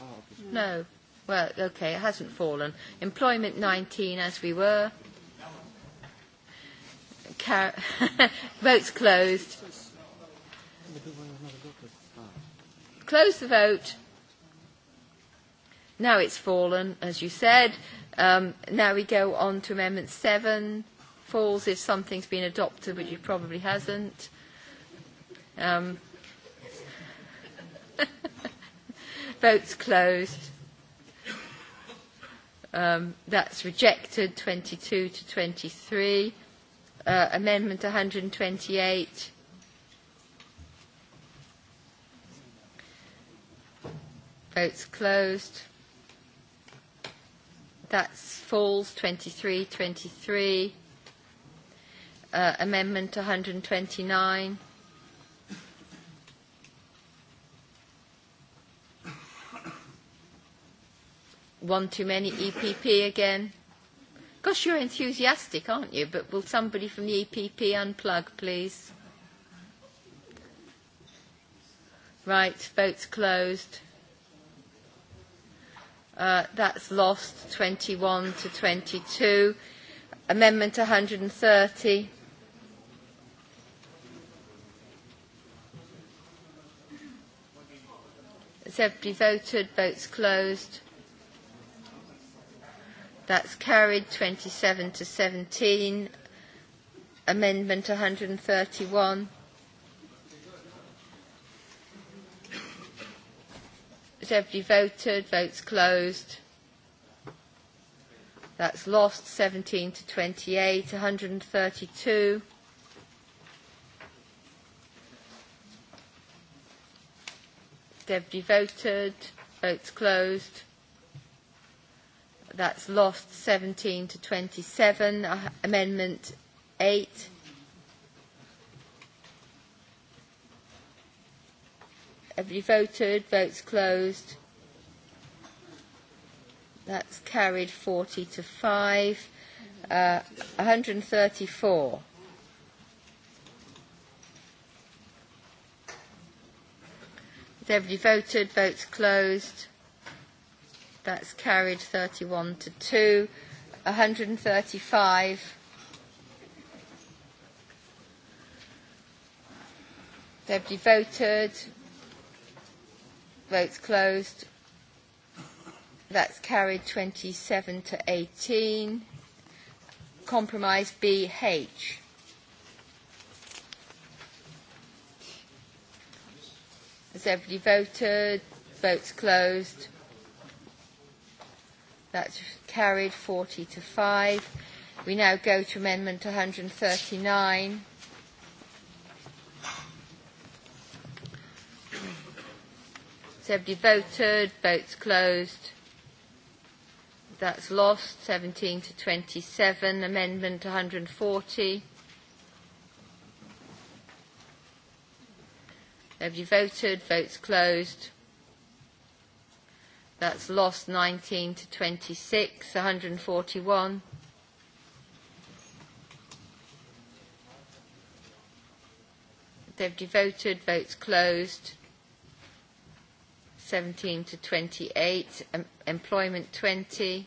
Ah, no. Well, okay, it hasn't fallen. Employment 19 as we were. Car- Votes closed. Close the vote. Now it's fallen, as you said. Um, now we go on to Amendment 7. Falls if something's been adopted, which it probably hasn't. Um, votes closed. Um, that's rejected, 22 to 23. Uh, amendment 128. Votes closed. That's falls 23, 23. Uh, amendment 129. One too many EPP again. Gosh, you're enthusiastic, aren't you? But will somebody from the EPP unplug, please? Right, vote's closed. Uh, that's lost 21 to 22. Amendment 130. Has everybody voted? Votes closed. That's carried 27 to 17. Amendment 131. everybody voted? Votes closed. That's lost 17 to 28, 132. Deputy voted. Votes closed. That's lost 17 to 27. Uh, amendment 8. Have you voted? Votes closed. That's carried 40 to 5. Uh, 134. Has everybody voted? Votes closed. That's carried 31 to 2. 135. Deputy voted. Votes closed. That's carried 27 to 18. Compromise BH. Has everybody voted? Votes closed. That's carried 40 to 5. We now go to Amendment 139. So everybody voted, votes closed. That's lost, 17 to 27. Amendment 140. Everybody voted, votes closed. That's lost 19 to 26, 141. They've devoted, votes closed. 17 to 28, em employment 20.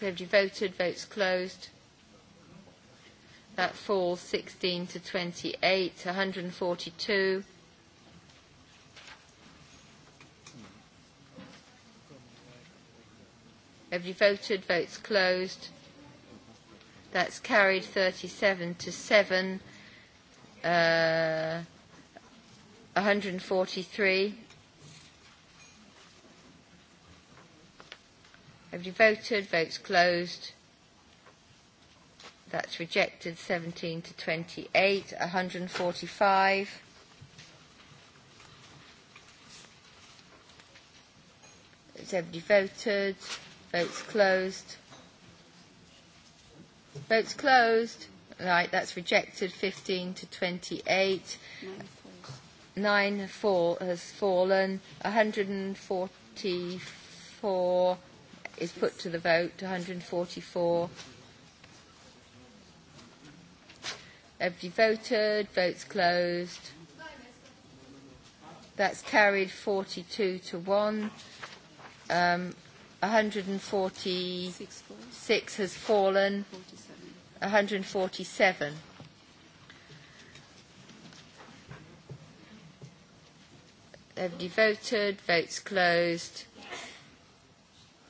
Have you voted? Votes closed. That falls 16 to 28, 142. Have you voted? Votes closed. That's carried 37 to 7. Uh, 143. Everybody voted. Votes closed. That's rejected. 17 to 28. 145. Has everybody voted? Votes closed. Votes closed. Right, that's rejected. 15 to 28. Nine, Nine four has fallen. 144 is put to the vote. 144. Everybody voted. Votes closed. That's carried 42 to 1. Um, 146 has fallen. 46. 147. Everybody voted. Votes closed.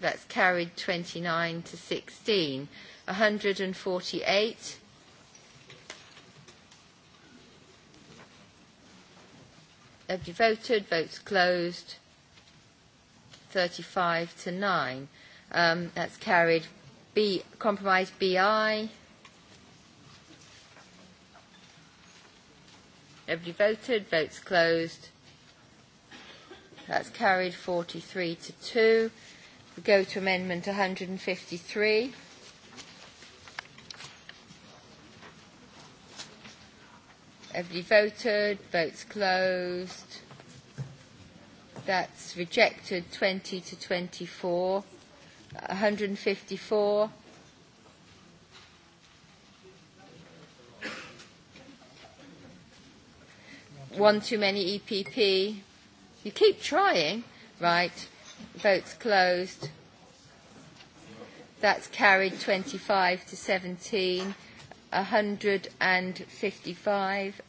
That's carried 29 to 16. 148. Everybody voted. Votes closed. 35 to 9. Um, that's carried. B, compromise BI. Everybody voted. Votes closed. That's carried 43 to 2. We go to Amendment 153. Everybody voted. Votes closed. That's rejected 20 to 24. 154. One too many EPP. You keep trying. Right. Votes closed. That's carried 25 to 17. 155.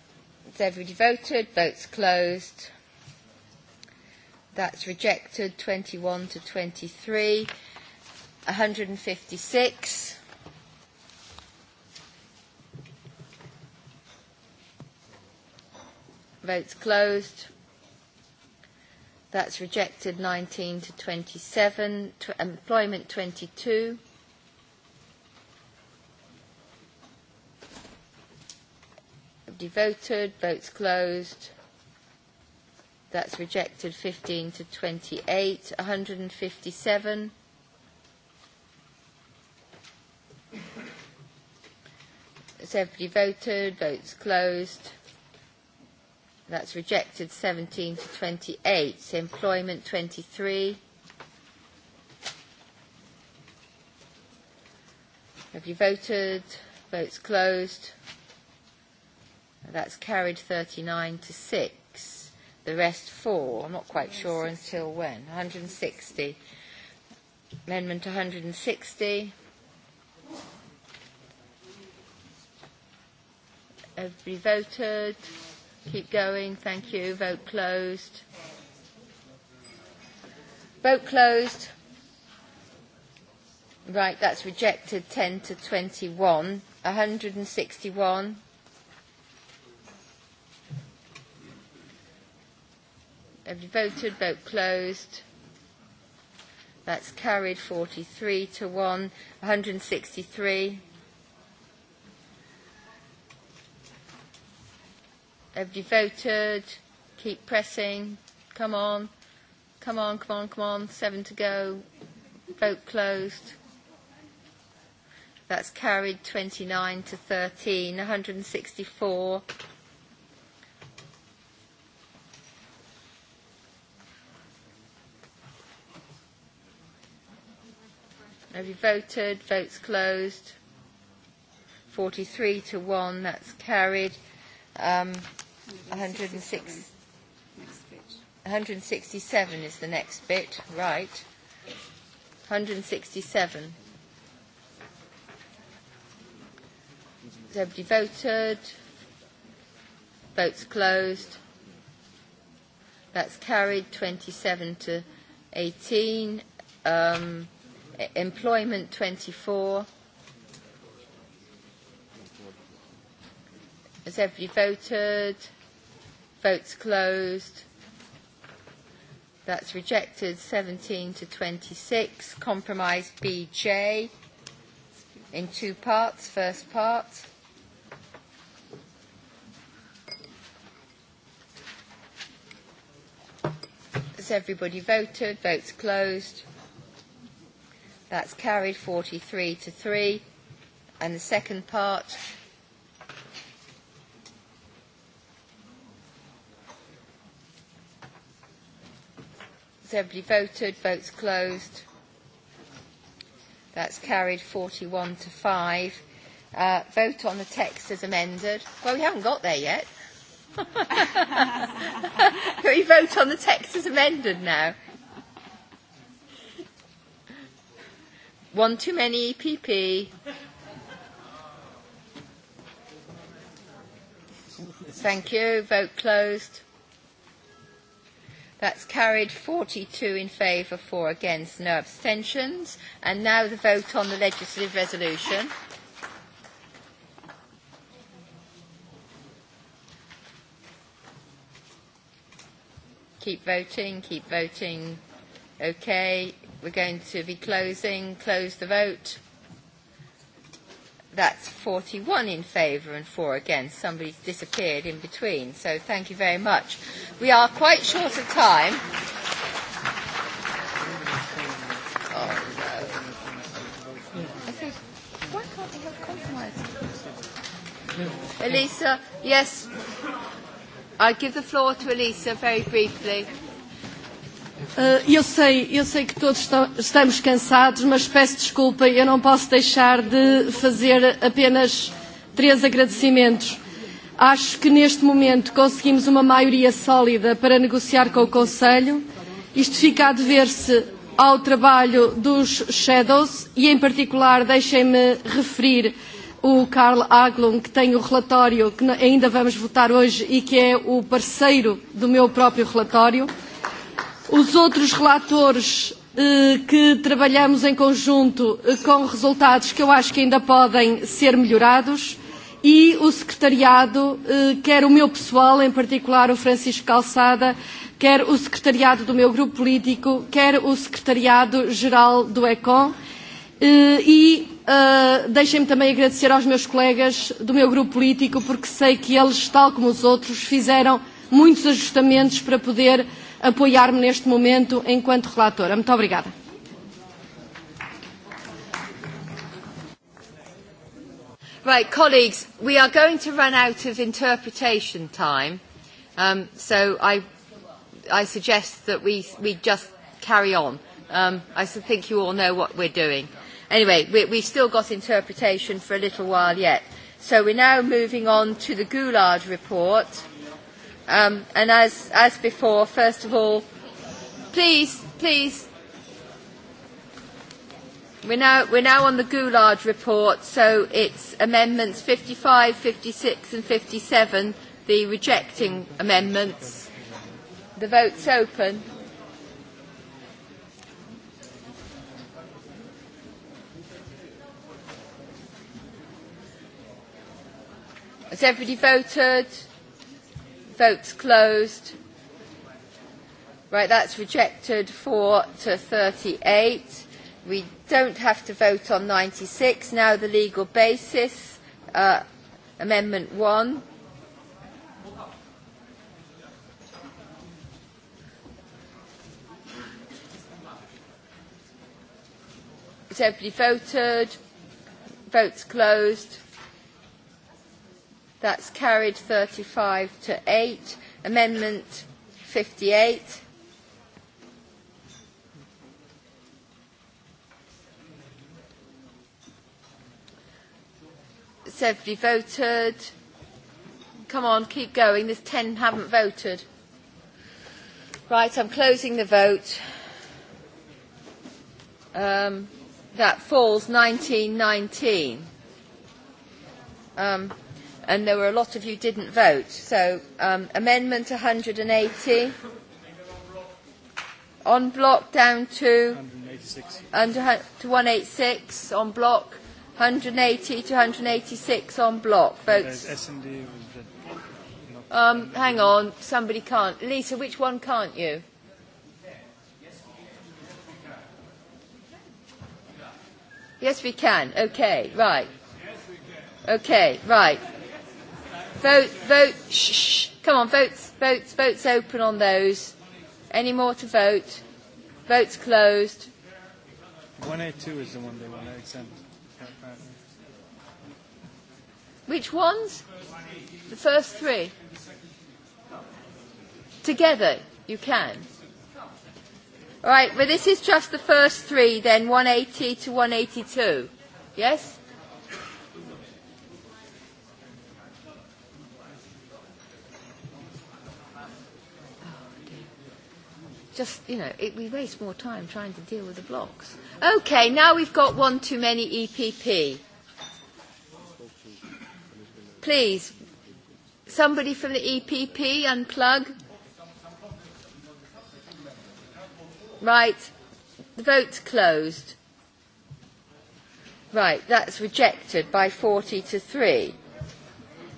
Has everybody voted? Votes closed. That's rejected 21 to 23. 156. Votes closed. That's rejected 19 to 27. Tw employment 22. Devoted. Votes closed. That's rejected 15 to 28. 157. Has everybody voted? Votes closed. That's rejected 17 to 28. Employment 23. Have you voted? Votes closed. That's carried 39 to 6. The rest 4. I'm not quite sure until when. 160. Amendment 160. Everybody voted. Keep going. Thank you. Vote closed. Vote closed. Right, that's rejected 10 to 21. 161. Have you voted? Vote closed. That's carried 43 to 1. 163. Everybody voted. Keep pressing. Come on. Come on, come on, come on. Seven to go. Vote closed. That's carried 29 to 13. 164. Have you voted? Votes closed. 43 to 1. That's carried. Um, 106. 167 is the next bit, right. 167. Has everybody voted? Votes closed. That's carried 27 to 18. Um, employment 24. Has everybody voted? Votes closed. That's rejected. 17 to 26. Compromise BJ in two parts. First part. Has everybody voted? Votes closed. That's carried 43 to 3. And the second part. Has everybody voted? Votes closed. That's carried 41 to 5. Uh, vote on the text as amended. Well, we haven't got there yet. Can we vote on the text as amended now? One too many EPP. Thank you. Vote closed. That's carried 42 in favour, 4 against, no abstentions. And now the vote on the legislative resolution. Keep voting, keep voting. Okay, we're going to be closing. Close the vote. That's 41 in favour and four against. Somebody's disappeared in between. So thank you very much. We are quite short of time. Oh, no. I think, why can't we have compromise? Elisa, yes. I give the floor to Elisa very briefly. Eh, eu sei, eu sei que todos estamos cansados, mas peço desculpa, eu não posso deixar de fazer apenas três agradecimentos. Acho que neste momento conseguimos uma maioria sólida para negociar com o Conselho. Isto fica a dever-se ao trabalho dos Shadows e, em particular, deixem-me referir o Carl Aglum, que tem o relatório que ainda vamos votar hoje e que é o parceiro do meu próprio relatório. Os outros relatores eh, que trabalhamos em conjunto eh, com resultados que eu acho que ainda podem ser melhorados e o secretariado, eh, quer o meu pessoal, em particular o Francisco Calçada, quer o secretariado do meu grupo político, quer o secretariado geral do ECON. Eh, e uh, deixem-me também agradecer aos meus colegas do meu grupo político, porque sei que eles, tal como os outros, fizeram muitos ajustamentos para poder uh, apoiar-me neste momento enquanto relatora. Muito obrigada. Right, colleagues, we are going to run out of interpretation time, um, so I, I suggest that we, we just carry on. Um, I think you all know what we're doing. Anyway, we, we've still got interpretation for a little while yet. So we're now moving on to the Goulard report. Um, and as, as before, first of all, please, please, we're now, we're now on the Goulard report, so it's amendments 55, 56 and 57, the rejecting amendments. The vote's open. Has everybody voted? Votes closed. Right, that's rejected 4 to 38. We don't have to vote on 96. Now the legal basis, uh, Amendment 1. Has everybody voted? Votes closed. That's carried 35 to 8. Amendment 58. Seventy voted. Come on, keep going. There's ten haven't voted. Right, I'm closing the vote. Um, that falls 1919. Um, and there were a lot of you didn't vote. So um, amendment 180 on block down to 186. Under, to 186 on block, 180 to 186 on block votes. Um, hang on, somebody can't. Lisa, which one can't you? Yes, we can. Okay, right. Okay, right. Vote, vote, shh, shh. Come on, votes, votes, votes open on those. Any more to vote? Votes closed. 182 is the one they want to exempt. Which ones? The first three. Together, you can. All right, well, this is just the first three, then 180 to 182. Yes? just, you know, it, we waste more time trying to deal with the blocks. Okay, now we've got one too many EPP. Please, somebody from the EPP, unplug. Right, the vote's closed. Right, that's rejected by 40 to 3.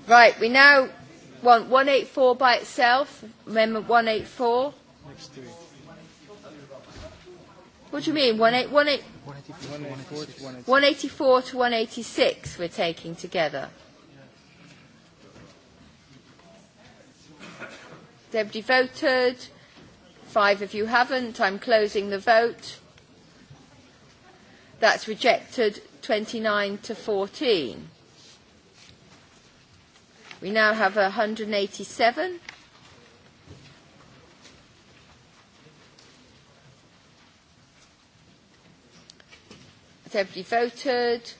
Right, we now want 184 by itself, Amendment 184. Next three. What do you mean? 18, 18, 184 to 186 we're taking together. Deputy voted. Five of you haven't. I'm closing the vote. That's rejected 29 to 14. We now have 187. Has everybody voted?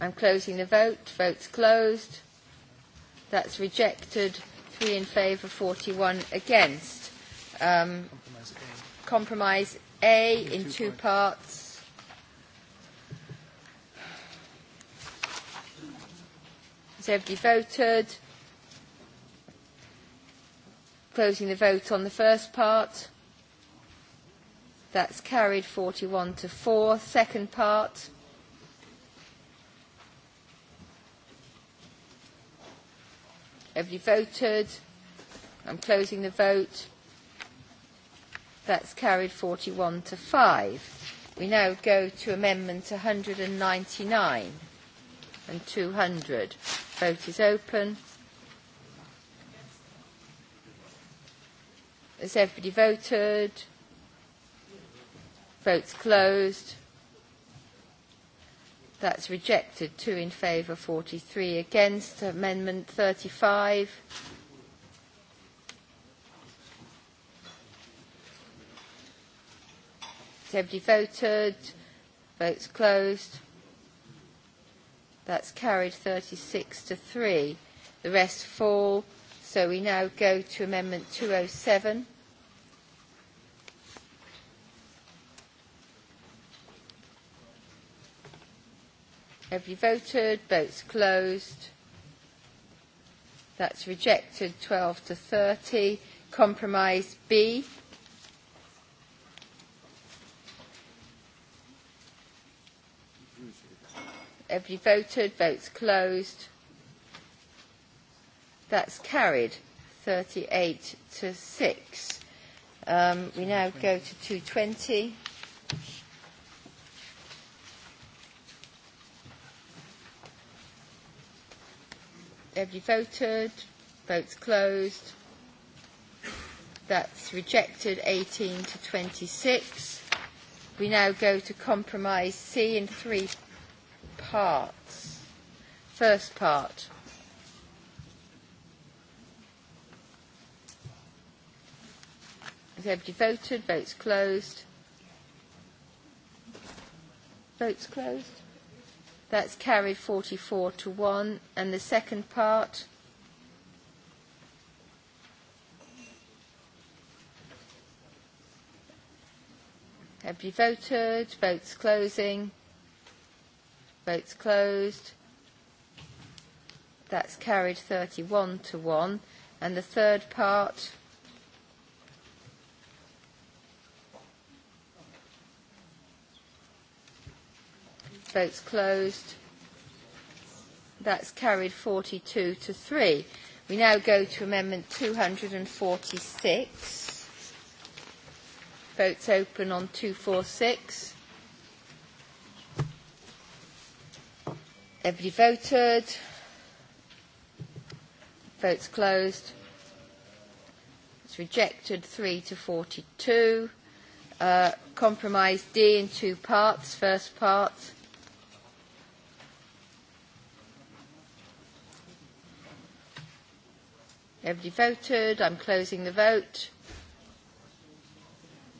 I'm closing the vote. Vote's closed. That's rejected. Three in favour, 41 against. Um, compromise A, compromise A in, in two, two parts. Has everybody voted? Closing the vote on the first part. That's carried 41 to 4. Second part. Have you voted? I'm closing the vote. That's carried 41 to 5. We now go to Amendment 199 and 200. Vote is open. Has everybody voted? Votes closed. That's rejected. Two in favour, 43 against. Amendment 35. Has everybody voted? Votes closed. That's carried 36 to 3. The rest fall. So we now go to Amendment 207. Have you voted? Votes closed. That's rejected 12 to 30. Compromise B. Have you voted? Votes closed. That's carried 38 to 6. Um, we now go to 220. Everybody voted. Votes closed. That's rejected 18 to 26. We now go to compromise C in three parts. First part. Has everybody voted? Votes closed. Votes closed. That's carried 44 to 1. And the second part? Have you voted? Votes closing. Votes closed. That's carried 31 to 1. And the third part? Votes closed. That's carried 42 to 3. We now go to Amendment 246. Votes open on 246. Everybody voted. Votes closed. It's rejected 3 to 42. Uh, compromise D in two parts. First part Everybody voted. I'm closing the vote.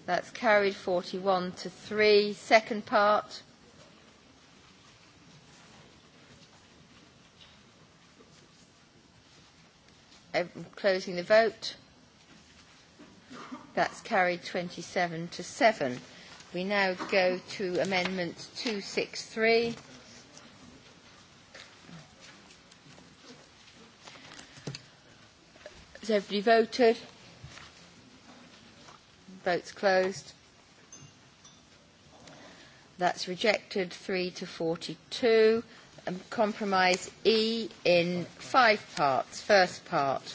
That's carried 41 to 3. Second part. I'm closing the vote. That's carried 27 to 7. We now go to Amendment 263. Has everybody voted? Votes closed. That's rejected 3 to 42. Um, compromise E in five parts. First part.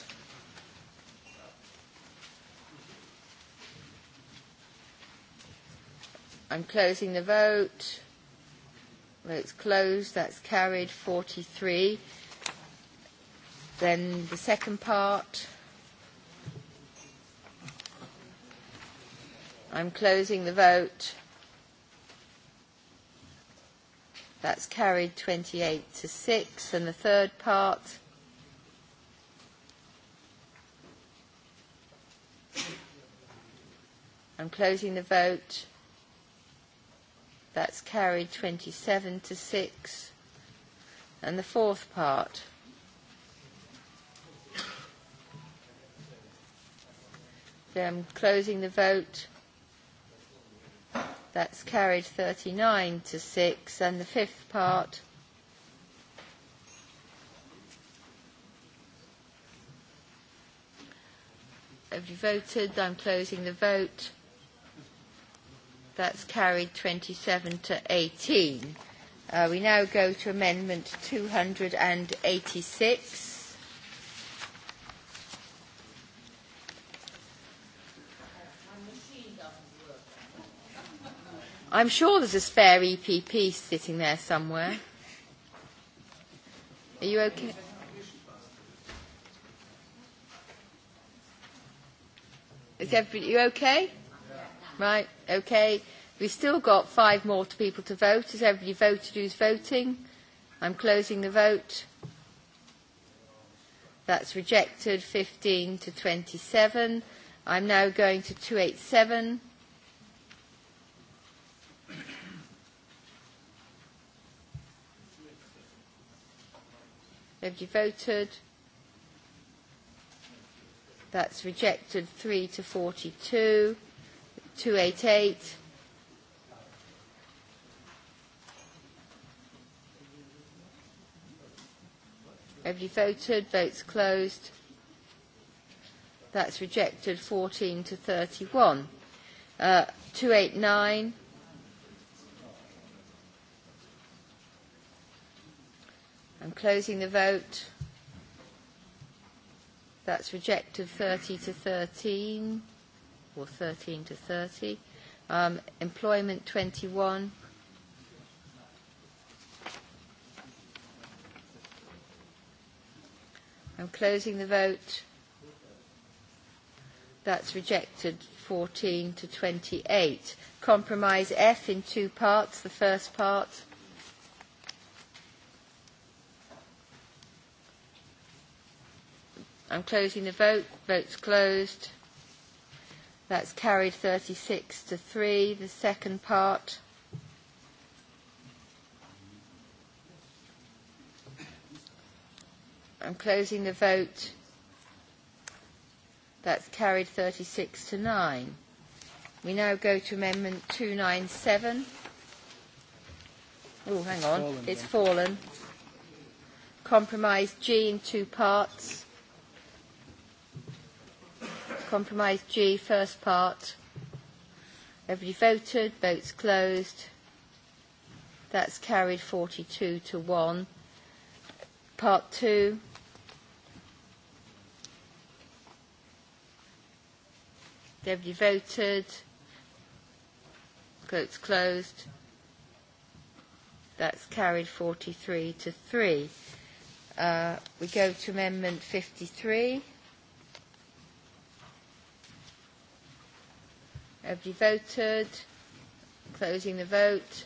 I'm closing the vote. Vote's closed. That's carried 43. Then the second part. I'm closing the vote. That's carried 28 to 6. And the third part. I'm closing the vote. That's carried 27 to 6. And the fourth part. I'm closing the vote. That's carried 39 to 6. And the fifth part. Have you voted? I'm closing the vote. That's carried 27 to 18. Uh, we now go to Amendment 286. I'm sure there's a spare EPP sitting there somewhere. Are you okay? Is everybody you okay? Yeah. Right, okay. We've still got five more to people to vote. Has everybody voted who's voting? I'm closing the vote. That's rejected, 15 to 27. I'm now going to 287. Everybody voted? That's rejected. 3 to 42. 288. Everybody voted? Votes closed. That's rejected. 14 to 31. Uh, 289. I'm closing the vote. That's rejected 30 to 13, or 13 to 30. Um, employment 21. I'm closing the vote. That's rejected 14 to 28. Compromise F in two parts. The first part. I'm closing the vote. Vote's closed. That's carried 36 to 3. The second part. I'm closing the vote. That's carried 36 to 9. We now go to Amendment 297. Oh, hang on. Fallen, it's yeah. fallen. Compromise G in two parts. Compromise G, first part. Everybody voted. Votes closed. That's carried 42 to 1. Part 2. Everybody voted. Votes closed. That's carried 43 to 3. Uh, we go to Amendment 53. Everybody voted. Closing the vote.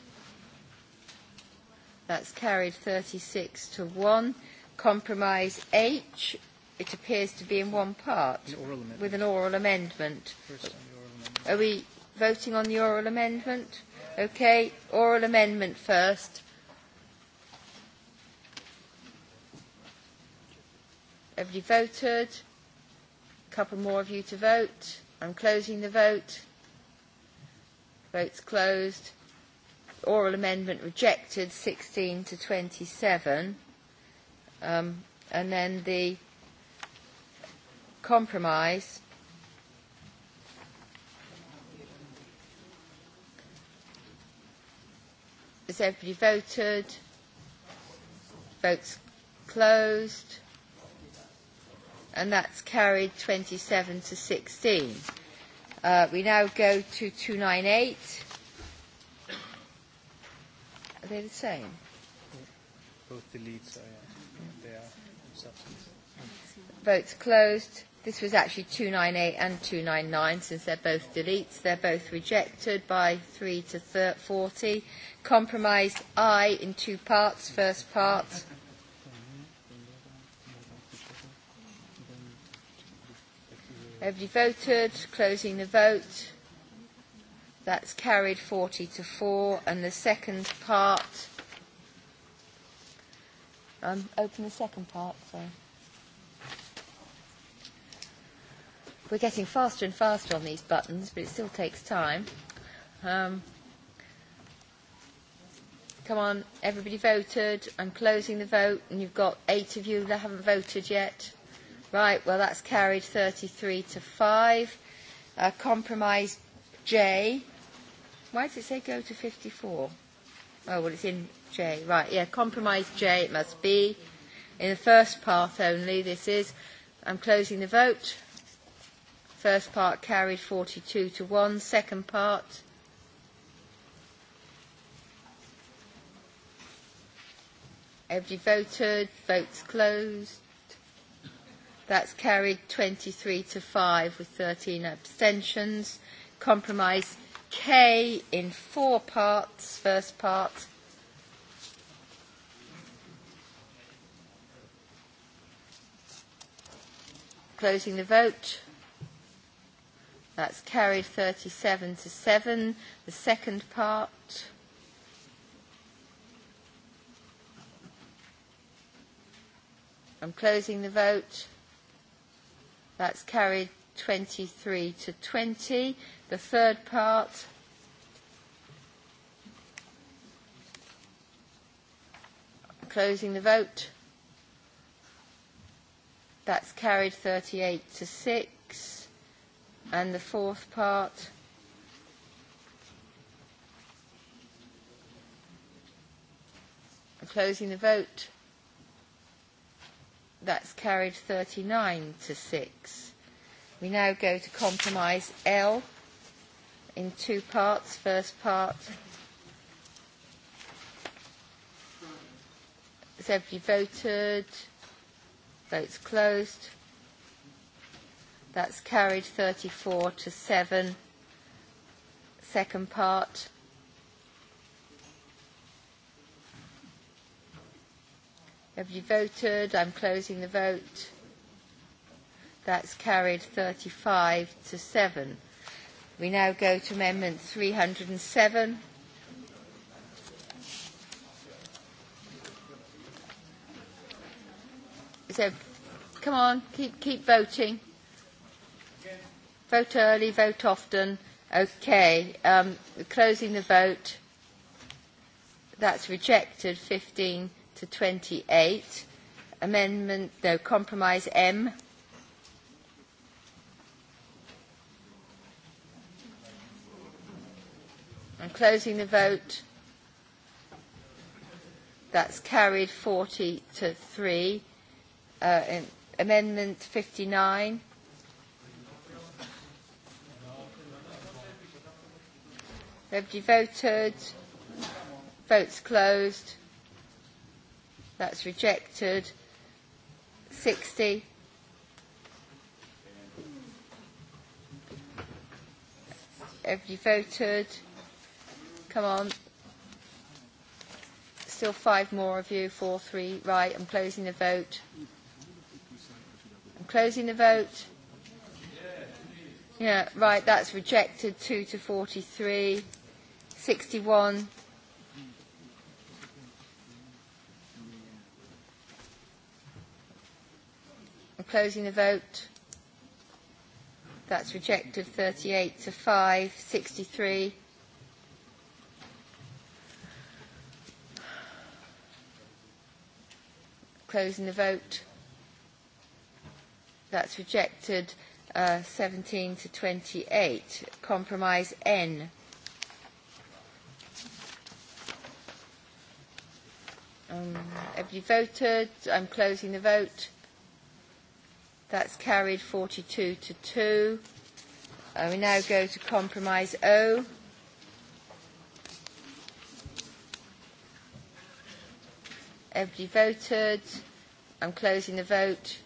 That's carried 36 to 1. Compromise H, it appears to be in one part an oral amendment. with an oral amendment. First on the oral amendment. Are we voting on the oral amendment? Okay, oral amendment first. Everybody voted. A couple more of you to vote. I'm closing the vote. Votes closed. Oral amendment rejected, 16 to 27. Um, and then the compromise. Has everybody voted? Votes closed. And that's carried 27 to 16. Uh, we now go to 298. Are they the same? Both deletes are, yeah. they are in substance. Votes closed. This was actually 298 and 299 since they're both deletes. They're both rejected by 3 to 30, 40. Compromise I in two parts. First part. Everybody voted. Closing the vote. That's carried 40 to 4. And the second part. Um, open the second part, sorry. We're getting faster and faster on these buttons, but it still takes time. Um, come on, everybody voted. I'm closing the vote, and you've got eight of you that haven't voted yet. Right, well, that's carried 33 to 5. Uh, compromise J. Why does it say go to 54? Oh, well, it's in J. Right, yeah, compromise J it must be. In the first part only, this is. I'm closing the vote. First part carried 42 to 1. Second part. Everybody voted. Votes closed. That's carried 23 to 5 with 13 abstentions. Compromise K in four parts. First part. Closing the vote. That's carried 37 to 7. The second part. I'm closing the vote. That's carried 23 to 20. The third part. Closing the vote. That's carried 38 to 6. And the fourth part. Closing the vote. That's carried 39 to 6. We now go to compromise L in two parts. First part. Has everybody voted? Votes closed. That's carried 34 to 7. Second part. Have you voted? I'm closing the vote. That's carried 35 to 7. We now go to Amendment 307. So, come on, keep, keep voting. Vote early, vote often. Okay, um, closing the vote. That's rejected, 15 to 28. Amendment, no, compromise M. I'm closing the vote. That's carried 40 to 3. Uh, in, amendment 59. Nobody voted. Votes closed. That's rejected. 60. Everybody voted. Come on. Still five more of you. Four, three. Right. I'm closing the vote. I'm closing the vote. Yeah, right. That's rejected. 2 to 43. 61. closing the vote. That's rejected 38 to 5, 63. Closing the vote. That's rejected uh, 17 to 28. Compromise N. Um, have you voted? I'm closing the vote. That's carried 42 to 2. Uh, we now go to compromise O. Everybody voted. I'm closing the vote.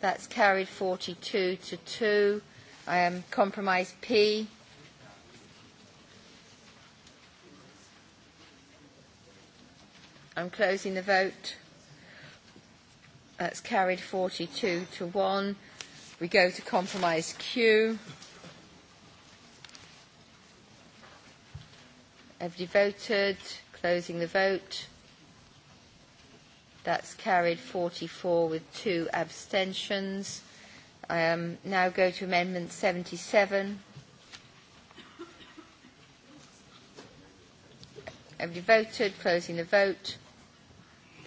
That's carried 42 to 2. I am compromise P. I'm closing the vote. That's carried 42 to 1. We go to compromise Q. Have you voted? Closing the vote. That's carried 44 with two abstentions. I um, now go to Amendment 77. Have you voted? Closing the vote.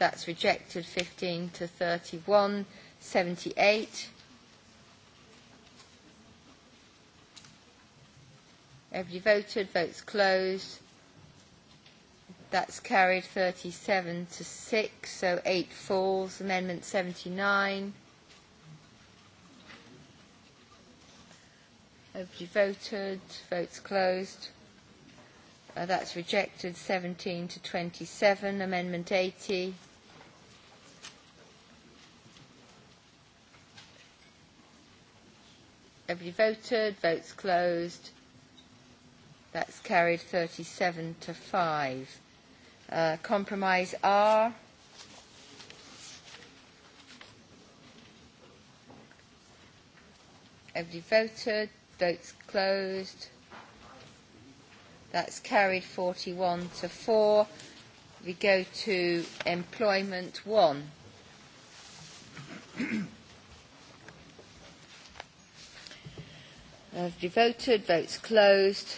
That's rejected. 15 to 31. 78. Everybody voted. Votes closed. That's carried 37 to 6, so 8 falls. Amendment 79. Everybody voted. Votes closed. Uh, that's rejected 17 to 27. Amendment 80. Everybody voted. Votes closed. That's carried 37 to 5. Uh, compromise R. Everybody voted. Votes closed. That's carried 41 to 4. We go to employment 1. Have you voted? Votes closed.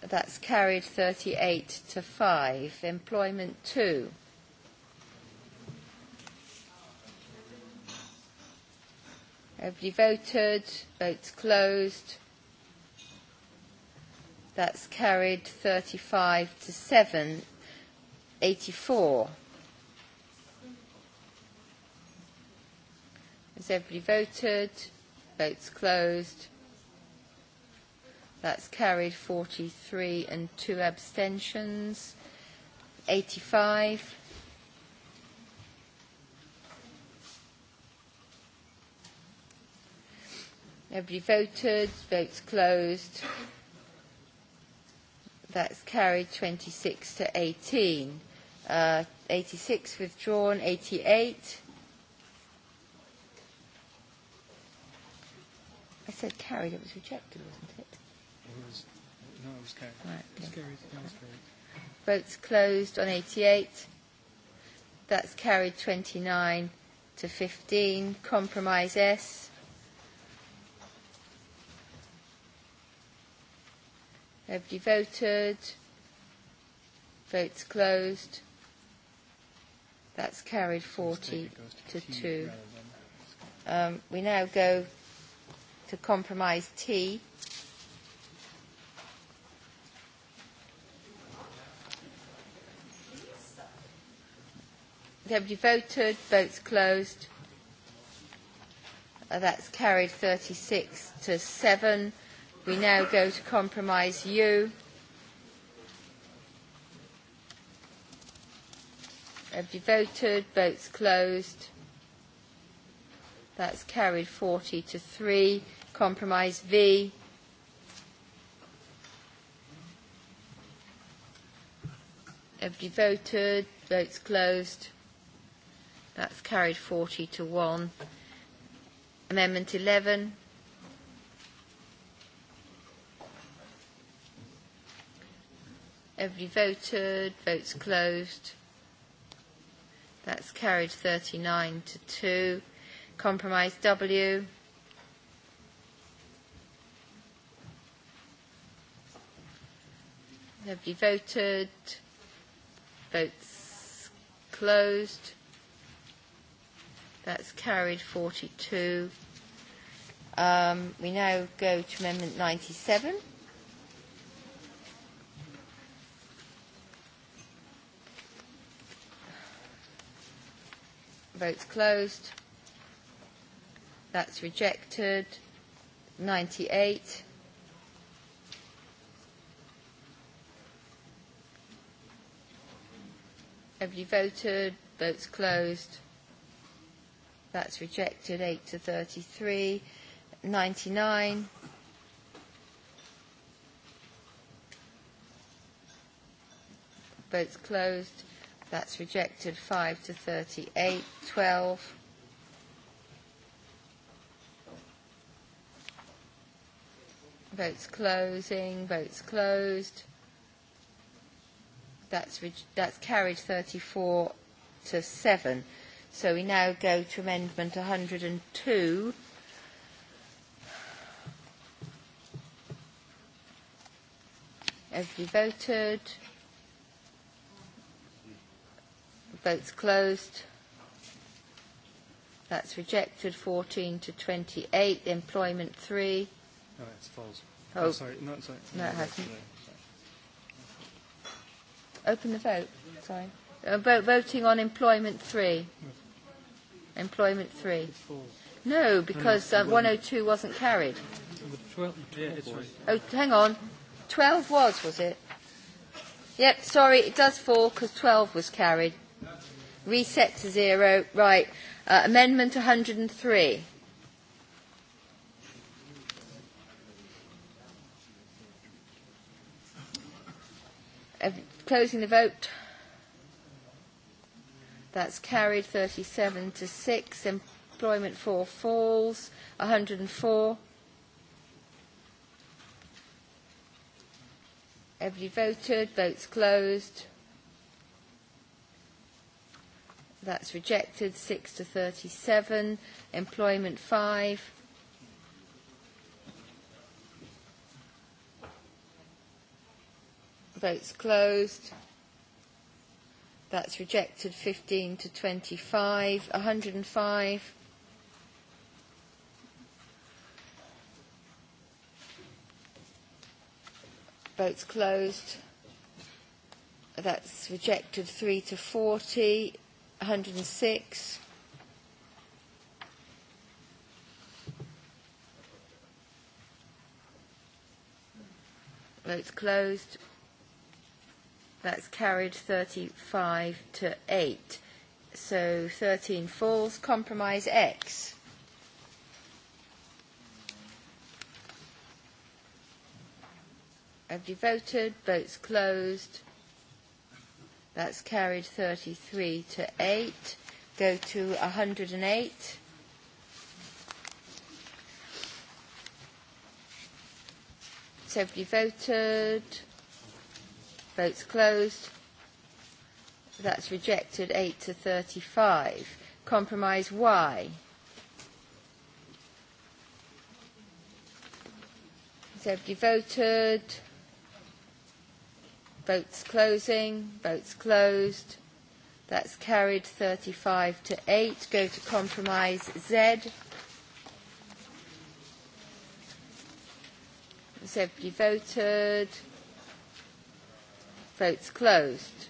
That's carried 38 to 5. Employment 2. Everybody voted. Votes closed. That's carried 35 to 7. 84. Has everybody voted? Votes closed. That's carried 43 and two abstentions. 85. Everybody voted. Votes closed. That's carried 26 to 18. Uh, 86 withdrawn. 88. said carried. It was rejected, wasn't it? It was. No, it was carried. Right, okay. It was carried. No, it was carried. Votes closed on 88. That's carried 29 to 15. Compromise S. Everybody voted. Votes closed. That's carried 40 to 2. Um, we now go to compromise T. Have you voted? Votes closed. Uh, that's carried 36 to 7. We now go to compromise U. Have you voted? Votes closed. That's carried 40 to 3. Compromise V. Everybody voted. Votes closed. That's carried 40 to 1. Amendment 11. Everybody voted. Votes closed. That's carried 39 to 2. Compromise W. Have you voted? Votes closed. That's carried 42. Um, we now go to Amendment 97. Votes closed. That's rejected. 98. Everybody voted. Votes closed. That's rejected. 8 to 33. 99. Votes closed. That's rejected. 5 to 38. 12. Votes closing. Votes closed. That's, that's carried 34 to 7. So we now go to Amendment 102. Everybody voted. Votes closed. That's rejected. 14 to 28. Employment 3. No, it's false. Oh. I'm sorry. No, sorry. No, it hasn't. No. Open the vote. Sorry. Uh, vote, voting on employment three. Employment three. No, because uh, 102 wasn't carried. Oh, hang on. 12 was, was it? Yep, sorry, it does fall because 12 was carried. Reset to zero. Right. Uh, amendment 103. Closing the vote. That's carried 37 to 6. Employment 4 falls. 104. Everybody voted. Votes closed. That's rejected. 6 to 37. Employment 5. Votes closed. That's rejected 15 to 25. 105. Votes closed. That's rejected 3 to 40. 106. Votes closed. That's carried 35 to 8. So 13 falls. Compromise X. Have you voted? Votes closed. That's carried 33 to 8. Go to 108. So have you voted? Votes closed. That's rejected, 8 to 35. Compromise Y. Has everybody voted? Votes closing. Votes closed. That's carried 35 to 8. Go to compromise Z. Has everybody voted? Votes closed.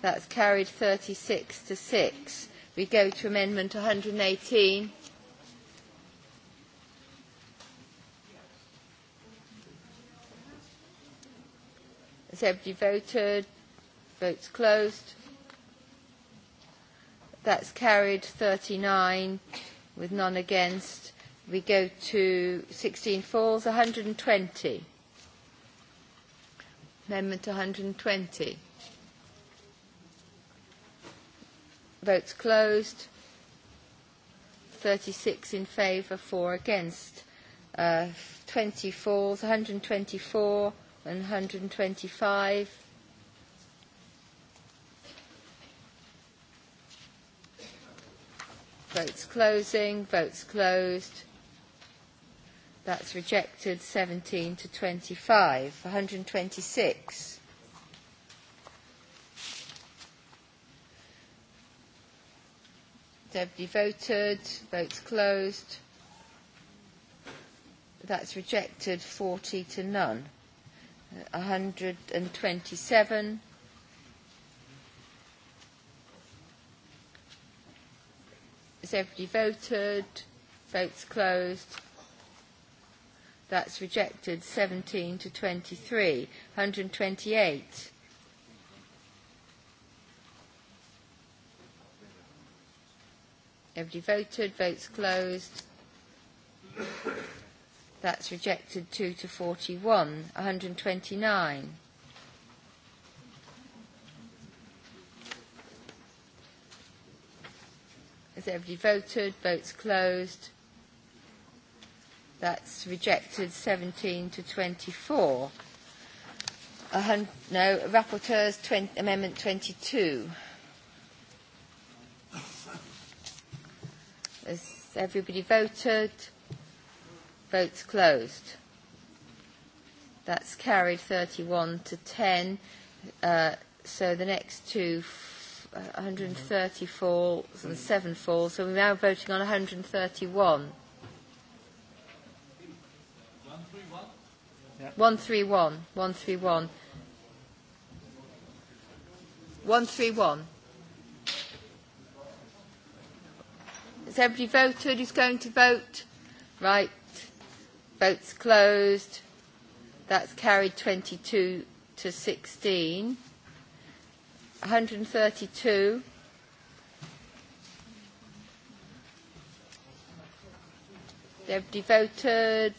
That's carried 36 to 6. We go to Amendment 118. Has everybody voted? Votes closed. That's carried 39 with none against. We go to 16 falls, 120. Amendment 120. Votes closed. 36 in favour, 4 against. Uh, 20 falls, 124 and 125. Votes closing, votes closed. That's rejected 17 to 25. 126. Deputy voted. Votes closed. That's rejected 40 to none. 127. Has everybody voted? Votes closed. That's rejected. 17 to 23. 128. Everybody voted. Votes closed. That's rejected. 2 to 41. 129. Has everybody voted? Votes closed. That's rejected 17 to 24. A hun- no, Rapporteur's 20, Amendment 22. Has everybody voted? Votes closed. That's carried 31 to 10. Uh, so the next two, f- 130 falls and 7 falls. So we're now voting on 131. Yeah. 131, 131. 131. Has everybody voted who's going to vote? Right. Votes closed. That's carried 22 to 16. 132. Everybody voted.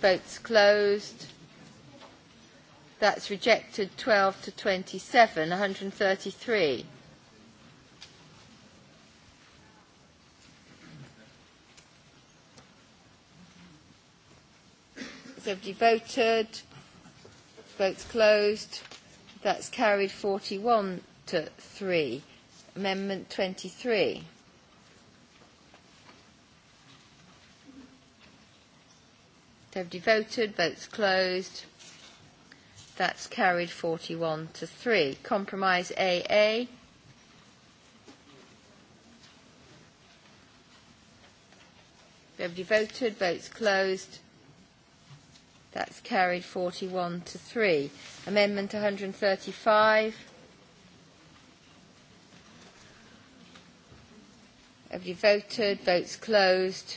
Votes closed. That's rejected 12 to 27, 133. Has everybody voted? Votes closed. That's carried 41 to 3. Amendment 23. Everybody voted. Votes closed. That's carried 41 to 3. Compromise AA. Everybody voted. Votes closed. That's carried 41 to 3. Amendment 135. Everybody voted. Votes closed.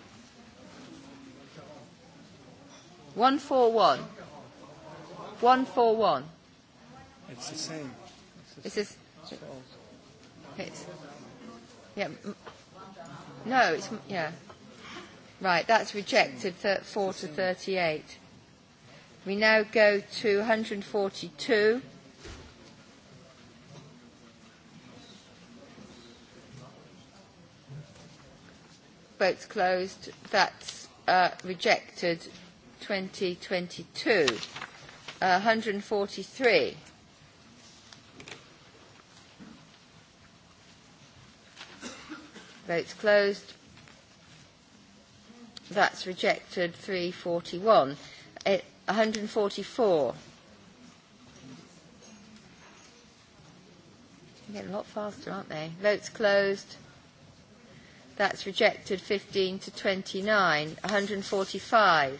141. 141. It's the same. It's the same. It's, it's, yeah. No, it's, yeah. Right, that's rejected, 4 to 38. We now go to 142. Votes closed. That's uh, rejected, 2022. Uh, 143. Votes closed. That's rejected. 341. It, 144. They're getting a lot faster, aren't they? Votes closed. That's rejected 15 to 29. 145.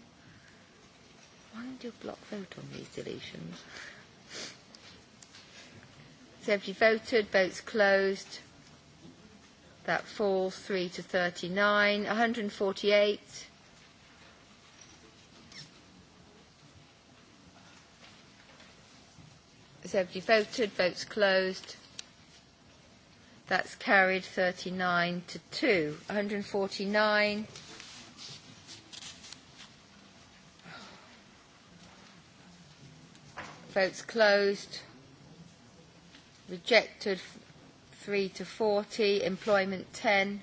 Why don't you do a block vote on these deletions? So if you voted, votes closed. That falls 3 to 39. 148. So if you voted, votes closed. That's carried 39 to 2. 149. Votes closed. Rejected 3 to 40. Employment 10.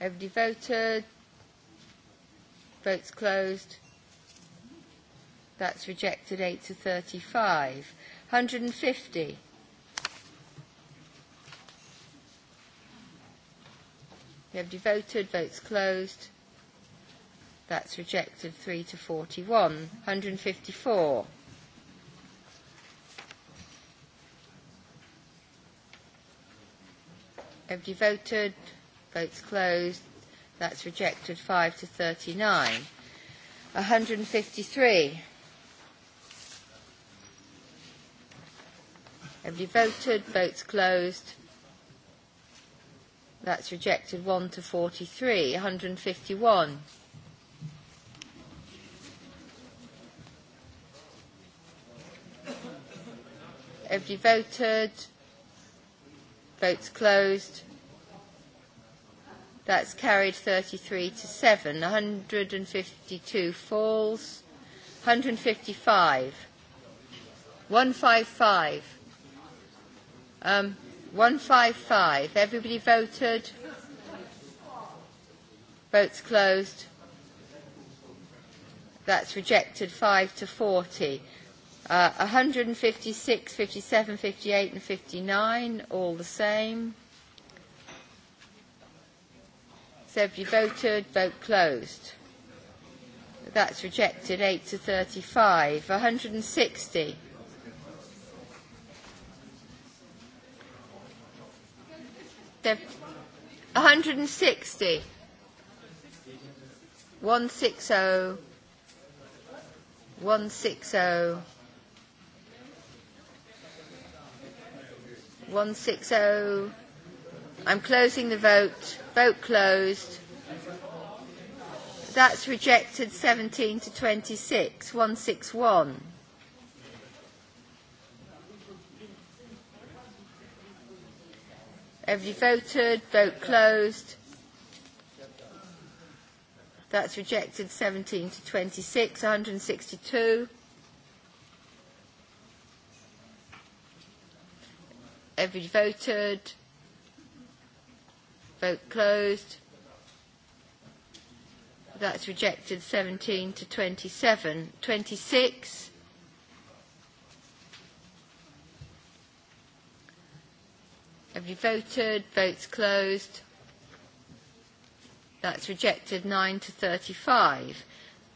Everybody voted. Votes closed. That's rejected 8 to 35. 150. Everybody voted. Votes closed. That's rejected. 3 to 41. 154. Everybody voted. Votes closed. That's rejected. 5 to 39. 153. Everybody voted. Votes closed. That's rejected. 1 to 43. 151. Everybody voted? Votes closed. That's carried 33 to 7. 152 falls. 155. 155. Um, 155. Everybody voted? Votes closed. That's rejected 5 to 40. Uh, 156, 57, 58 and 59, all the same. So if you voted, vote closed. That's rejected, 8 to 35. 160. They've 160. 160. 160. 160. I'm closing the vote. Vote closed. That's rejected 17 to 26. 161. Have you voted? Vote closed. That's rejected 17 to 26. 162. Everybody voted. Vote closed. That's rejected 17 to 27. 26. Everybody voted. Votes closed. That's rejected 9 to 35.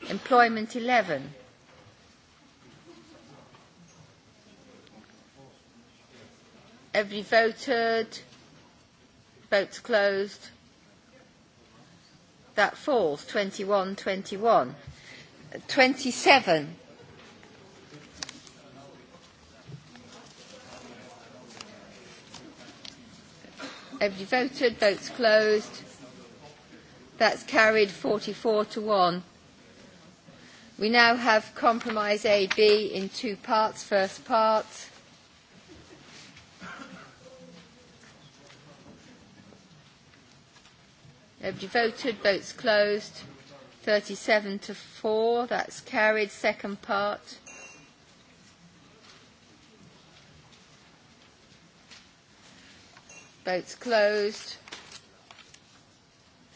Employment 11. Every voted. Votes closed. That falls. 21, 21. 27. Every voted. Votes closed. That's carried 44 to 1. We now have compromise AB in two parts. First part. Nobody voted. Votes closed. 37 to 4. That's carried. Second part. Votes closed.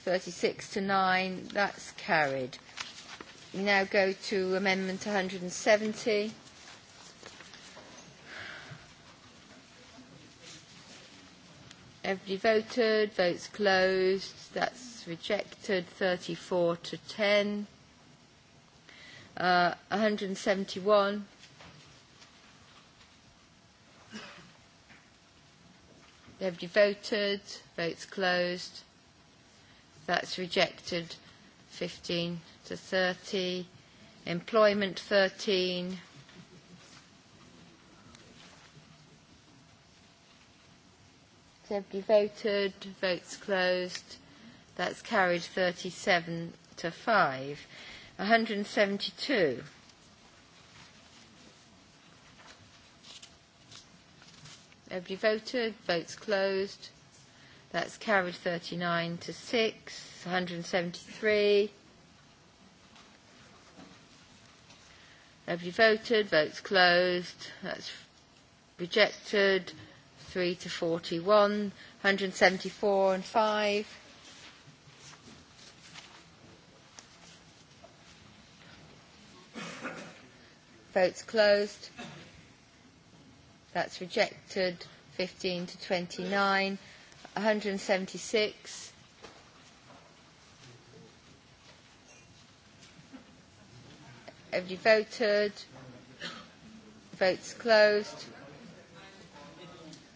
36 to 9. That's carried. We now go to Amendment 170. Everybody voted. Votes closed. That's rejected. 34 to 10. Uh, 171. Everybody voted. Votes closed. That's rejected. 15 to 30. Employment 13. Has everybody voted? Votes closed. That's carried 37 to 5. 172. Everybody voted? Votes closed. That's carried 39 to 6. 173. Everybody voted? Votes closed. That's rejected. 43 to 41, 174 and 5. Votes closed. That's rejected. 15 to 29, 176. Everybody voted. Votes closed.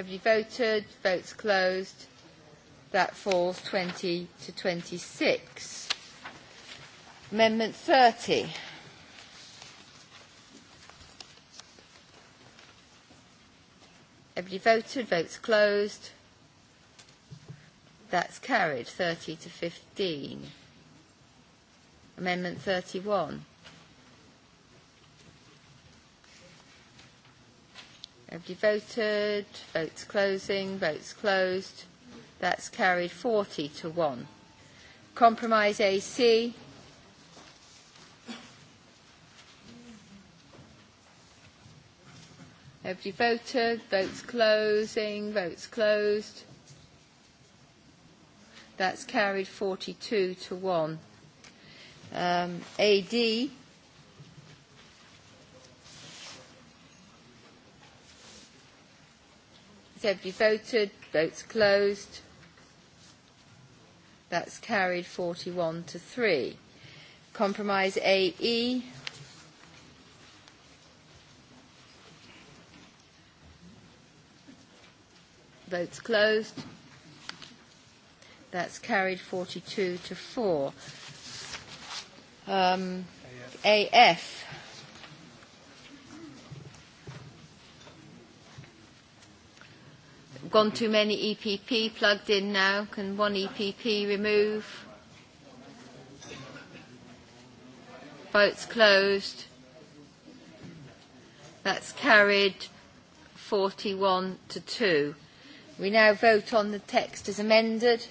Have you voted? Votes closed. That falls 20 to 26. Amendment 30. Everybody voted, votes closed. That's carried, 30 to 15. Amendment 31. Everybody voted. Votes closing. Votes closed. That's carried 40 to 1. Compromise AC. Everybody voted. Votes closing. Votes closed. That's carried 42 to 1. Um, AD. Has everybody voted? Votes closed. That's carried 41 to 3. Compromise AE. Votes closed. That's carried 42 to 4. Um, AF. AF. gone too many EPP plugged in now? Can one EPP remove? Votes closed. That's carried 41 to 2. We now vote on the text as amended.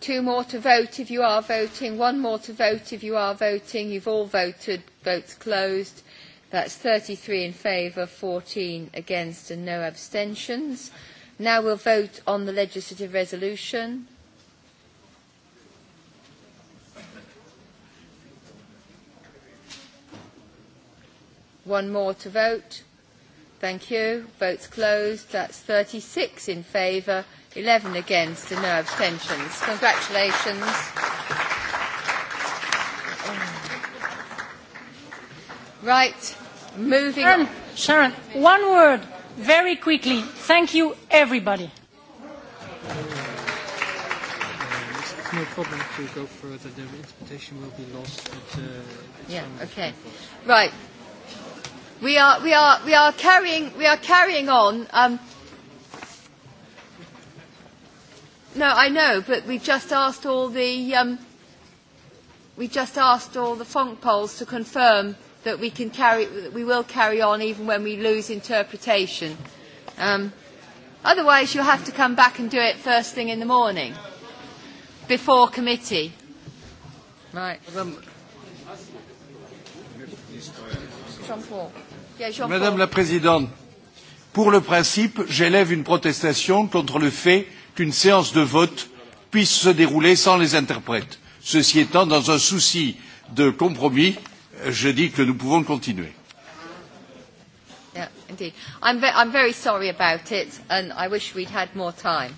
two more to vote if you are voting, one more to vote if you are voting. You've all voted. Votes closed. That's 33 in favour, 14 against and no abstentions. Now we'll vote on the legislative resolution. One more to vote. Thank you. Votes closed. That's 36 in favour, 11 against and no abstentions. Congratulations. Right. Moving Sharon, on. Sharon, one word very quickly. Thank you, everybody. It's no problem to go further. The interpretation will be lost. But, uh, yeah, okay. Right. We are, we are, we are, carrying, we are carrying on. Um, no, I know, but we just asked all the, um, we just asked all the funk polls to confirm that we, can carry, that we will carry on even when we lose interpretation. Um, otherwise, you'll have to come back and do it first thing in the morning, before committee. Right. Madame, Jean-Paul. Madame la Présidente, pour le principe, j'élève une protestation contre le fait qu'une séance de vote puisse se dérouler sans les interprètes. Ceci étant, dans un souci de compromis, je dis que nous pouvons continuer. Yeah, indeed. I'm, ve I'm very sorry about it, and I wish we'd had more time.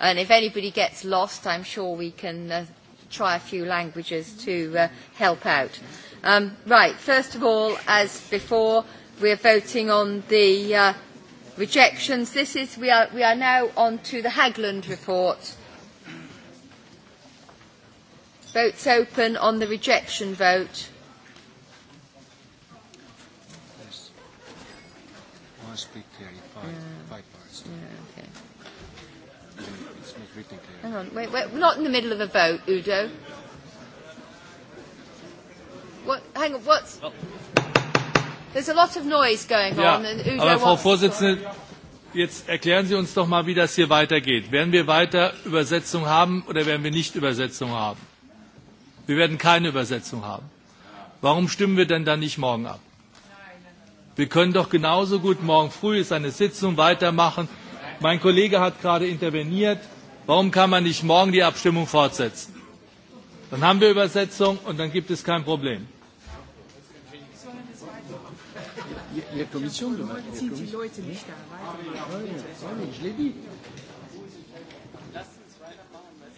And if anybody gets lost, I'm sure we can uh, try a few languages to uh, help out. Um, right, first of all, as before, we are voting on the uh, rejections. This is, we are, we are now on to the Hagland report. Votes open on the rejection vote. One speak clearly, uh, five, yeah. five parts. Yeah, okay. It's not written clearly. Hang on, wait, wait, we're not in the middle of a vote, Udo. What, hang on, what's... Oh. There's a lot of noise going ja, on. And Udo aber Frau Vorsitzende, jetzt erklären Sie uns doch mal, wie das hier weitergeht. Werden wir weiter Übersetzung haben oder werden wir nicht Übersetzung haben? Wir werden keine Übersetzung haben. Warum stimmen wir denn dann nicht morgen ab? Wir können doch genauso gut morgen früh ist eine Sitzung weitermachen. Mein Kollege hat gerade interveniert. Warum kann man nicht morgen die Abstimmung fortsetzen? Dann haben wir Übersetzung und dann gibt es kein Problem. Ihr Kommission, sind die Leute nicht da.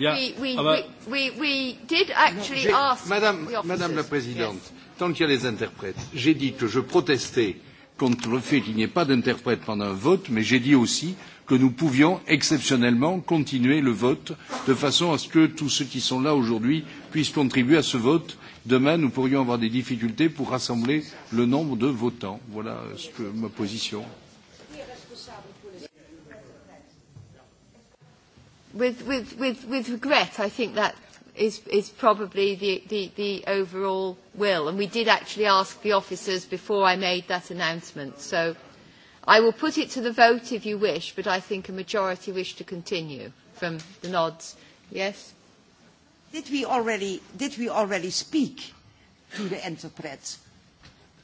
Yeah, we, we, aber we, we, we did actually ask Madame, Madame la Présidente, yes. tant qu'il y a les interprètes, j'ai dit que je protestais euh, contre le fait qu'il n'y ait pas d'interprète pendant un vote, mais j'ai dit aussi que nous pouvions exceptionnellement continuer le vote de façon à ce que tous ceux qui sont là aujourd'hui puissent contribuer à ce vote. Demain, nous pourrions avoir des difficultés pour rassembler le nombre de votants. Voilà euh, ce que, ma position. With, with, with, with regret, I think that is, is probably the, the, the overall will. And we did actually ask the officers before I made that announcement. So I will put it to the vote if you wish, but I think a majority wish to continue from the nods. Yes? Did we already, did we already speak to the interprets?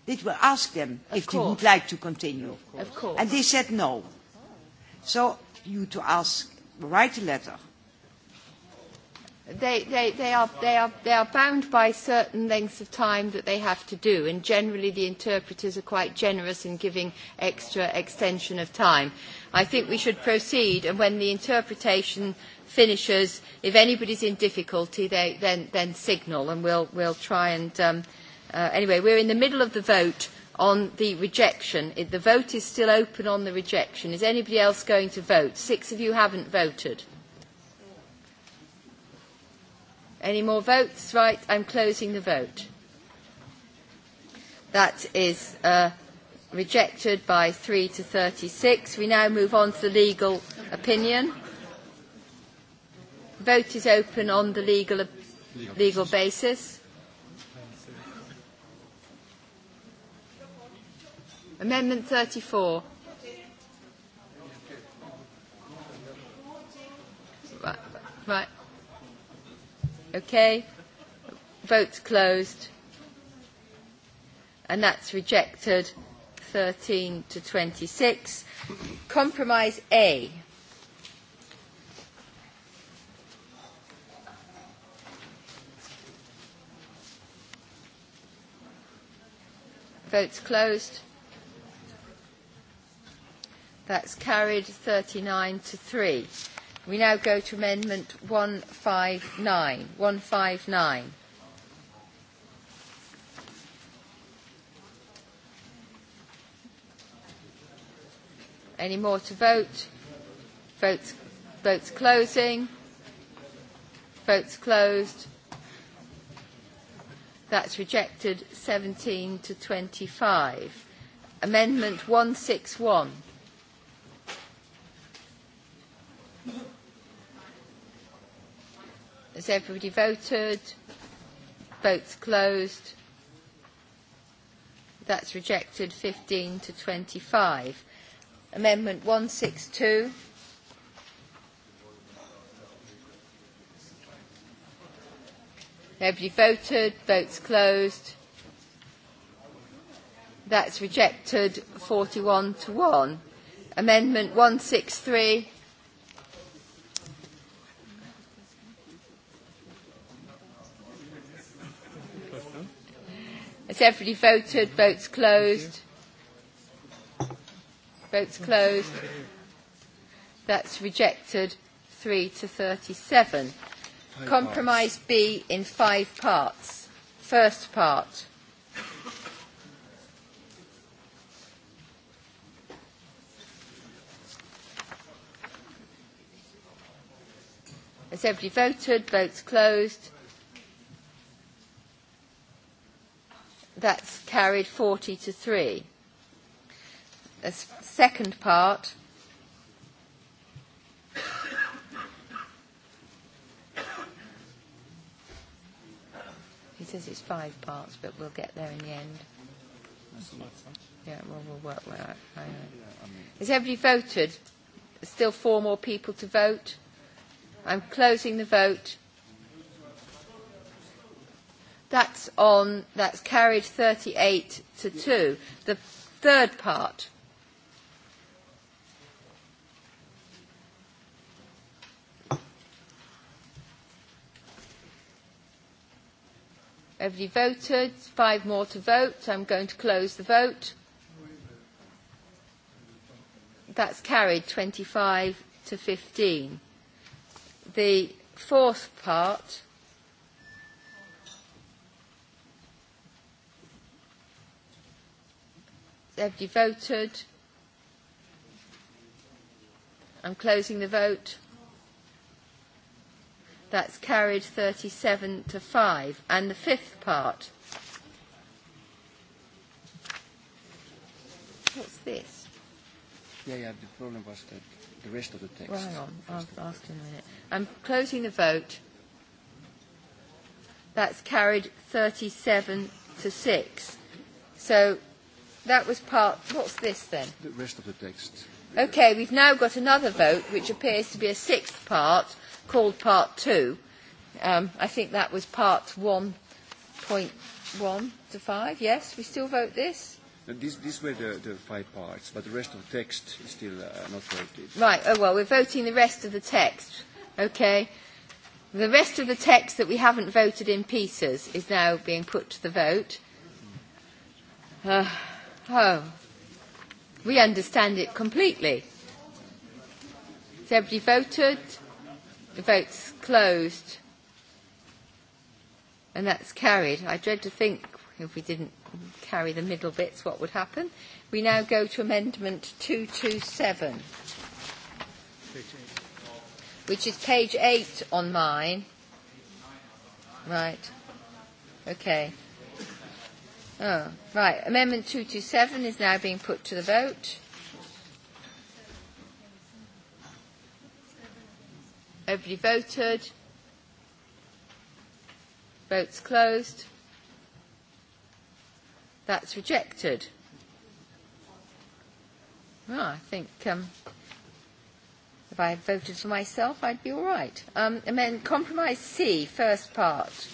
Did we ask them of if course. they would like to continue? Of course. Of course. And they said no. So you to ask, write a letter they, they, they, are, they, are, they are bound by certain lengths of time that they have to do, and generally the interpreters are quite generous in giving extra extension of time. I think we should proceed, and when the interpretation finishes, if anybody's in difficulty, they, then, then signal, and we'll, we'll try and... Um, uh, anyway, we're in the middle of the vote on the rejection. It, the vote is still open on the rejection. Is anybody else going to vote? Six of you haven't voted. Any more votes? Right, I'm closing the vote. That is uh, rejected by 3 to 36. We now move on to the legal opinion. Vote is open on the legal, legal, legal basis. Amendment 34. Right. right. Okay. Vote's closed. And that's rejected 13 to 26. Compromise A. Vote's closed. That's carried 39 to 3. We now go to Amendment 159. 159. Any more to vote? Votes, votes closing. Votes closed. That's rejected 17 to 25. Amendment 161. Has everybody voted? Votes closed. That's rejected 15 to 25. Amendment 162. Nobody voted. Votes closed. That's rejected 41 to 1. Amendment 163. Has everybody voted? Votes closed. Votes closed. That's rejected. 3 to 37. Five Compromise parts. B in five parts. First part. Has everybody voted? Votes closed. That's carried 40 to 3. The second part. He says it's five parts, but we'll get there in the end. Yeah, well, we'll work with that. I know. Has everybody voted? Still four more people to vote. I'm closing the vote. That's on, that's carried 38 to 2. The third part. Everybody voted. Five more to vote. I'm going to close the vote. That's carried 25 to 15. The fourth part. Everybody voted? I'm closing the vote. That's carried 37 to 5. And the fifth part. What's this? Yeah, yeah, the problem was that the rest of the text. Well, hang on, I'll ask in a minute. I'm closing the vote. That's carried 37 to 6. So That was part... What's this then? The rest of the text. Okay, we've now got another vote, which appears to be a sixth part, called Part 2. Um, I think that was Part 1.1 to 5. Yes, we still vote this? These, these were the, the five parts, but the rest of the text is still uh, not voted. Right, oh well, we're voting the rest of the text. Okay. The rest of the text that we haven't voted in pieces is now being put to the vote. Uh, Oh, we understand it completely. Has everybody voted? The vote's closed. And that's carried. I dread to think if we didn't carry the middle bits what would happen. We now go to Amendment 227, which is page 8 on mine. Right. Okay. Oh, right. Amendment 227 is now being put to the vote. Everybody voted. Votes closed. That's rejected. Well, I think um, if I voted for myself, I'd be all right. Um, amend compromise C, first part.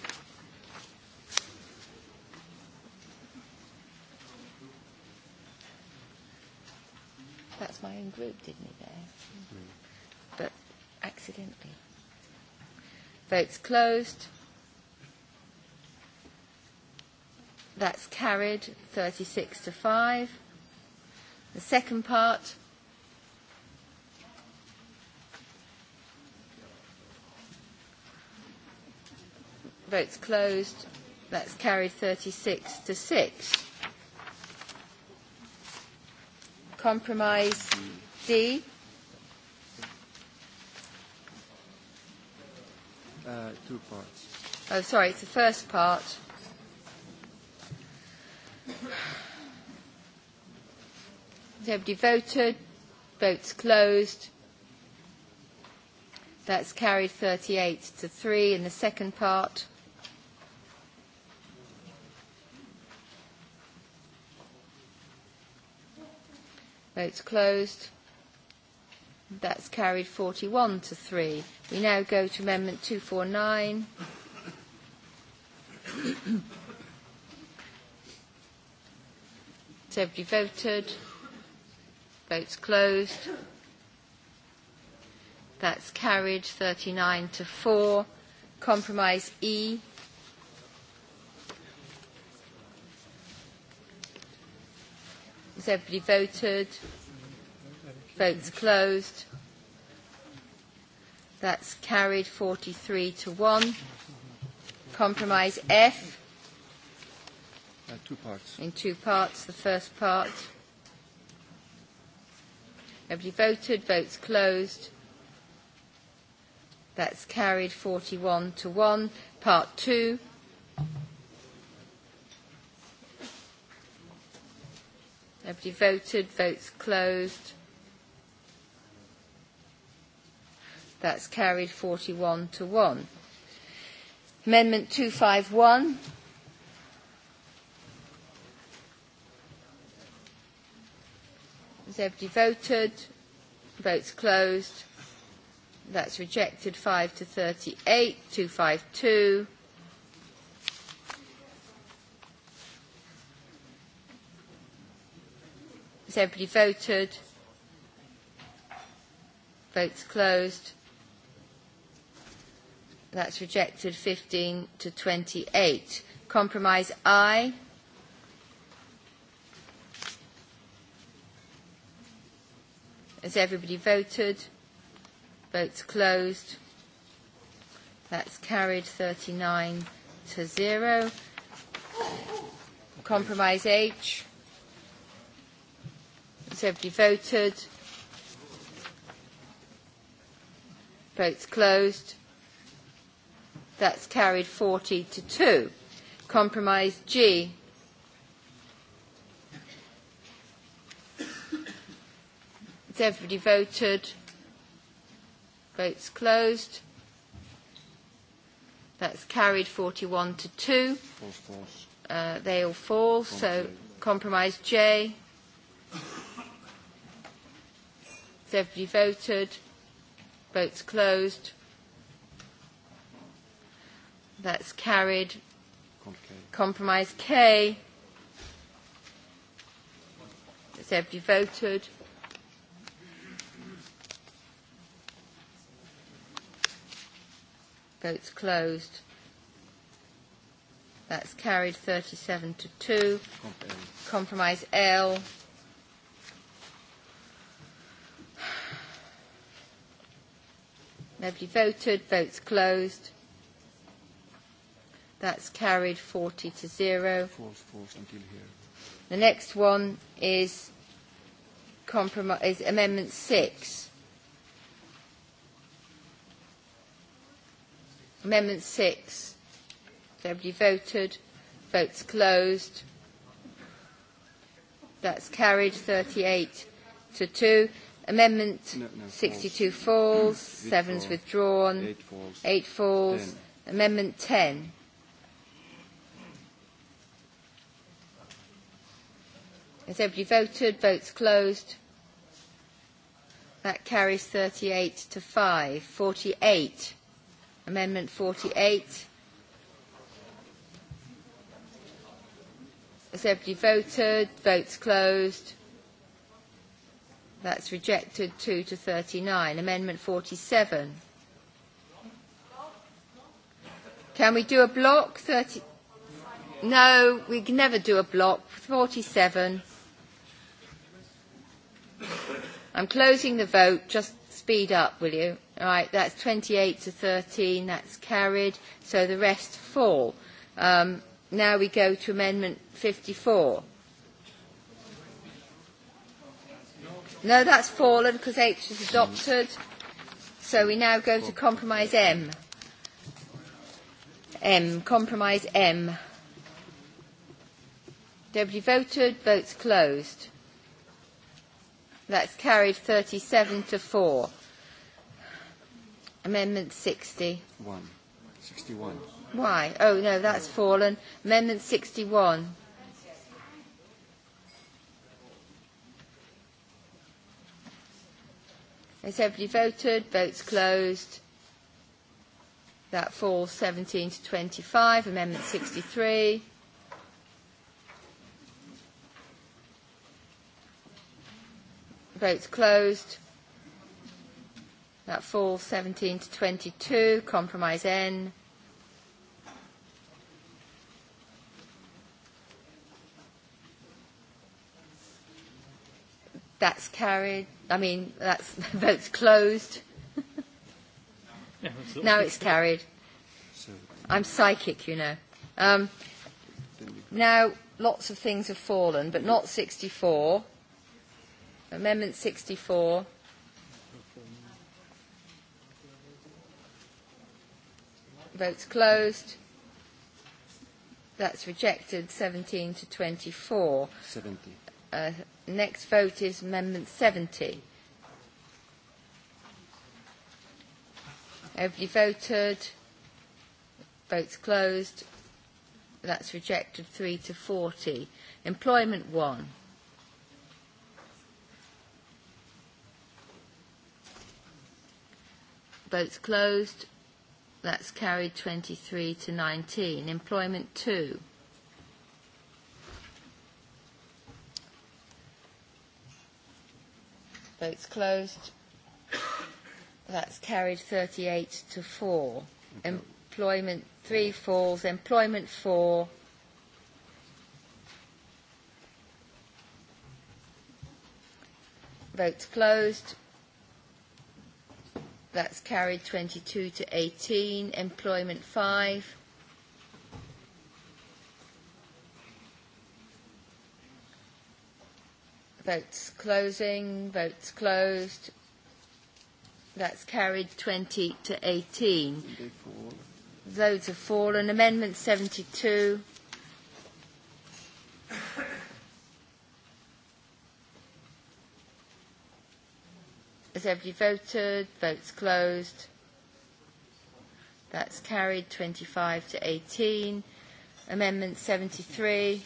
That's my own group did me there. Mm. But accidentally. Votes closed. That's carried 36 to 5. The second part. Votes closed. That's carried 36 to 6. compromise D. Uh, two parts. Oh, sorry, it's the first part. Nobody voted. Votes closed. That's carried 38 to 3 in the second part. Votes closed. That's carried 41 to 3. We now go to Amendment 249. Has everybody voted? Votes closed. That's carried 39 to 4. Compromise E. Has everybody voted? Votes closed. That's carried 43 to 1. Compromise F. Uh, two parts. In two parts, the first part. Nobody voted, votes closed. That's carried 41 to 1. Part 2. Everybody voted. Votes closed. That's carried 41 to 1. Amendment 251. Has everybody voted? Votes closed. That's rejected 5 to 38. 252. Has everybody voted? Votes closed. That's rejected 15 to 28. Compromise I. Has everybody voted? Votes closed. That's carried 39 to 0. Compromise H. Has everybody voted? Votes closed. That's carried 40 to 2. Compromise G. Has everybody voted? Votes closed. That's carried 41 to 2. False, false. Uh, they all fall, so compromise J. Has everybody voted? Votes closed. That's carried. Compromise K. Has everybody voted? Votes closed. That's carried 37 to 2. Compromise L. Compromise L. Nobody voted. Votes closed. That's carried 40 to 0. False, false until here. The next one is, compromise, is Amendment 6. Amendment 6. Everybody voted. Votes closed. That's carried 38 to 2. Amendment no, no, 62 falls, falls 7's falls, withdrawn, 8 falls, eight falls 10. Amendment 10. Has everybody voted? Votes closed. That carries 38 to 5. 48. Amendment 48. Has everybody voted? Votes closed. That's rejected. 2 to 39. Amendment 47. Can we do a block? 30? No, we can never do a block. 47. I'm closing the vote. Just speed up, will you? All right, that's 28 to 13. That's carried. So the rest fall. Um, now we go to Amendment 54. No, that's fallen because H is adopted. So we now go to compromise M. M, compromise M. Nobody voted, votes closed. That's carried 37 to 4. Amendment 60. 1. 61. Why? Oh, no, that's fallen. Amendment 61. Has everybody voted? Votes closed. That falls 17 to 25. Amendment 63. Votes closed. That falls 17 to 22. Compromise N. That's carried. I mean, that's, the vote's closed. yeah, now it's carried. So, I'm psychic, you know. Um, now, lots of things have fallen, but not 64. Amendment 64. Votes closed. That's rejected, 17 to 24. 70. Uh, next vote is Amendment 70. Everybody voted. Votes closed. That's rejected 3 to 40. Employment 1. Votes closed. That's carried 23 to 19. Employment 2. Votes closed. That's carried 38 to 4. Employment 3 falls. Employment 4. Votes closed. That's carried 22 to 18. Employment 5. Votes closing. Votes closed. That's carried 20 to 18. Loads have fallen. Amendment 72. Has everybody voted? Votes closed. That's carried 25 to 18. Amendment 73.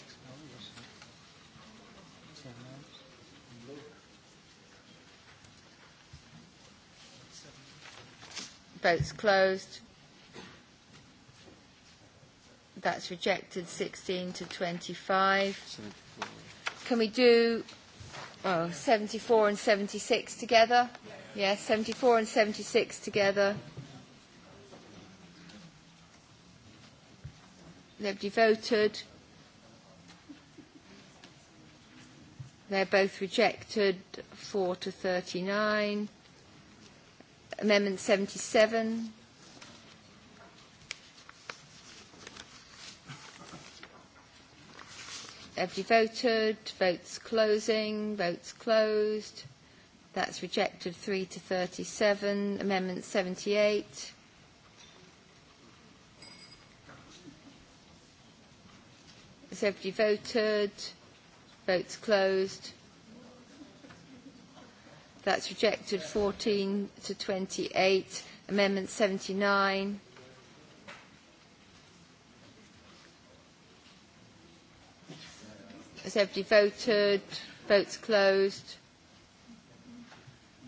Votes closed. That's rejected 16 to 25. Can we do oh, 74 and 76 together? Yes, yeah, 74 and 76 together. Nobody voted. They're both rejected, 4 to 39. Amendment 77. Everybody voted. Votes closing. Votes closed. That's rejected 3 to 37. Amendment 78. Has everybody voted? Votes closed. That's rejected. 14 to 28. Amendment 79. Has everybody voted? Votes closed.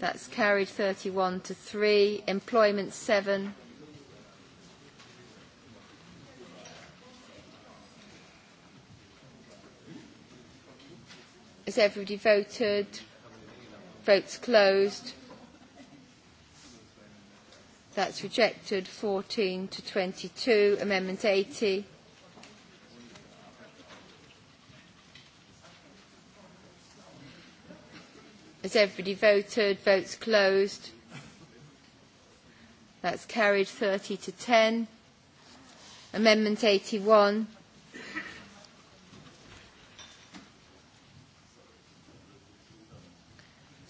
That's carried 31 to 3. Employment 7. Has everybody voted? Votes closed. That's rejected. 14 to 22. Amendment 80. Has everybody voted? Votes closed. That's carried 30 to 10. Amendment 81.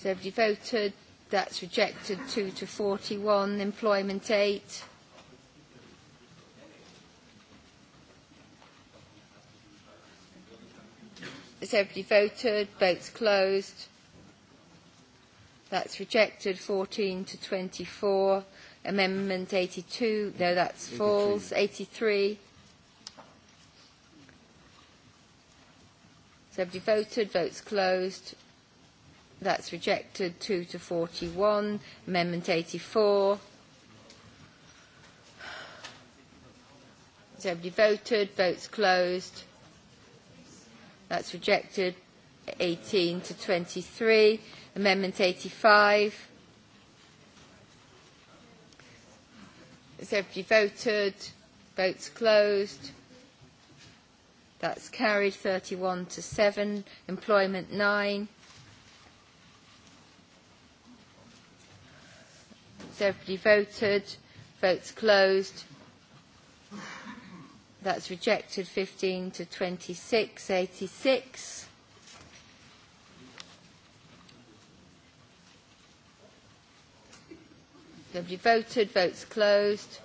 Has everybody voted? That's rejected. 2 to 41. Employment 8. Has everybody voted? Votes closed. That's rejected. 14 to 24. Amendment 82. No, that's 83. false. 83. Has everybody voted? Votes closed. That's rejected. 2 to 41. Amendment 84. Has everybody voted? Votes closed. That's rejected. 18 to 23. Amendment 85. Has everybody voted? Votes closed. That's carried 31 to 7. Employment 9. Everybody voted. Votes closed. That's rejected 15 to 26, 86. Nobody voted. Votes closed.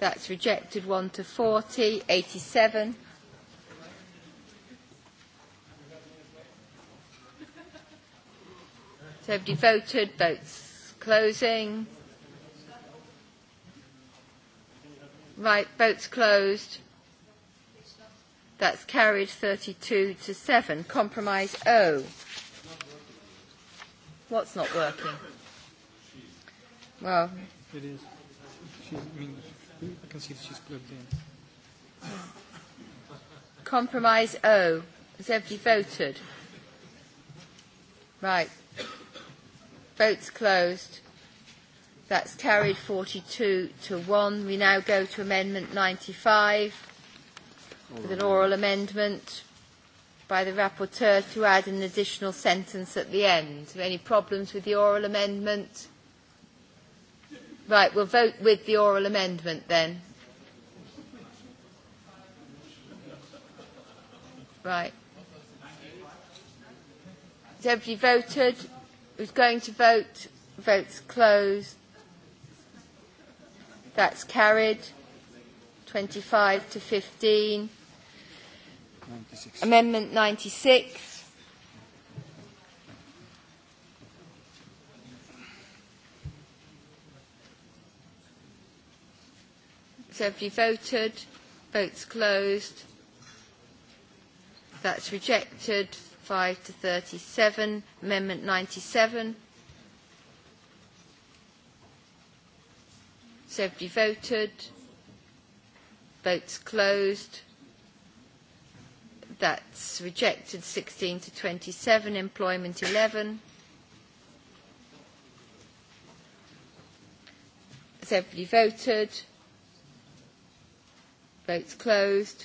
That's rejected 1 to 40, 87. So everybody voted. Votes Closing. Right, votes closed. That's carried 32 to 7. Compromise O. What's not working? Well. It is. She's, I mean, I can see that she's plugged in. Compromise O. Has everybody voted? Right, Votes closed. That's carried 42 to 1. We now go to Amendment 95 with an oral amendment by the rapporteur to add an additional sentence at the end. Any problems with the oral amendment? Right, we'll vote with the oral amendment then. Right. Has everybody voted? Who's going to vote? Votes closed. That's carried. 25 to 15. 96. Amendment 96. So have you voted? Votes closed. That's rejected. 5 to 37. Amendment 97. Seventy voted. Votes closed. That's rejected. 16 to 27. Employment 11. 70 voted. Votes closed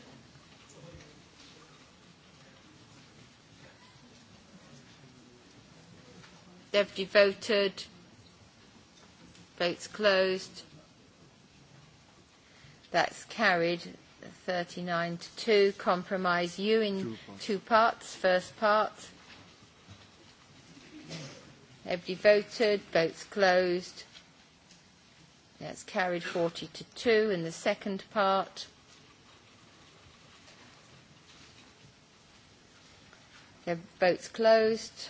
Everybody voted. Votes closed. That's carried 39 to 2. Compromise U in two parts. Two parts. First part. Everybody voted. Votes closed. That's carried 40 to 2 in the second part. The vote's closed.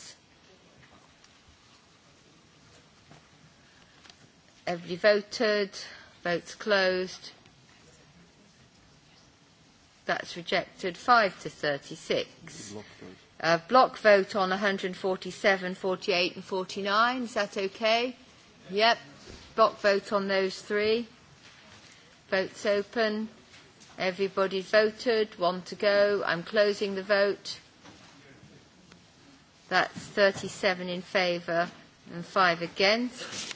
Everybody voted. Votes closed. That's rejected. 5 to 36. Block vote. Uh, block vote on 147, 48 and 49. Is that okay? Yep. Block vote on those three. Votes open. Everybody voted. One to go. I'm closing the vote. That's 37 in favour and 5 against.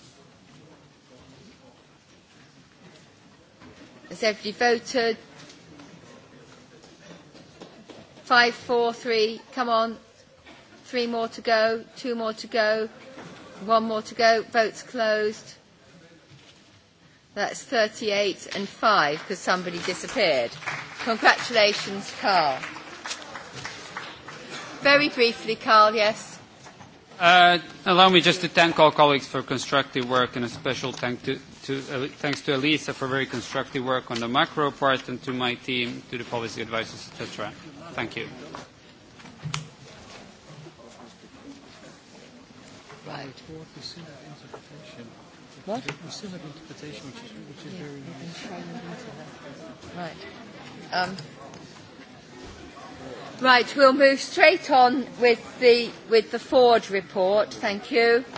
Has everybody voted? Five, four, three. Come on. Three more to go. Two more to go. One more to go. Votes closed. That's 38 and 5 because somebody disappeared. Congratulations, Carl. Very briefly, Carl, yes. Uh, allow me just to thank all colleagues for constructive work and a special thank to, to, uh, thanks to Elisa for very constructive work on the macro part and to my team, to the policy advisors, etc. Thank you. Right. What? We still have interpretation, which is, which is yeah, very nice. Right. Um, right, we'll move straight on with the, with the Ford report. Thank you. Thank you.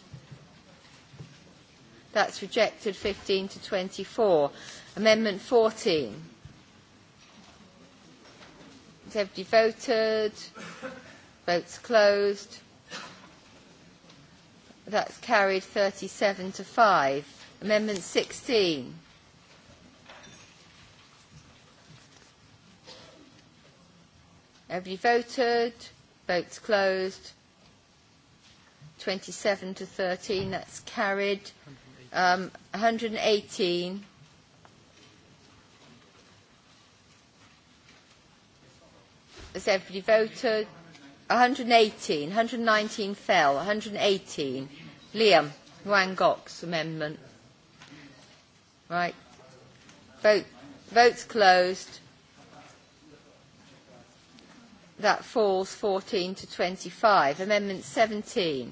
That's rejected 15 to 24. Amendment 14. Has everybody voted? Votes closed. That's carried 37 to 5. Amendment 16. Have you voted? Votes closed. 27 to 13, that's carried. Um, 118. Has everybody voted? 118. 119 fell. 118. Liam Wangok's amendment. Right. Vote, votes closed. That falls 14 to 25. Amendment 17.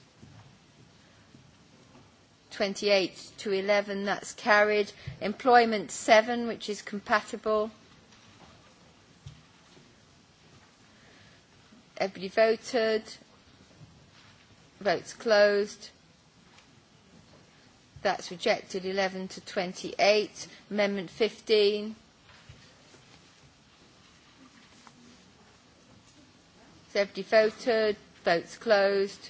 28 to 11, that's carried. Employment 7, which is compatible. Everybody voted. Votes closed. That's rejected. 11 to 28. Amendment 15. Has everybody voted? Votes closed.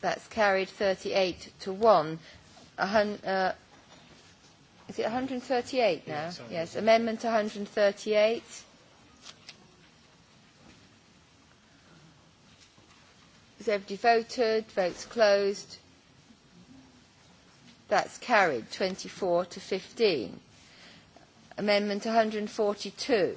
That's carried 38 to 1. A hun, uh, is it 138 now? Yeah, sorry. yes, Amendment 138. Has everybody voted? Votes closed. That's carried 24 to 15. Amendment 142.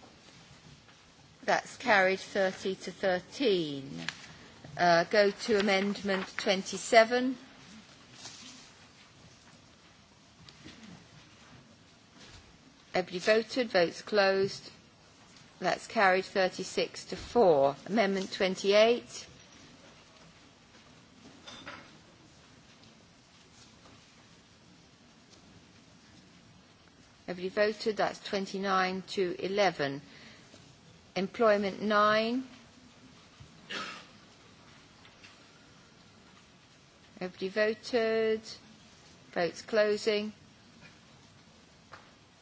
That's carried 30 to 13. Uh, go to Amendment 27. Everybody voted. Votes closed. That's carried 36 to 4. Amendment 28. Everybody voted. That's 29 to 11. Employment 9. Everybody voted. Votes closing.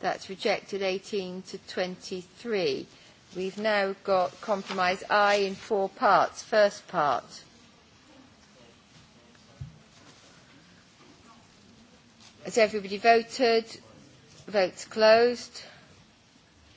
That's rejected 18 to 23. We've now got compromise I in four parts. First part. Has everybody voted? Votes closed.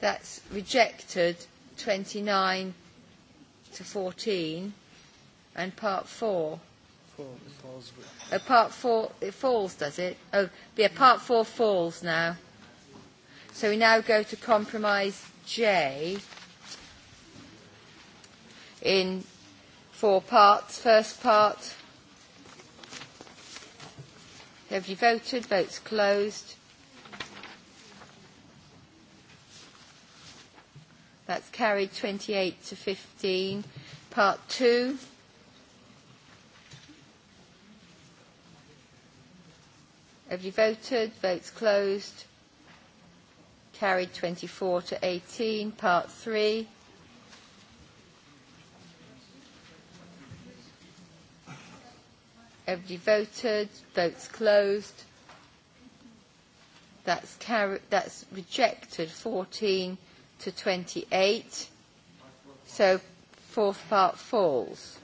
That's rejected 29 to 14 and part 4. Four, falls. Oh, part 4 it falls, does it? Oh, yeah, part 4 falls now. So we now go to compromise J in four parts. First part. Have you voted? Votes closed. That's carried 28 to 15. Part 2. Have you voted? Votes closed. Carried 24 to 18. Part 3. Everybody voted. Votes closed. That's, carri- that's rejected. 14 to 28. So fourth part falls.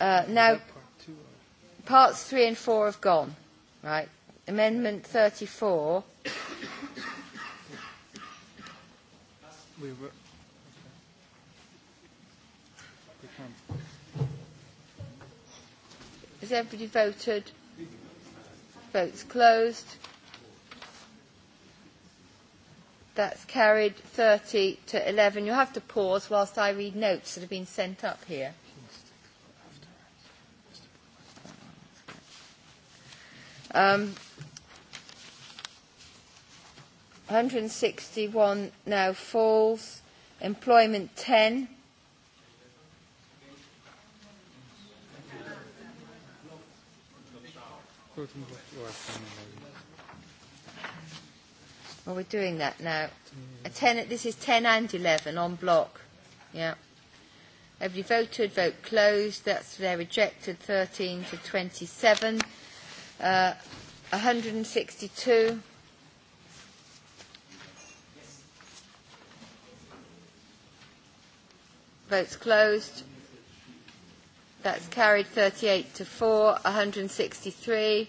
Uh, now, parts three and four have gone, right? Amendment 34. We were, okay. Has everybody voted? Votes closed. That's carried 30 to 11. You'll have to pause whilst I read notes that have been sent up here. Um, 161 now falls. Employment 10. Go to Well, we're doing that now. A ten, this is 10 and 11 on block. Yeah. Have you voted? Vote closed. That's they're rejected. 13 to 27. Uh, 162. Votes closed. That's carried 38 to 4. 163.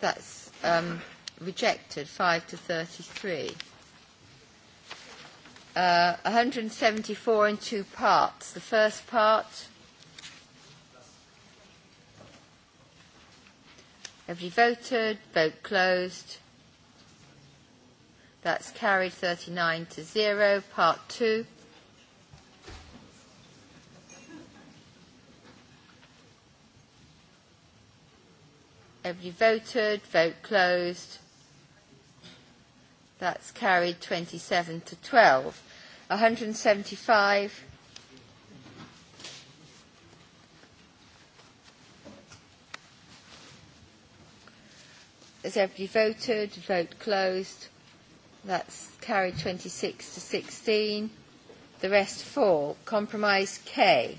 That's um, rejected, 5 to 33. Uh, 174 in two parts. The first part. Everybody voted. Vote closed. That's carried 39 to 0. Part 2. Everybody voted. Vote closed. That's carried 27 to 12. 175. Has everybody voted? Vote closed. That's carried 26 to 16. The rest fall. Compromise K.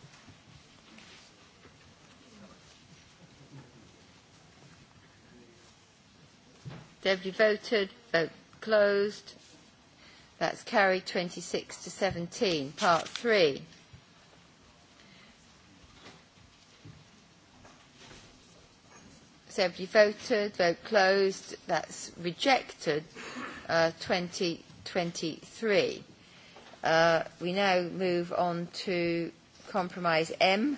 Deputy voted. Vote closed. That's carried 26 to 17. Part 3. So everybody voted, vote closed, that's rejected, uh, 2023. 20, uh, we now move on to compromise M.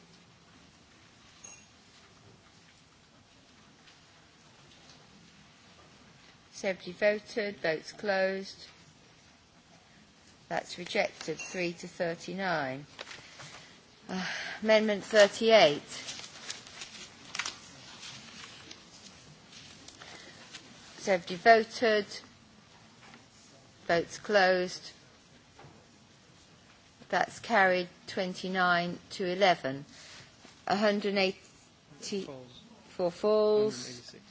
Has everybody voted? Votes closed. That's rejected. 3 to 39. Uh, ah, amendment 38. Has everybody voted? Votes closed. That's carried 29 to 11. 184 falls. 186.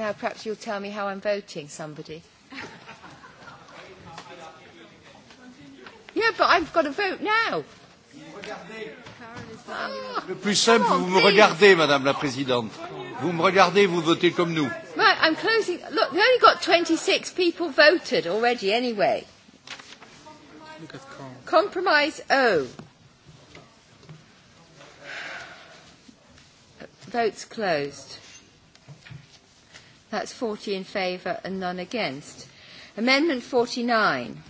Now, perhaps you'll tell me how I'm voting, somebody. yeah, but I've got to vote now. Oh, Le plus simple, on, vous me regardez, Madame la Présidente. Vous me regardez, vous votez comme nous. Right, I'm closing. Look, we've only got 26 people voted already anyway. Look at com. Compromise O. Oh. Votes closed. That's 40 in favour and none against. Amendment 49.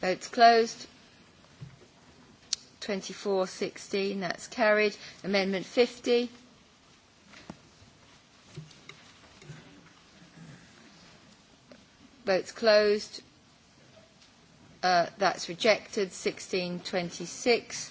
Votes closed. 2416, that's carried. Amendment 50. Votes closed. Uh, that's rejected. 1626.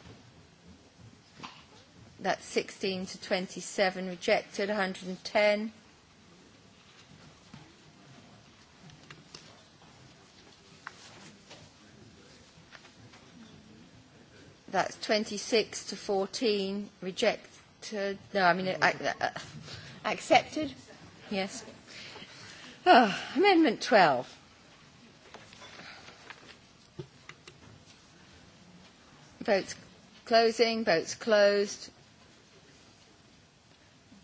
That's 16 to 27 rejected, 110. That's 26 to 14 rejected. No, I mean, ac- uh, accepted. Yes. Oh, amendment 12. Votes closing, votes closed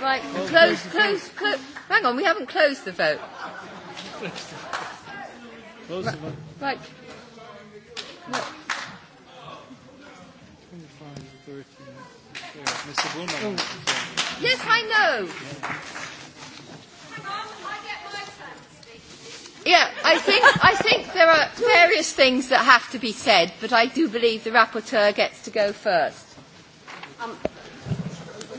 Right, close, close, close. Hang on, we haven't closed the vote. Close the vote. Right. No. 25, 30. Yeah, Mr. Bullman. Oh. Yes, I know. Yeah, I think, I think there are various things that have to be said, but I do believe the rapporteur gets to go first. Um,